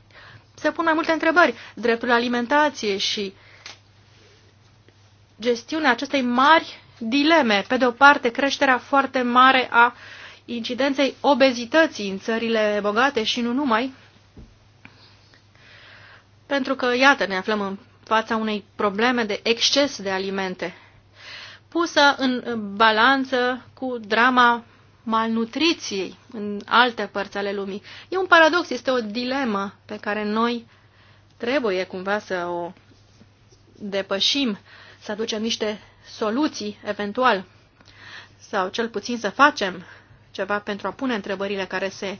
se pun mai multe întrebări. Dreptul alimentației și gestiunea acestei mari dileme. Pe de o parte, creșterea foarte mare a incidenței obezității în țările bogate și nu numai, pentru că, iată, ne aflăm în fața unei probleme de exces de alimente, pusă în balanță cu drama malnutriției în alte părți ale lumii. E un paradox, este o dilemă pe care noi trebuie cumva să o depășim, să aducem niște soluții eventual sau cel puțin să facem ceva pentru a pune întrebările care se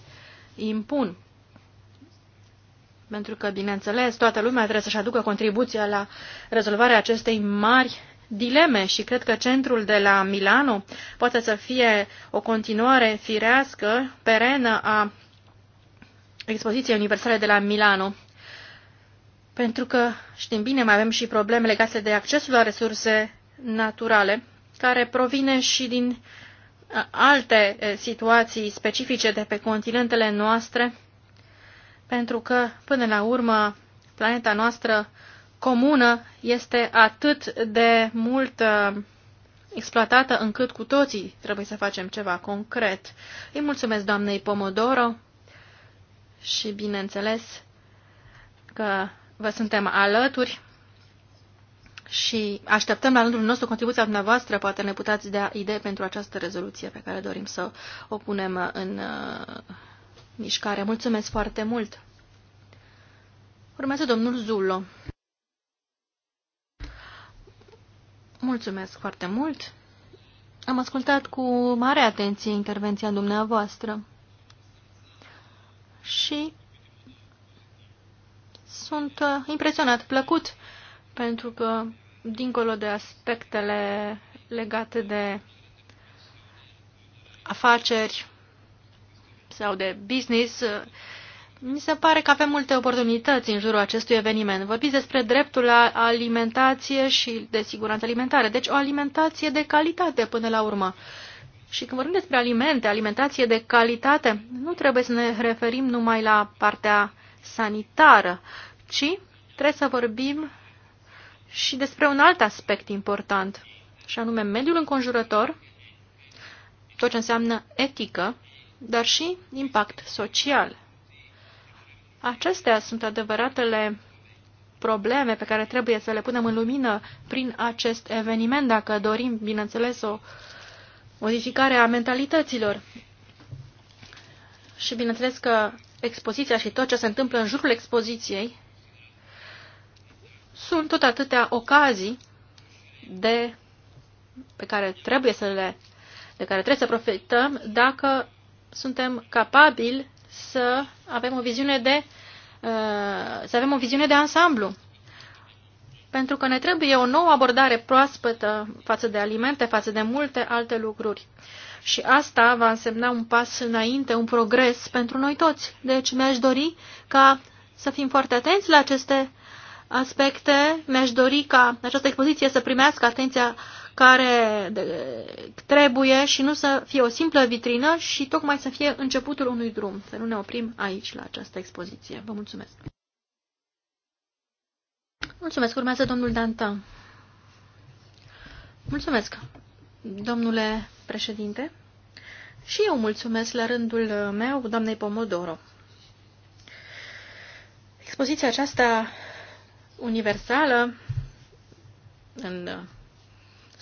impun pentru că, bineînțeles, toată lumea trebuie să-și aducă contribuția la rezolvarea acestei mari dileme și cred că centrul de la Milano poate să fie o continuare firească, perenă a expoziției universale de la Milano. Pentru că, știm bine, mai avem și probleme legate de accesul la resurse naturale, care provine și din alte eh, situații specifice de pe continentele noastre, pentru că, până la urmă, planeta noastră comună este atât de mult uh, exploatată încât cu toții trebuie să facem ceva concret. Îi mulțumesc doamnei Pomodoro și, bineînțeles, că vă suntem alături și așteptăm la rândul nostru contribuția dumneavoastră. Poate ne puteți da idei pentru această rezoluție pe care dorim să o punem în uh, mișcare. Mulțumesc foarte mult! Urmează domnul Zullo. Mulțumesc foarte mult! Am ascultat cu mare atenție intervenția dumneavoastră și sunt uh, impresionat, plăcut, pentru că, dincolo de aspectele legate de afaceri, sau de business, uh, mi se pare că avem multe oportunități în jurul acestui eveniment. Vorbiți despre dreptul la alimentație și de siguranță alimentară, deci o alimentație de calitate până la urmă. Și când vorbim despre alimente, alimentație de calitate, nu trebuie să ne referim numai la partea sanitară, ci trebuie să vorbim și despre un alt aspect important, și anume mediul înconjurător, tot ce înseamnă etică dar și impact social. Acestea sunt adevăratele probleme pe care trebuie să le punem în lumină prin acest eveniment, dacă dorim, bineînțeles, o modificare a mentalităților. Și bineînțeles că expoziția și tot ce se întâmplă în jurul expoziției sunt tot atâtea ocazii de, pe care trebuie să le, de care trebuie să profităm dacă suntem capabili să avem o viziune de uh, să avem o viziune de ansamblu. Pentru că ne trebuie o nouă abordare proaspătă față de alimente, față de multe alte lucruri. Și asta va însemna un pas înainte, un progres pentru noi toți. Deci mi-aș dori ca să fim foarte atenți la aceste aspecte. Mi-aș dori ca această expoziție să primească atenția uh, care trebuie și nu să fie o simplă vitrină și tocmai să fie începutul unui drum. Să nu ne oprim aici la această expoziție. Vă mulțumesc! Mulțumesc! Urmează domnul Danta. Mulțumesc, domnule președinte. Și eu mulțumesc la rândul meu, doamnei Pomodoro. Expoziția aceasta universală în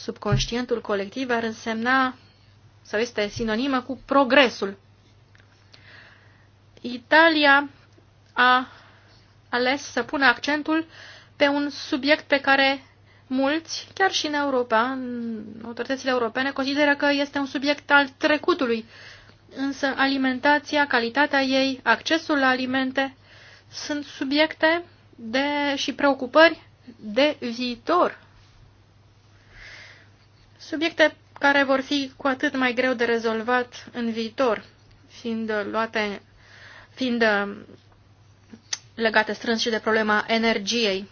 subconștientul colectiv ar însemna sau este sinonimă cu progresul. Italia a ales să pună accentul pe un subiect pe care mulți, chiar și în Europa, în autoritățile europene, consideră că este un subiect al trecutului. Însă alimentația, calitatea ei, accesul la alimente sunt subiecte de, și preocupări de viitor Subiecte care vor fi cu atât mai greu de rezolvat în viitor, fiind luate, fiind uh, legate strâns și de problema energiei.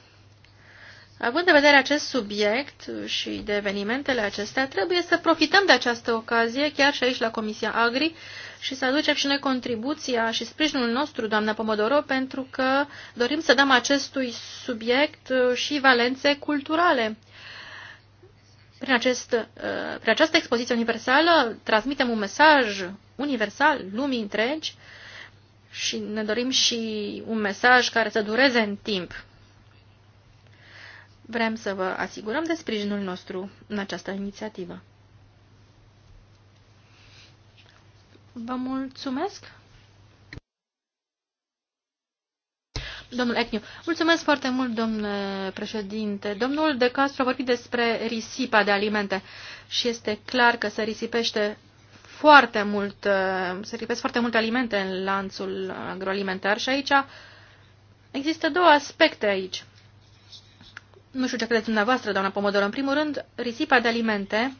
Având în vedere acest subiect și de evenimentele acestea, trebuie să profităm de această ocazie, chiar și aici la Comisia Agri, și să aducem și noi contribuția și sprijinul nostru, doamna Pomodoro, pentru că dorim să dăm acestui subiect uh, și valențe culturale. Prin, acest, uh, prin această expoziție universală transmitem un mesaj universal lumii întregi și ne dorim și un mesaj care să dureze în timp. Vrem să vă asigurăm de sprijinul nostru în această inițiativă. Vă mulțumesc! Domnul Ecniu, mulțumesc foarte mult, domnule președinte. Domnul De Castro a vorbit despre risipa de alimente și este clar că se risipește foarte mult, uh, se risipesc foarte multe alimente în lanțul agroalimentar și aici există două aspecte aici. Nu știu ce credeți dumneavoastră, doamna Pomodoro. În primul rând, risipa de alimente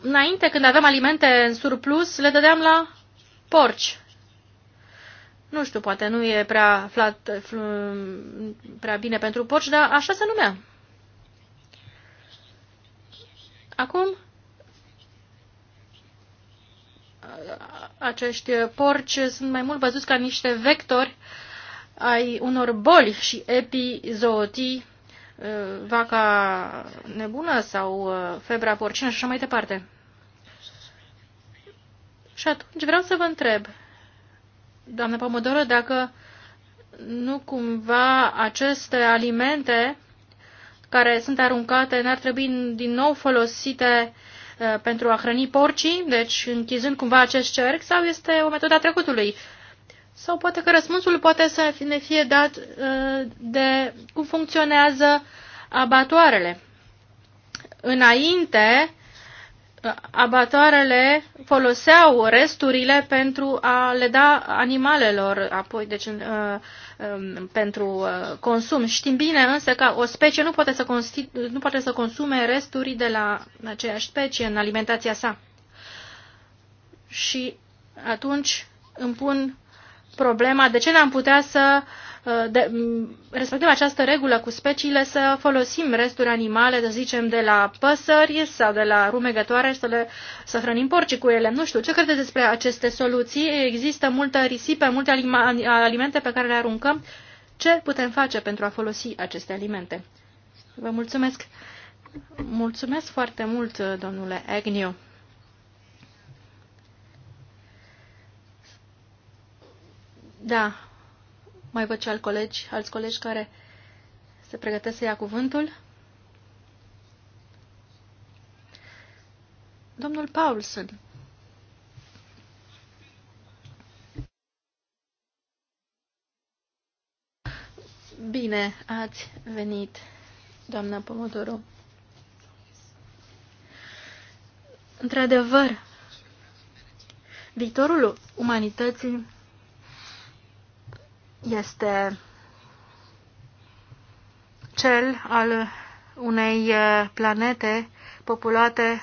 înainte, când aveam alimente în surplus, le dădeam la porci nu știu, poate nu e prea, flat, fl, prea bine pentru porci, dar așa se numea. Acum, acești porci sunt mai mult văzuți ca niște vectori ai unor boli și epizootii, uh, vaca nebună sau uh, febra porcină și așa mai departe. Și atunci vreau să vă întreb, Doamne Pomodoro, dacă nu cumva aceste alimente care sunt aruncate n-ar trebui din nou folosite uh, pentru a hrăni porcii, deci închizând cumva acest cerc, sau este o metodă a trecutului? Sau poate că răspunsul poate să ne fie dat uh, de cum funcționează abatoarele. Înainte, abatoarele foloseau resturile pentru a le da animalelor, apoi, deci, uh, um, pentru uh, consum. Știm bine însă că o specie nu poate, să nu poate să consume resturi de la aceeași specie în alimentația sa. Și atunci îmi pun problema de ce n-am putea să uh, Uh, de, mm, respectiv această regulă cu speciile, să folosim resturi animale, să zicem, de la păsări sau de la rumegătoare să, le, să hrănim porci cu ele. Nu știu, ce credeți despre aceste soluții? Există multă risipă, multe alimente pe care le aruncăm. Ce putem face pentru a folosi aceste alimente? Vă mulțumesc! Mulțumesc foarte mult, domnule Agnew. Da, mai văd și al colegi, alți colegi care se pregătesc să ia cuvântul. Domnul Paulson. Bine ați venit, doamna Pomodoro. Într-adevăr, viitorul umanității este cel al unei uh, planete populate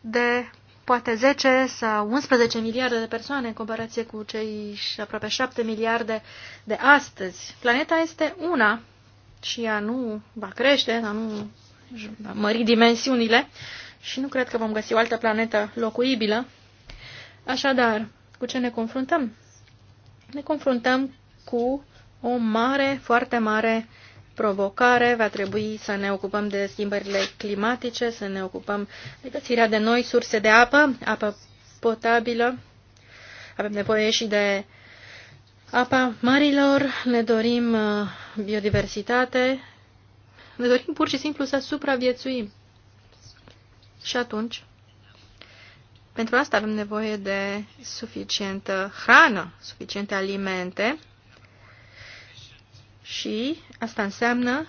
de poate 10 sau 11 miliarde de persoane în comparație cu cei aproape 7 miliarde de astăzi. Planeta este una și ea nu va crește, dar nu va mări dimensiunile și nu cred că vom găsi o altă planetă locuibilă. Așadar, cu ce ne confruntăm? ne confruntăm cu o mare, foarte mare provocare. Va trebui să ne ocupăm de schimbările climatice, să ne ocupăm de găsirea de noi surse de apă, apă potabilă. Avem nevoie și de apa marilor, ne dorim uh, biodiversitate, ne dorim pur și simplu să supraviețuim. Și atunci pentru asta avem nevoie de suficientă hrană, suficiente alimente și asta înseamnă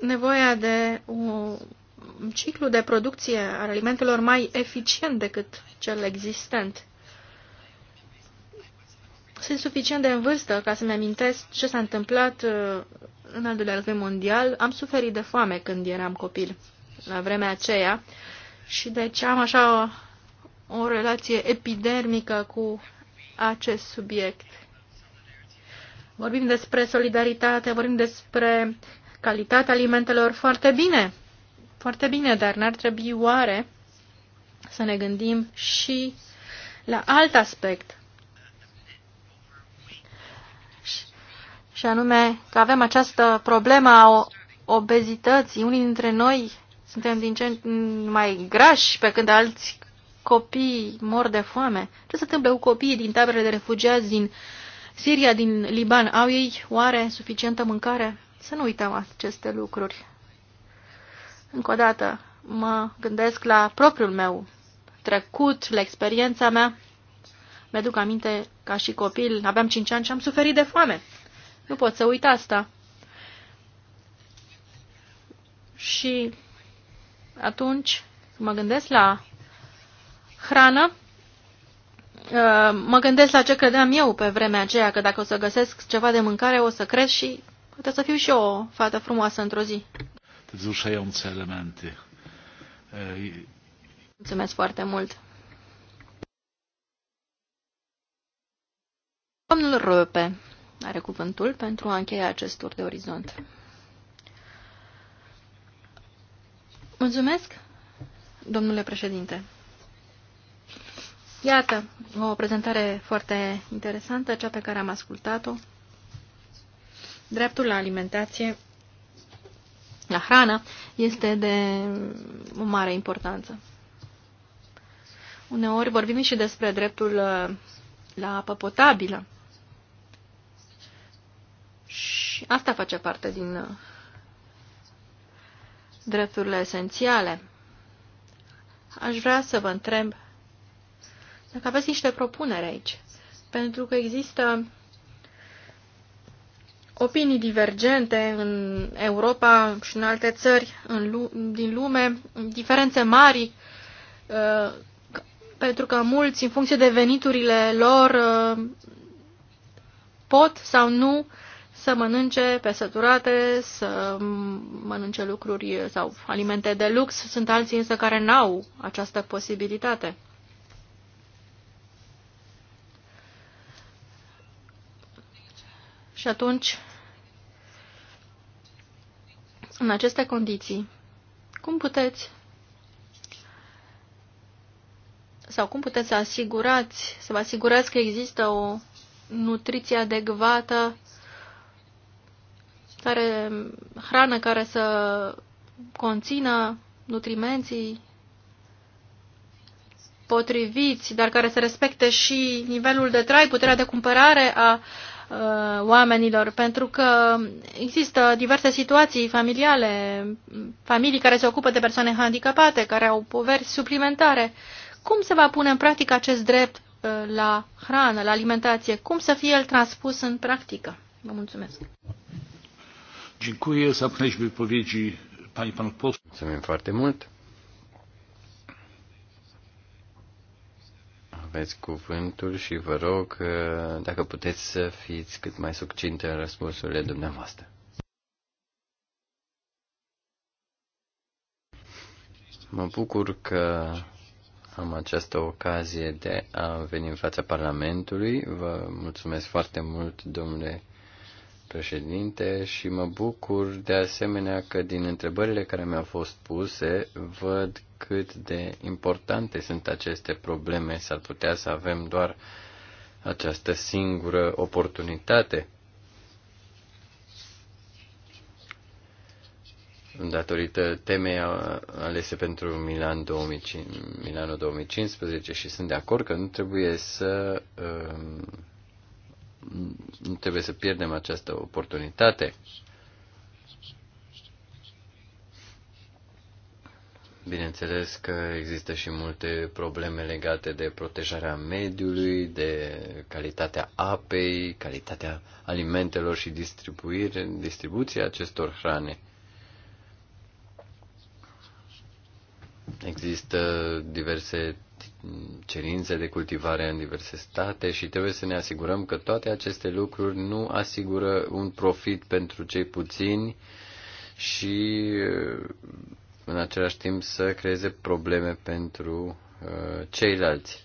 nevoia de un ciclu de producție al alimentelor mai eficient decât cel existent. Sunt suficient de în vârstă ca să-mi amintesc ce s-a întâmplat uh, în al doilea război mondial. Am suferit de foame când eram copil, la vremea aceea, și deci am așa o relație epidermică cu acest subiect. Vorbim despre solidaritate, vorbim despre calitatea alimentelor foarte bine, foarte bine, dar n-ar trebui oare să ne gândim și la alt aspect. Și anume că avem această problemă a obezității. Unii dintre noi suntem din ce mai grași, pe când alți copii mor de foame? Ce se întâmplă cu copiii din taberele de refugiați din Siria, din Liban? Au ei oare suficientă mâncare? Să nu uităm aceste lucruri. Încă o dată, mă gândesc la propriul meu trecut, la experiența mea. Mi-aduc aminte, ca și copil, aveam 5 ani și am suferit de foame. Nu pot să uit asta. Și atunci, mă gândesc la hrană, uh, mă gândesc la ce credeam eu pe vremea aceea, că dacă o să găsesc ceva de mâncare, o să cresc și poate să fiu și eu o fată frumoasă într-o zi. Wzruszające elementy. Mulțumesc foarte mult. Domnul Röpe are cuvântul pentru a încheia acest tur de orizont. Mulțumesc, domnule președinte. Iată, o prezentare foarte interesantă, cea pe care am ascultat-o. Dreptul la alimentație, la hrană, este de o mare importanță. Uneori vorbim și despre dreptul uh, la apă potabilă. Și asta face parte din uh, drepturile esențiale. Aș vrea să vă întreb dacă aveți niște propuneri aici, pentru că există opinii divergente în Europa și în alte țări în lu- din lume, diferențe mari, uh, pentru că mulți, în funcție de veniturile lor, uh, pot sau nu să mănânce pe săturate, să mănânce lucruri sau alimente de lux. Sunt alții însă care n-au această posibilitate. Și atunci, în aceste condiții, cum puteți sau cum puteți să asigurați, să vă asigurați că există o nutriție adecvată, care, hrană care să conțină nutrimenții potriviți, dar care să respecte și nivelul de trai, puterea de cumpărare a Uh, oamenilor, pentru că există diverse situații familiale, familii care se ocupă de persoane handicapate, care au poveri suplimentare. Cum se va pune în practică acest drept uh, la hrană, la alimentație? Cum să fie el transpus în practică? Vă mulțumesc. Dziękuję. Zamknęliśmy wypowiedzi pani panów posłów. Mulțumim foarte mult. aveți cuvântul și vă rog uh, dacă puteți să fiți cât mai succinte în răspunsurile dumneavoastră. Mă bucur că am această ocazie de a veni în fața Parlamentului. Vă mulțumesc foarte mult, domnule președinte, și mă bucur de asemenea că din întrebările care mi-au fost puse văd cât de importante sunt aceste probleme. S-ar putea să avem doar această singură oportunitate. datorită temei alese pentru Milan 2005, Milano 2015 și sunt de acord că nu trebuie să um, nu trebuie să pierdem această oportunitate. Bineînțeles că există și multe probleme legate de protejarea mediului, de calitatea apei, calitatea alimentelor și distribuire, distribuția acestor hrane. Există diverse cerințe de cultivare în diverse state și trebuie să ne asigurăm că toate aceste lucruri nu asigură un profit pentru cei puțini și în același timp să creeze probleme pentru uh, ceilalți.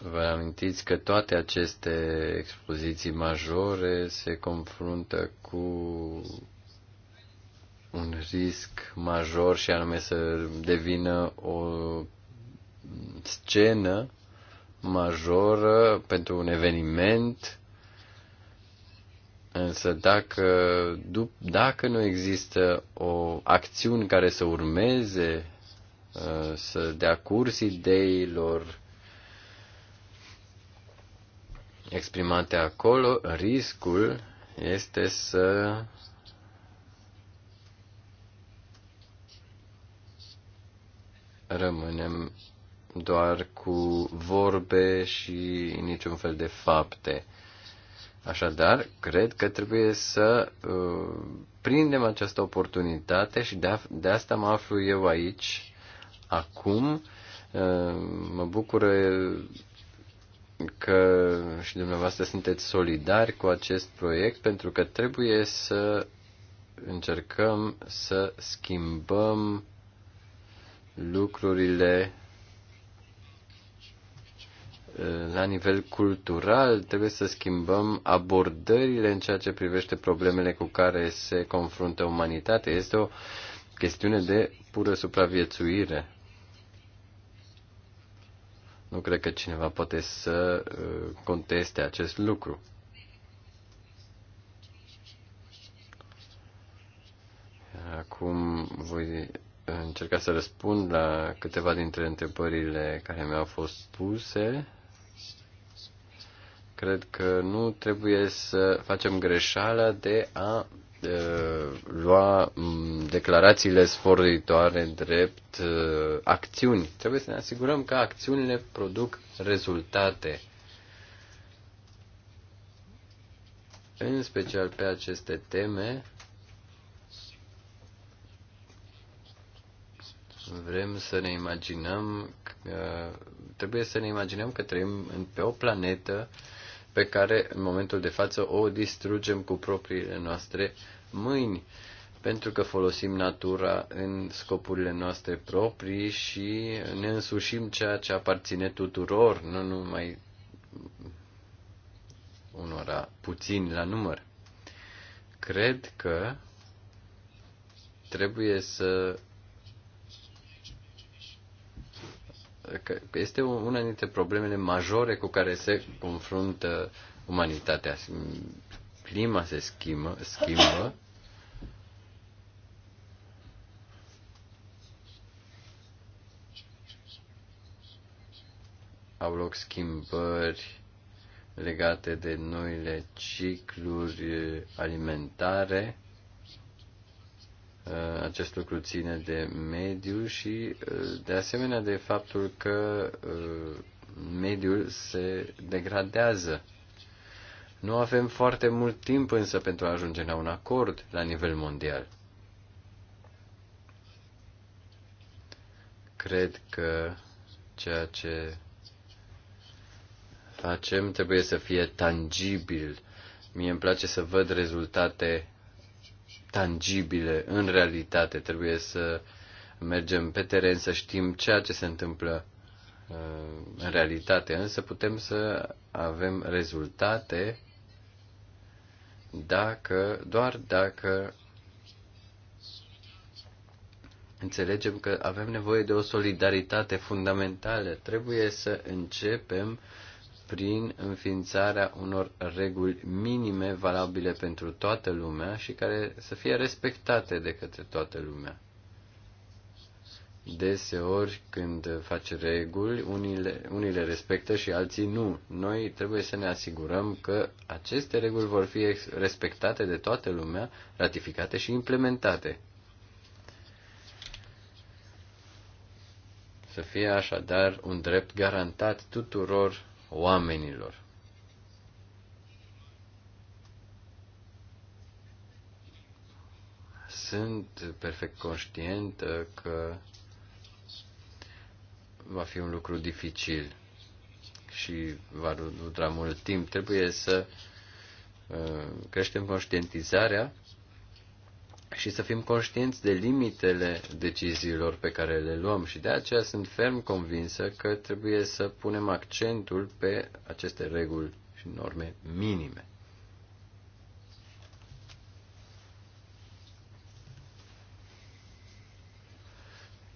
Vă amintiți că toate aceste expoziții majore se confruntă cu un risc major și anume să devină o scenă majoră pentru un eveniment Însă dacă, dacă nu există o acțiune care să urmeze, uh, să dea curs ideilor exprimate acolo, riscul este să rămânem doar cu vorbe și niciun fel de fapte. Așadar, cred că trebuie să uh, prindem această oportunitate și de, de asta mă aflu eu aici acum. Uh, mă bucur uh, că și dumneavoastră sunteți solidari cu acest proiect pentru că trebuie să încercăm să schimbăm lucrurile Uh, la nivel cultural, trebuie să schimbăm abordările în ceea ce privește problemele cu care se confruntă umanitatea. Este o chestiune de pură supraviețuire. Nu cred că cineva poate să uh, conteste acest lucru. Acum voi încerca să răspund la câteva dintre întrebările care mi-au fost puse. Cred că nu trebuie să facem greșeala de a lua declarațiile sforitoare drept acțiuni. Trebuie să ne asigurăm că acțiunile produc rezultate. În special pe aceste teme vrem să ne imaginăm că, trebuie să ne imaginăm că trăim pe o planetă uh, pe care în momentul de față o distrugem cu propriile noastre mâini, pentru că folosim natura în scopurile noastre proprii și ne însușim ceea ce aparține tuturor, nu numai unora puțin, la număr. Cred că trebuie să că este una dintre problemele majore cu care se confruntă umanitatea. Clima se schimbă, schimbă au loc schimbări legate de noile cicluri alimentare acest lucru ține de mediu și uh, de asemenea de faptul că uh, mediul se degradează. Nu avem foarte mult timp însă pentru a ajunge la un acord la nivel mondial. Cred că ceea ce facem trebuie să fie tangibil. Mie îmi place să văd rezultate tangibile în realitate. Trebuie să mergem pe teren, să știm ceea ce se întâmplă uh, în realitate, însă putem să avem rezultate dacă, doar dacă înțelegem că avem nevoie de o solidaritate fundamentală. Trebuie să începem uh, prin înființarea unor reguli minime valabile pentru toată lumea și care să fie respectate de către toată lumea. Deseori, când faci reguli, unii le, unii le respectă și alții nu. Noi trebuie să ne asigurăm că aceste reguli vor fi respectate de toată lumea, ratificate și implementate. Să fie așadar un drept garantat tuturor oamenilor. Sunt perfect conștient că va fi un lucru dificil și va dura mult timp. Trebuie să uh, creștem conștientizarea și să fim conștienți de limitele deciziilor pe care le luăm și de aceea sunt ferm convinsă că trebuie să punem accentul pe aceste reguli și norme minime.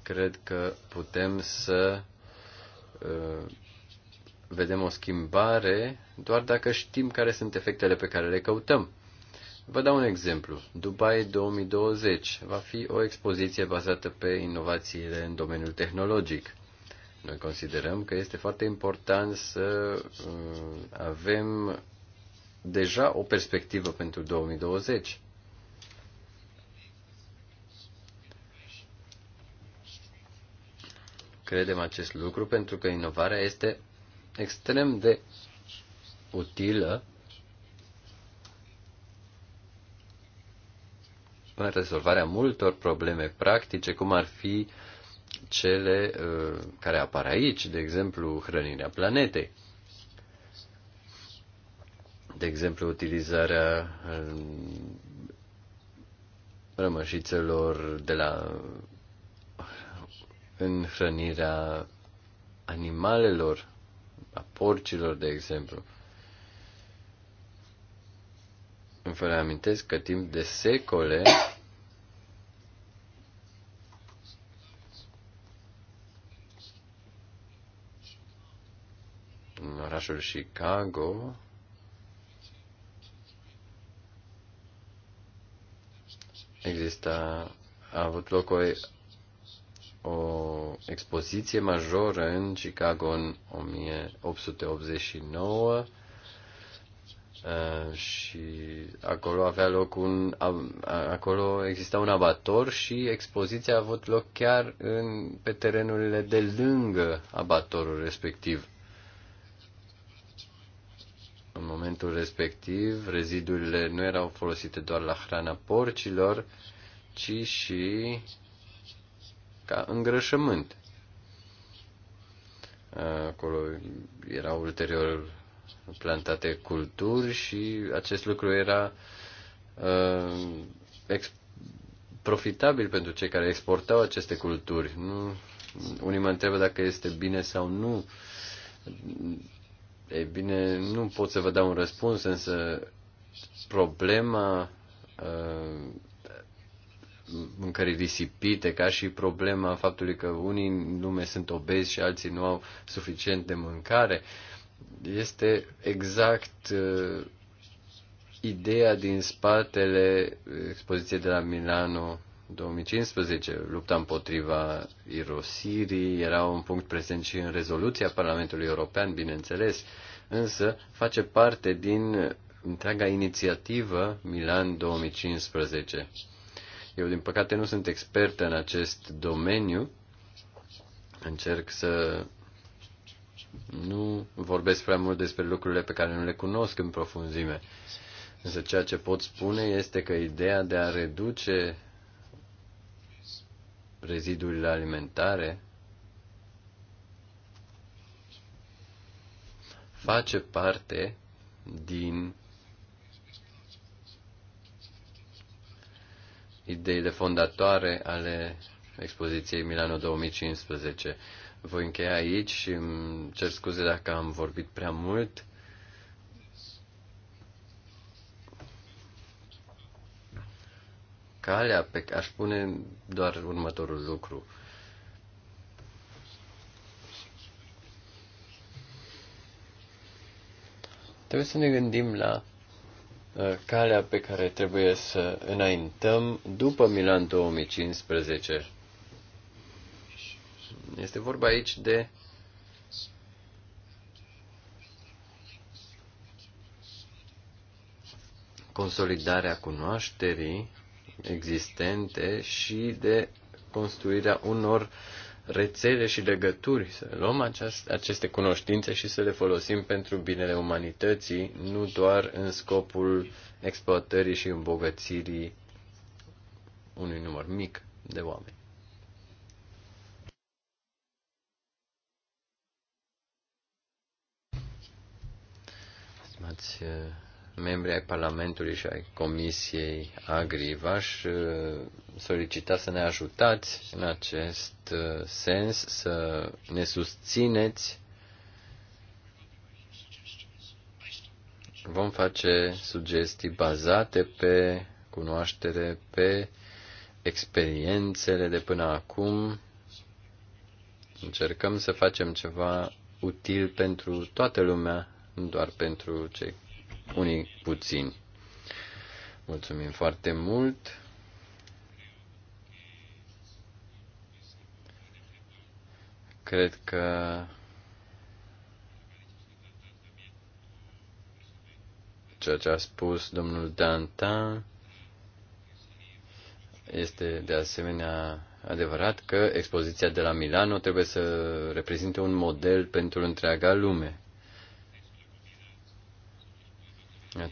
Cred că putem să uh, vedem o schimbare doar dacă știm care sunt efectele pe care le căutăm. Vă dau un exemplu. Dubai 2020 va fi o expoziție bazată pe inovațiile în domeniul tehnologic. Noi considerăm că este foarte important să uh, avem deja o perspectivă pentru 2020. Credem acest lucru pentru că inovarea este extrem de utilă presupune rezolvarea multor probleme practice, cum ar fi cele uh, care apar aici, de exemplu, hrănirea planetei. De exemplu, utilizarea uh, rămășițelor de la în hrănirea animalelor, a porcilor, de exemplu. Vă reamintesc că timp de secole în orașul Chicago exista, a avut loc o, o expoziție majoră în Chicago în 1889 Uh, și acolo avea loc un acolo exista un abator și expoziția a avut loc chiar în pe terenurile de lângă abatorul respectiv. În momentul respectiv, rezidurile nu erau folosite doar la hrana porcilor, ci și ca îngrășământ. Uh, acolo era ulterior plantate culturi și acest lucru era uh, ex- profitabil pentru cei care exportau aceste culturi. Nu, unii mă întreabă dacă este bine sau nu. Ei bine, nu pot să vă dau un răspuns, însă problema uh, mâncării risipite, ca și problema faptului că unii în lume sunt obezi și alții nu au suficient de mâncare, uh, este exact uh, ideea din spatele expoziției de la Milano 2015, lupta împotriva irosirii, era un punct prezent și în rezoluția Parlamentului European, bineînțeles, însă face parte din întreaga inițiativă Milan 2015. Eu, din păcate, nu sunt expert în acest domeniu. Încerc să nu vorbesc prea mult despre lucrurile pe care nu le cunosc în profunzime. Însă ceea ce pot spune este că ideea de a reduce rezidurile alimentare face parte din ideile fondatoare ale expoziției Milano 2015. Voi încheia aici și îmi cer scuze dacă am vorbit prea mult. Calea pe aș spune doar următorul lucru. Trebuie să ne gândim la uh, calea pe care trebuie să înaintăm după Milan 2015. Este vorba aici de consolidarea cunoașterii existente și de construirea unor rețele și legături, să luăm aceast, aceste cunoștințe și să le folosim pentru binele umanității, nu doar în scopul exploatării și îmbogățirii unui număr mic de oameni. stimați eh, membri ai Parlamentului și ai Comisiei Agri, v-aș eh, solicita să ne ajutați în acest eh, sens, să ne susțineți. Vom face sugestii bazate pe cunoaștere, pe experiențele de până acum. Încercăm să facem ceva util pentru toată lumea nu doar pentru cei unii puțini. Mulțumim foarte mult! Cred că ceea ce a spus domnul Dantin este de asemenea adevărat că expoziția de la Milano trebuie să reprezinte un model pentru întreaga lume.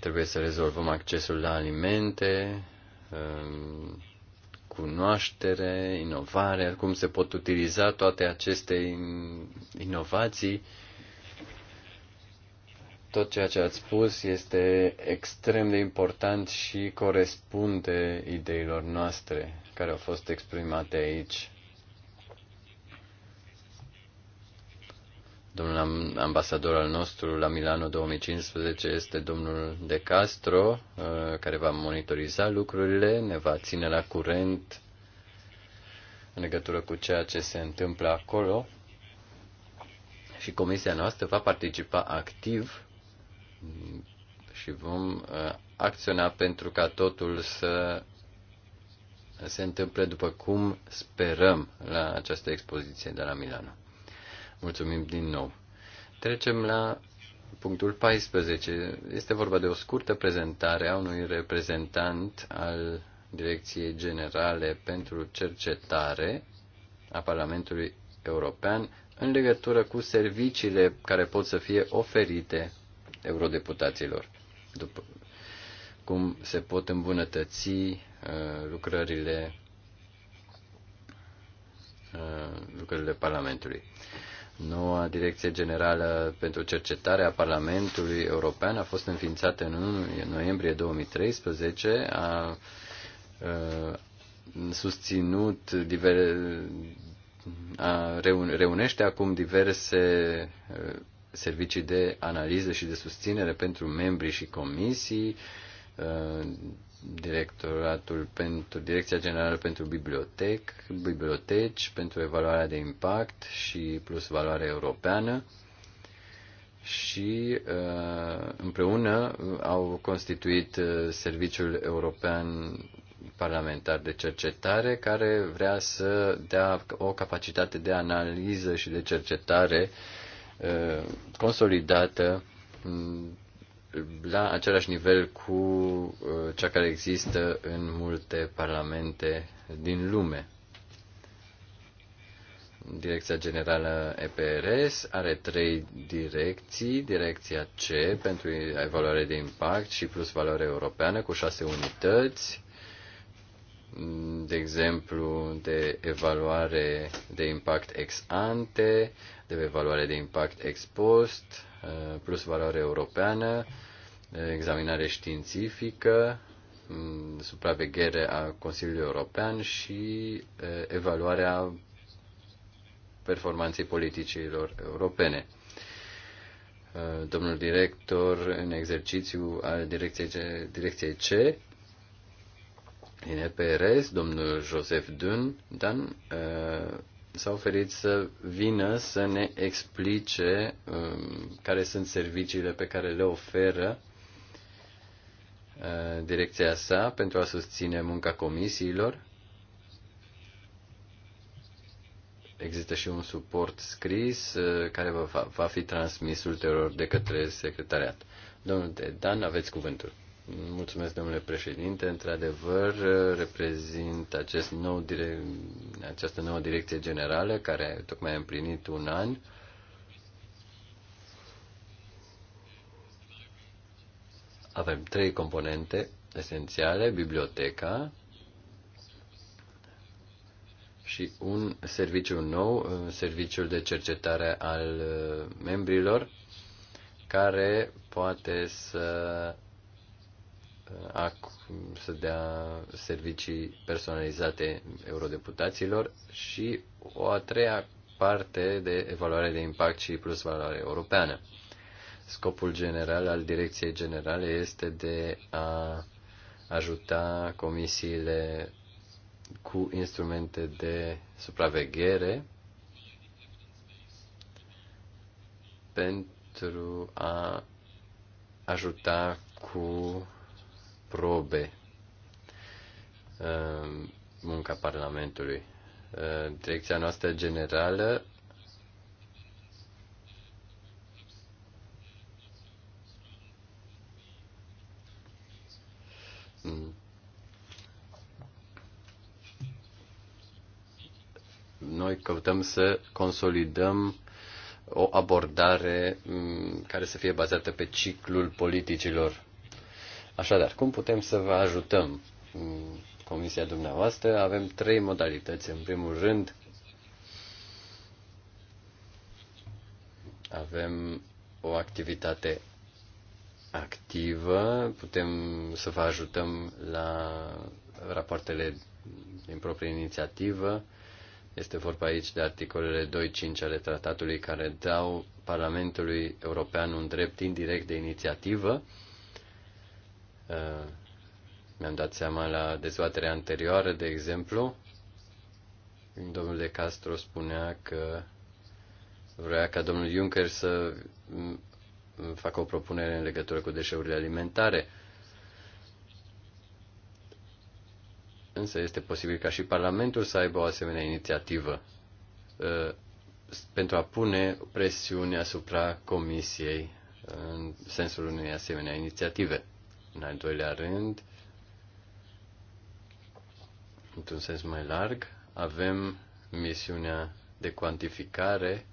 Trebuie să rezolvăm accesul la alimente, um, cunoaștere, inovare, cum se pot utiliza toate aceste inovații. Tot ceea ce ați spus este extrem de important și corespunde ideilor noastre care au fost exprimate aici. Domnul ambasador al nostru la Milano 2015 este domnul De Castro, uh, care va monitoriza lucrurile, ne va ține la curent în legătură cu ceea ce se întâmplă acolo și comisia noastră va participa activ și vom uh, acționa pentru ca totul să se întâmple după cum sperăm la această expoziție de la Milano. Mulțumim din nou. Trecem la punctul 14. Este vorba de o scurtă prezentare a unui reprezentant al Direcției Generale pentru Cercetare a Parlamentului European în legătură cu serviciile care pot să fie oferite eurodeputaților, după cum se pot îmbunătăți uh, lucrările uh, lucrările Parlamentului. Noua Direcție Generală pentru Cercetare a Parlamentului European a fost înființată în 1 noiembrie 2013, a, a susținut diver, a, reunește acum diverse servicii de analiză și de susținere pentru membrii și comisii, directoratul pentru Direcția Generală pentru Bibliotec, Biblioteci, pentru evaluarea de impact și plus valoare europeană și uh, împreună au constituit uh, Serviciul European Parlamentar de Cercetare care vrea să dea o capacitate de analiză și de cercetare uh, consolidată la același nivel cu uh, cea care există în multe parlamente din lume. Direcția Generală EPRS are trei direcții. Direcția C pentru evaluare de impact și plus valoare europeană cu șase unități, de exemplu, de evaluare de impact ex ante, de evaluare de impact ex post, Eh, plus valoare europeană, eh, examinare științifică, mm, supraveghere a Consiliului European și eh, evaluarea performanței politicilor europene. Domnul director în exercițiu al direcției C, direcției C din EPRS, domnul Joseph Dun, Dan, s-a oferit să vină să ne explice um, care sunt serviciile pe care le oferă uh, direcția sa pentru a susține munca comisiilor. Există și un suport scris uh, care va, va fi transmis ulterior de către secretariat. Domnul Dan, aveți cuvântul. Mulțumesc, domnule președinte. Într-adevăr, reprezint acest nou direc- această nouă direcție generală care tocmai a împlinit un an. Avem trei componente esențiale, biblioteca și un serviciu nou, serviciul de cercetare al membrilor, care poate să a să dea servicii personalizate eurodeputaților și o a treia parte de evaluare de impact și plus valoare europeană. Scopul general al Direcției Generale este de a ajuta comisiile cu instrumente de supraveghere pentru a ajuta cu probe uh, munca Parlamentului. Uh, direcția noastră generală noi căutăm să consolidăm o abordare mm, care să fie bazată pe ciclul politicilor Așadar, cum putem să vă ajutăm? Mm, comisia dumneavoastră avem trei modalități. În primul rând, avem o activitate activă, putem să vă ajutăm la rapoartele din proprie inițiativă. Este vorba aici de articolele 2.5 ale tratatului care dau Parlamentului European un drept indirect de inițiativă. Uh, mi-am dat seama la dezbaterea anterioară, de exemplu, domnul De Castro spunea că vrea ca domnul Juncker să mm, facă o propunere în legătură cu deșeurile alimentare. Însă este posibil ca și Parlamentul să aibă o asemenea inițiativă uh, pentru a pune presiune asupra Comisiei uh, în sensul unei asemenea inițiative. În al doilea rând, într-un sens mai larg, avem misiunea de cuantificare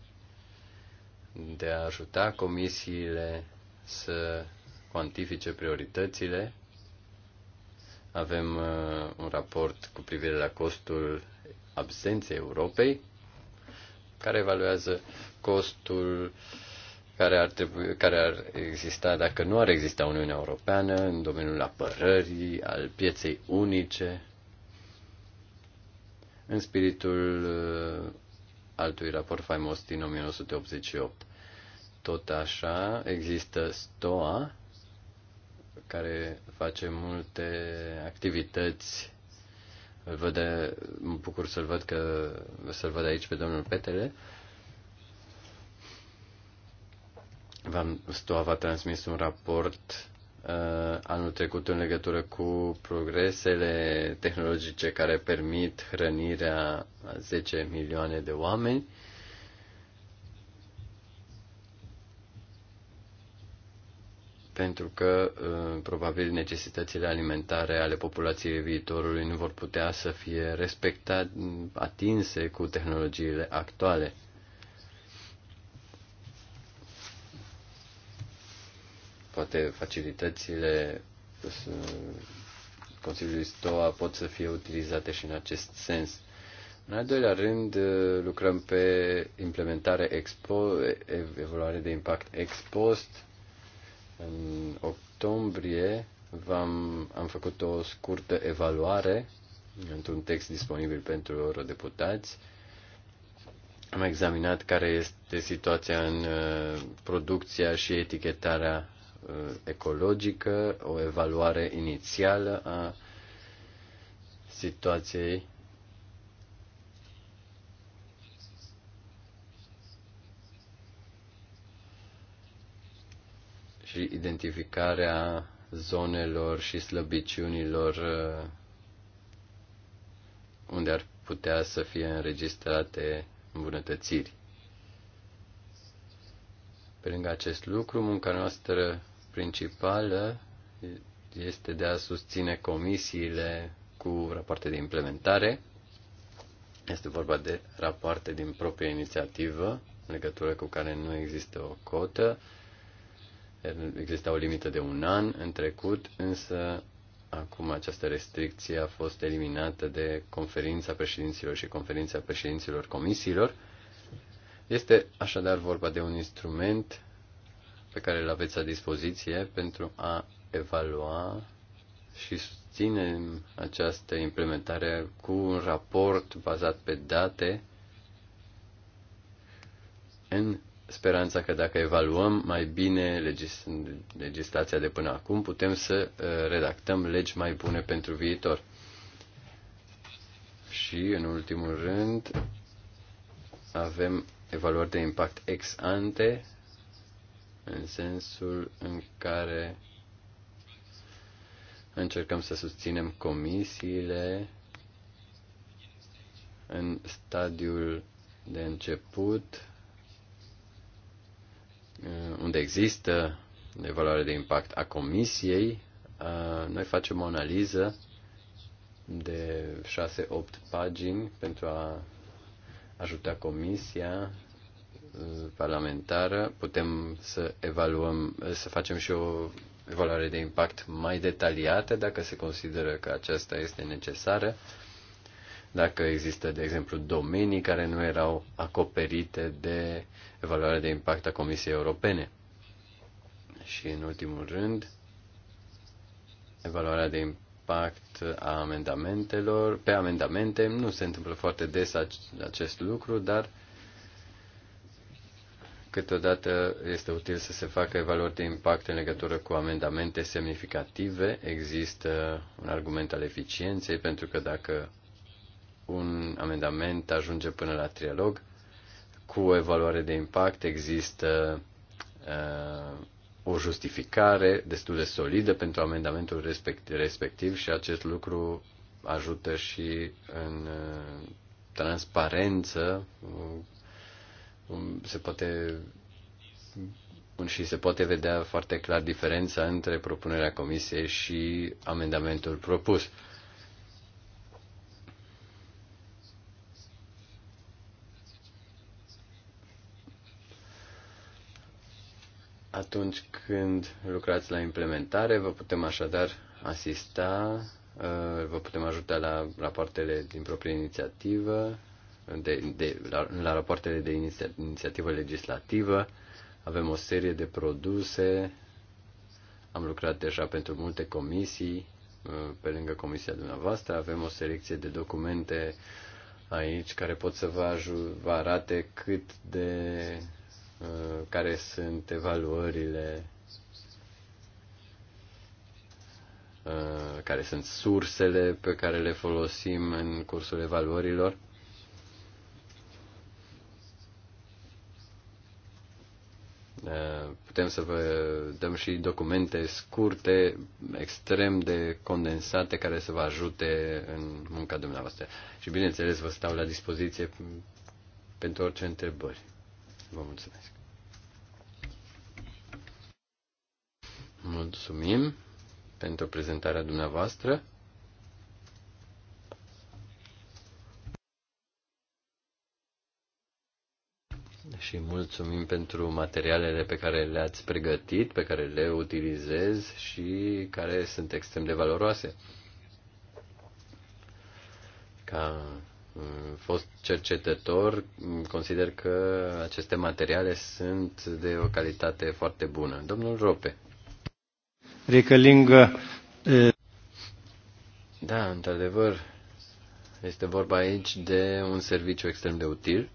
de a ajuta comisiile să cuantifice prioritățile. Avem uh, un raport cu privire la costul absenței Europei, care evaluează costul uh, care ar, trebui, care ar exista dacă nu ar exista Uniunea Europeană în domeniul apărării, al pieței unice, în spiritul uh, altui raport faimos din 1988. Tot așa există STOA, care face multe activități. Îl văd, mă bucur să-l văd, că, să-l văd aici pe domnul Petele. Uh, V-am, STOA a transmis un raport uh, anul trecut în legătură cu progresele tehnologice care permit hrănirea a 10 milioane de oameni. pentru că uh, probabil necesitățile alimentare ale populației viitorului nu vor putea să fie respectate, atinse cu tehnologiile actuale. Poate facilitățile uh, Consiliului STOA pot să fie utilizate și în acest sens. În al doilea rând, uh, lucrăm pe implementare expo, evaluare de impact ex post. În octombrie am am făcut o scurtă evaluare într-un text disponibil pentru eurodeputați. Am examinat care este situația în uh, producția și etichetarea Uh, ecologică, o evaluare inițială a situației și identificarea zonelor și slăbiciunilor uh, unde ar putea să fie înregistrate îmbunătățiri. Pe lângă acest lucru, munca noastră principală este de a susține comisiile cu rapoarte de implementare. Este vorba de rapoarte din proprie inițiativă, în legătură cu care nu există o cotă. Exista o limită de un an în trecut, însă acum această restricție a fost eliminată de conferința președinților și conferința președinților comisiilor. Este așadar vorba de un instrument pe care îl aveți la dispoziție pentru a evalua și susține această implementare cu un raport bazat pe date în speranța că dacă evaluăm mai bine legis- legislația de până acum, putem să uh, redactăm legi mai bune pentru viitor. Și, în ultimul rând, avem evaluări de impact ex ante în sensul în care încercăm să susținem comisiile în stadiul de început, uh, unde există evaluare de impact a comisiei, uh, noi facem o analiză de 6-8 pagini pentru a ajuta comisia parlamentară putem să evaluăm, să facem și o evaluare de impact mai detaliată dacă se consideră că aceasta este necesară, dacă există, de exemplu, domenii care nu erau acoperite de evaluarea de impact a Comisiei Europene. Și, în ultimul rând, evaluarea de impact a amendamentelor, pe amendamente, nu se întâmplă foarte des acest lucru, dar uh, Câteodată este util să se facă evaluări de impact în legătură cu amendamente semnificative. Există un argument al eficienței, pentru că dacă un amendament ajunge până la trialog, cu o evaluare de impact există uh, o justificare destul de solidă pentru amendamentul respect, respectiv și acest lucru ajută și în uh, transparență uh, se poate și se poate vedea foarte clar diferența între propunerea comisiei și amendamentul propus. Atunci când lucrați la implementare, vă putem așadar asista, vă putem ajuta la rapoartele din proprie inițiativă, de, de, la, la rapoartele de iniția, inițiativă legislativă. Avem o serie de produse. Am lucrat deja pentru multe comisii, uh, pe lângă comisia dumneavoastră. Avem o selecție de documente aici care pot să vă, aju- vă arate cât de uh, care sunt evaluările uh, care sunt sursele pe care le folosim în cursul evaluărilor. Eh, putem să vă dăm și documente scurte, extrem de condensate, care să vă ajute în munca dumneavoastră. Și bineînțeles, vă stau la dispoziție pentru orice întrebări. Vă mulțumesc. Mulțumim pentru prezentarea dumneavoastră. și mulțumim pentru materialele pe care le-ați pregătit, pe care le utilizez și care sunt extrem de valoroase. Ca uh, fost cercetător, mm, consider că aceste materiale sunt de o calitate foarte bună. Domnul Rope. Recălingă. Uh, da, într-adevăr, este vorba aici de un serviciu extrem de util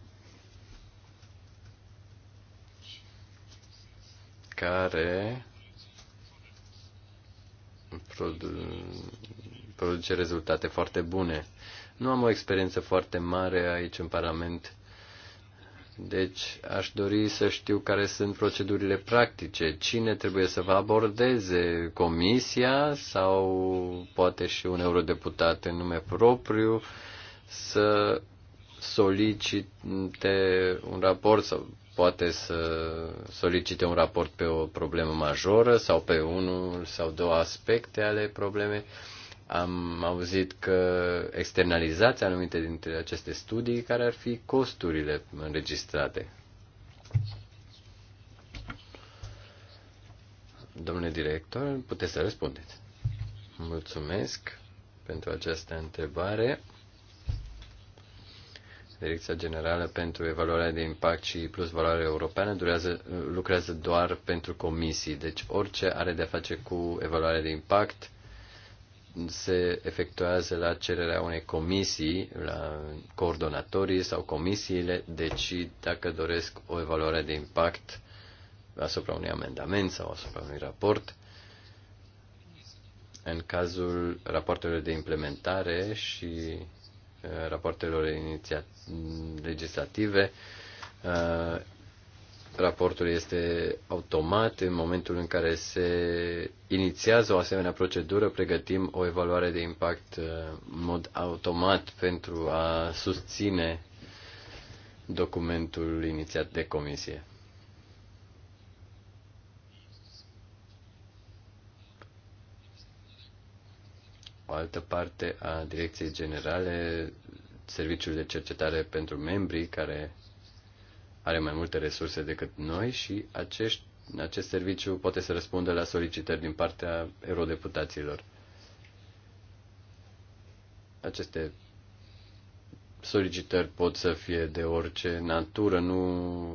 care produce rezultate foarte bune. Nu am o experiență foarte mare aici în Parlament, deci aș dori să știu care sunt procedurile practice, cine trebuie să vă abordeze, comisia sau poate și un eurodeputat în nume propriu să solicite un raport sau poate să solicite un raport pe o problemă majoră sau pe unul sau două aspecte ale problemei. Am auzit că externalizați anumite dintre aceste studii, care ar fi costurile înregistrate. Domnule director, puteți să răspundeți. Mulțumesc pentru această întrebare. Direcția Generală pentru Evaluarea de Impact și Plus Valoare Europeană durează, lucrează doar pentru comisii, deci orice are de-a face cu evaluarea de impact se efectuează la cererea unei comisii, la coordonatorii sau comisiile decid dacă doresc o evaluare de impact asupra unui amendament sau asupra unui raport în cazul rapoartelor de implementare și Uh, rapoartelor iniția, legislative. Uh, raportul este automat în momentul în care se inițiază o asemenea procedură, pregătim o evaluare de impact uh, în mod automat pentru a susține documentul inițiat de comisie. o altă parte a Direcției Generale, Serviciul de Cercetare pentru Membrii, care are mai multe resurse decât noi și acești, acest serviciu poate să răspundă la solicitări din partea eurodeputaților. Aceste solicitări pot să fie de orice natură, nu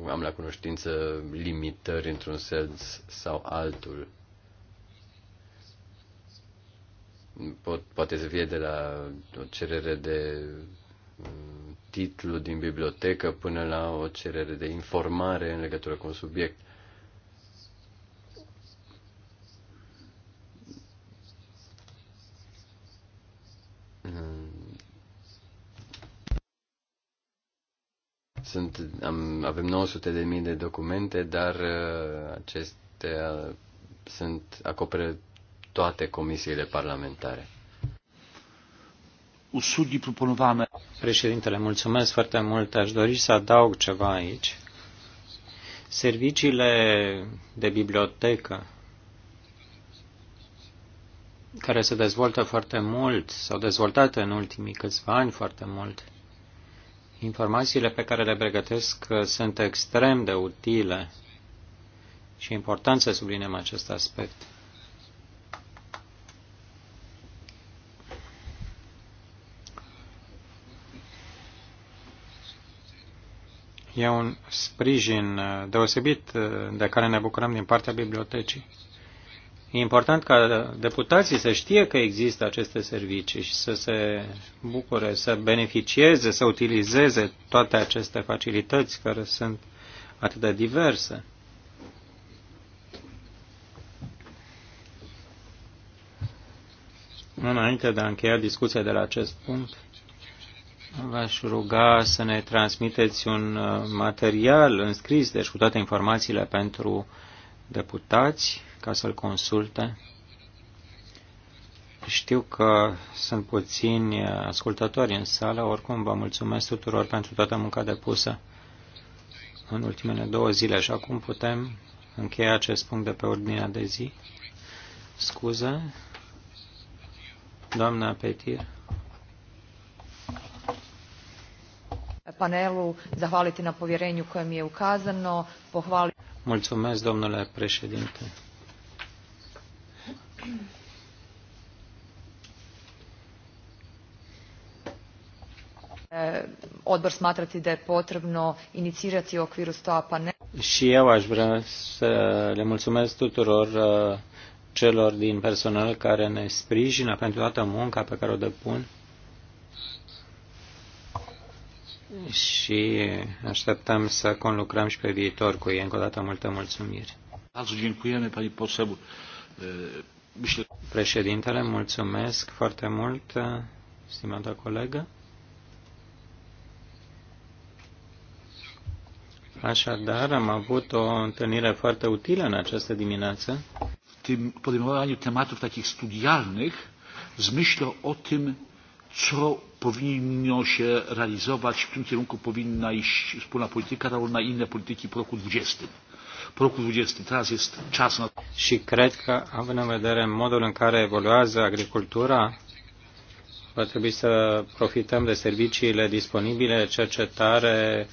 am la cunoștință limitări într-un sens sau altul. Pot, poate să fie de la o cerere de mm, titlu din bibliotecă până la o cerere de informare în legătură cu un subiect. Mm. Sunt, am, avem 900 de mii de documente, dar uh, acestea sunt acoperă toate comisiile parlamentare. Președintele, mulțumesc foarte mult. Aș dori să adaug ceva aici. Serviciile de bibliotecă care se dezvoltă foarte mult, s-au dezvoltat în ultimii câțiva ani foarte mult. Informațiile pe care le pregătesc uh, sunt extrem de utile și e important să subliniem acest aspect. E un sprijin uh, deosebit uh, de care ne bucurăm din partea bibliotecii. E important ca deputații să știe că există aceste servicii și să se bucure, să beneficieze, să utilizeze toate aceste facilități care sunt atât de diverse. Înainte de a încheia discuția de la acest punct, V-aș ruga să ne transmiteți un uh, material înscris, deci cu toate informațiile pentru deputați, ca să-l consulte. Știu că sunt puțini uh, ascultători în sală, oricum vă mulțumesc tuturor pentru toată munca depusă în ultimele două zile și acum putem încheia acest punct de pe ordinea de zi. Scuze, doamna Petir. panelu, zahvaliti na povjerenju koje mi je ukazano, pohvaliti... Mulțumesc, domnule președinte. Eh, odbor smatrati da je potrebno inicirati u okviru stoa panela. Și eu aș vrea să le mulțumesc tuturor eh, celor din personal care ne sprijină pentru toată munca pe care o depun și așteptăm să conlucrăm și pe viitor cu ei. Încă o dată multă mulțumire. Președintele, mulțumesc foarte mult, stimată colegă. Așadar, am avut o întâlnire foarte utilă în această dimineață. W tym podejmowaniu tematów takich studialnych z myślą o tym, co powinno się realizować, w tym kierunku powinna iść wspólna polityka rolna i inne polityki po roku 20. Po roku 20. Teraz jest czas na... Și cred că, având în vedere modul în care evoluează agricultura, va trebui să profităm de serviciile disponibile, cercetare,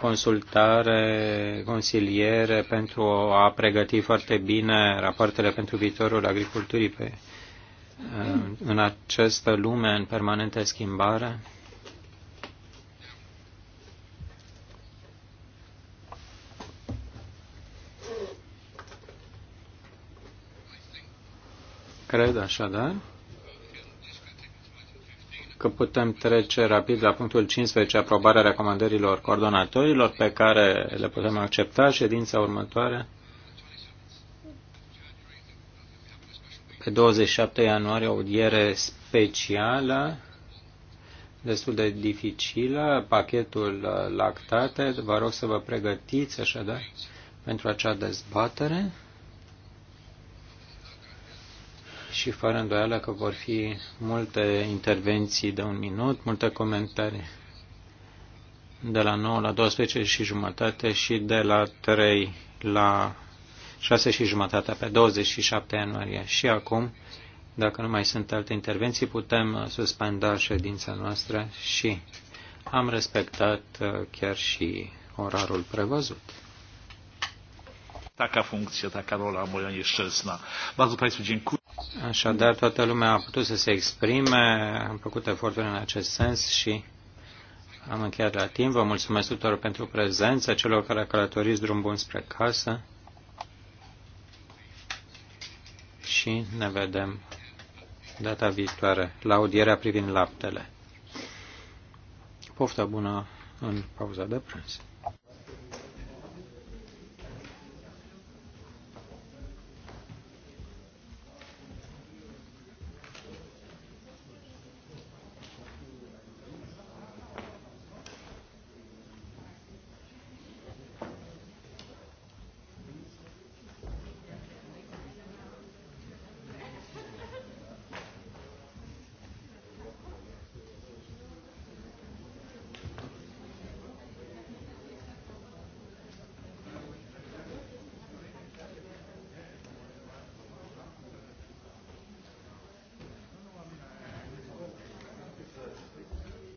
consultare, consiliere pentru a pregăti foarte bine rapoartele pentru viitorul agriculturii pe Uh, în această lume în permanentă schimbare. Cred așadar că putem trece rapid la punctul 15, aprobarea recomandărilor coordonatorilor pe care le putem accepta ședința următoare pe 27 ianuarie audiere specială, destul de dificilă, pachetul uh, lactate. Vă rog să vă pregătiți așadar pentru acea dezbatere și fără îndoială că vor fi multe intervenții de un minut, multe comentarii de la 9 la 12 și jumătate și de la 3 la 6 și jumătatea pe 27 ianuarie. Și acum, dacă nu mai sunt alte intervenții, putem uh, suspenda ședința noastră și am respectat uh, chiar și orarul prevăzut. Taka funcție, taka rola moja nieszczęsna. Bardzo Państwu dziękuję. Așadar, toată lumea a putut să se exprime, am făcut eforturi în acest sens și am încheiat la timp. Vă mulțumesc tuturor pentru prezență, celor care călătoriți drum bun spre casă. și ne vedem data viitoare la audierea privind laptele. Poftă bună în pauza de prânz.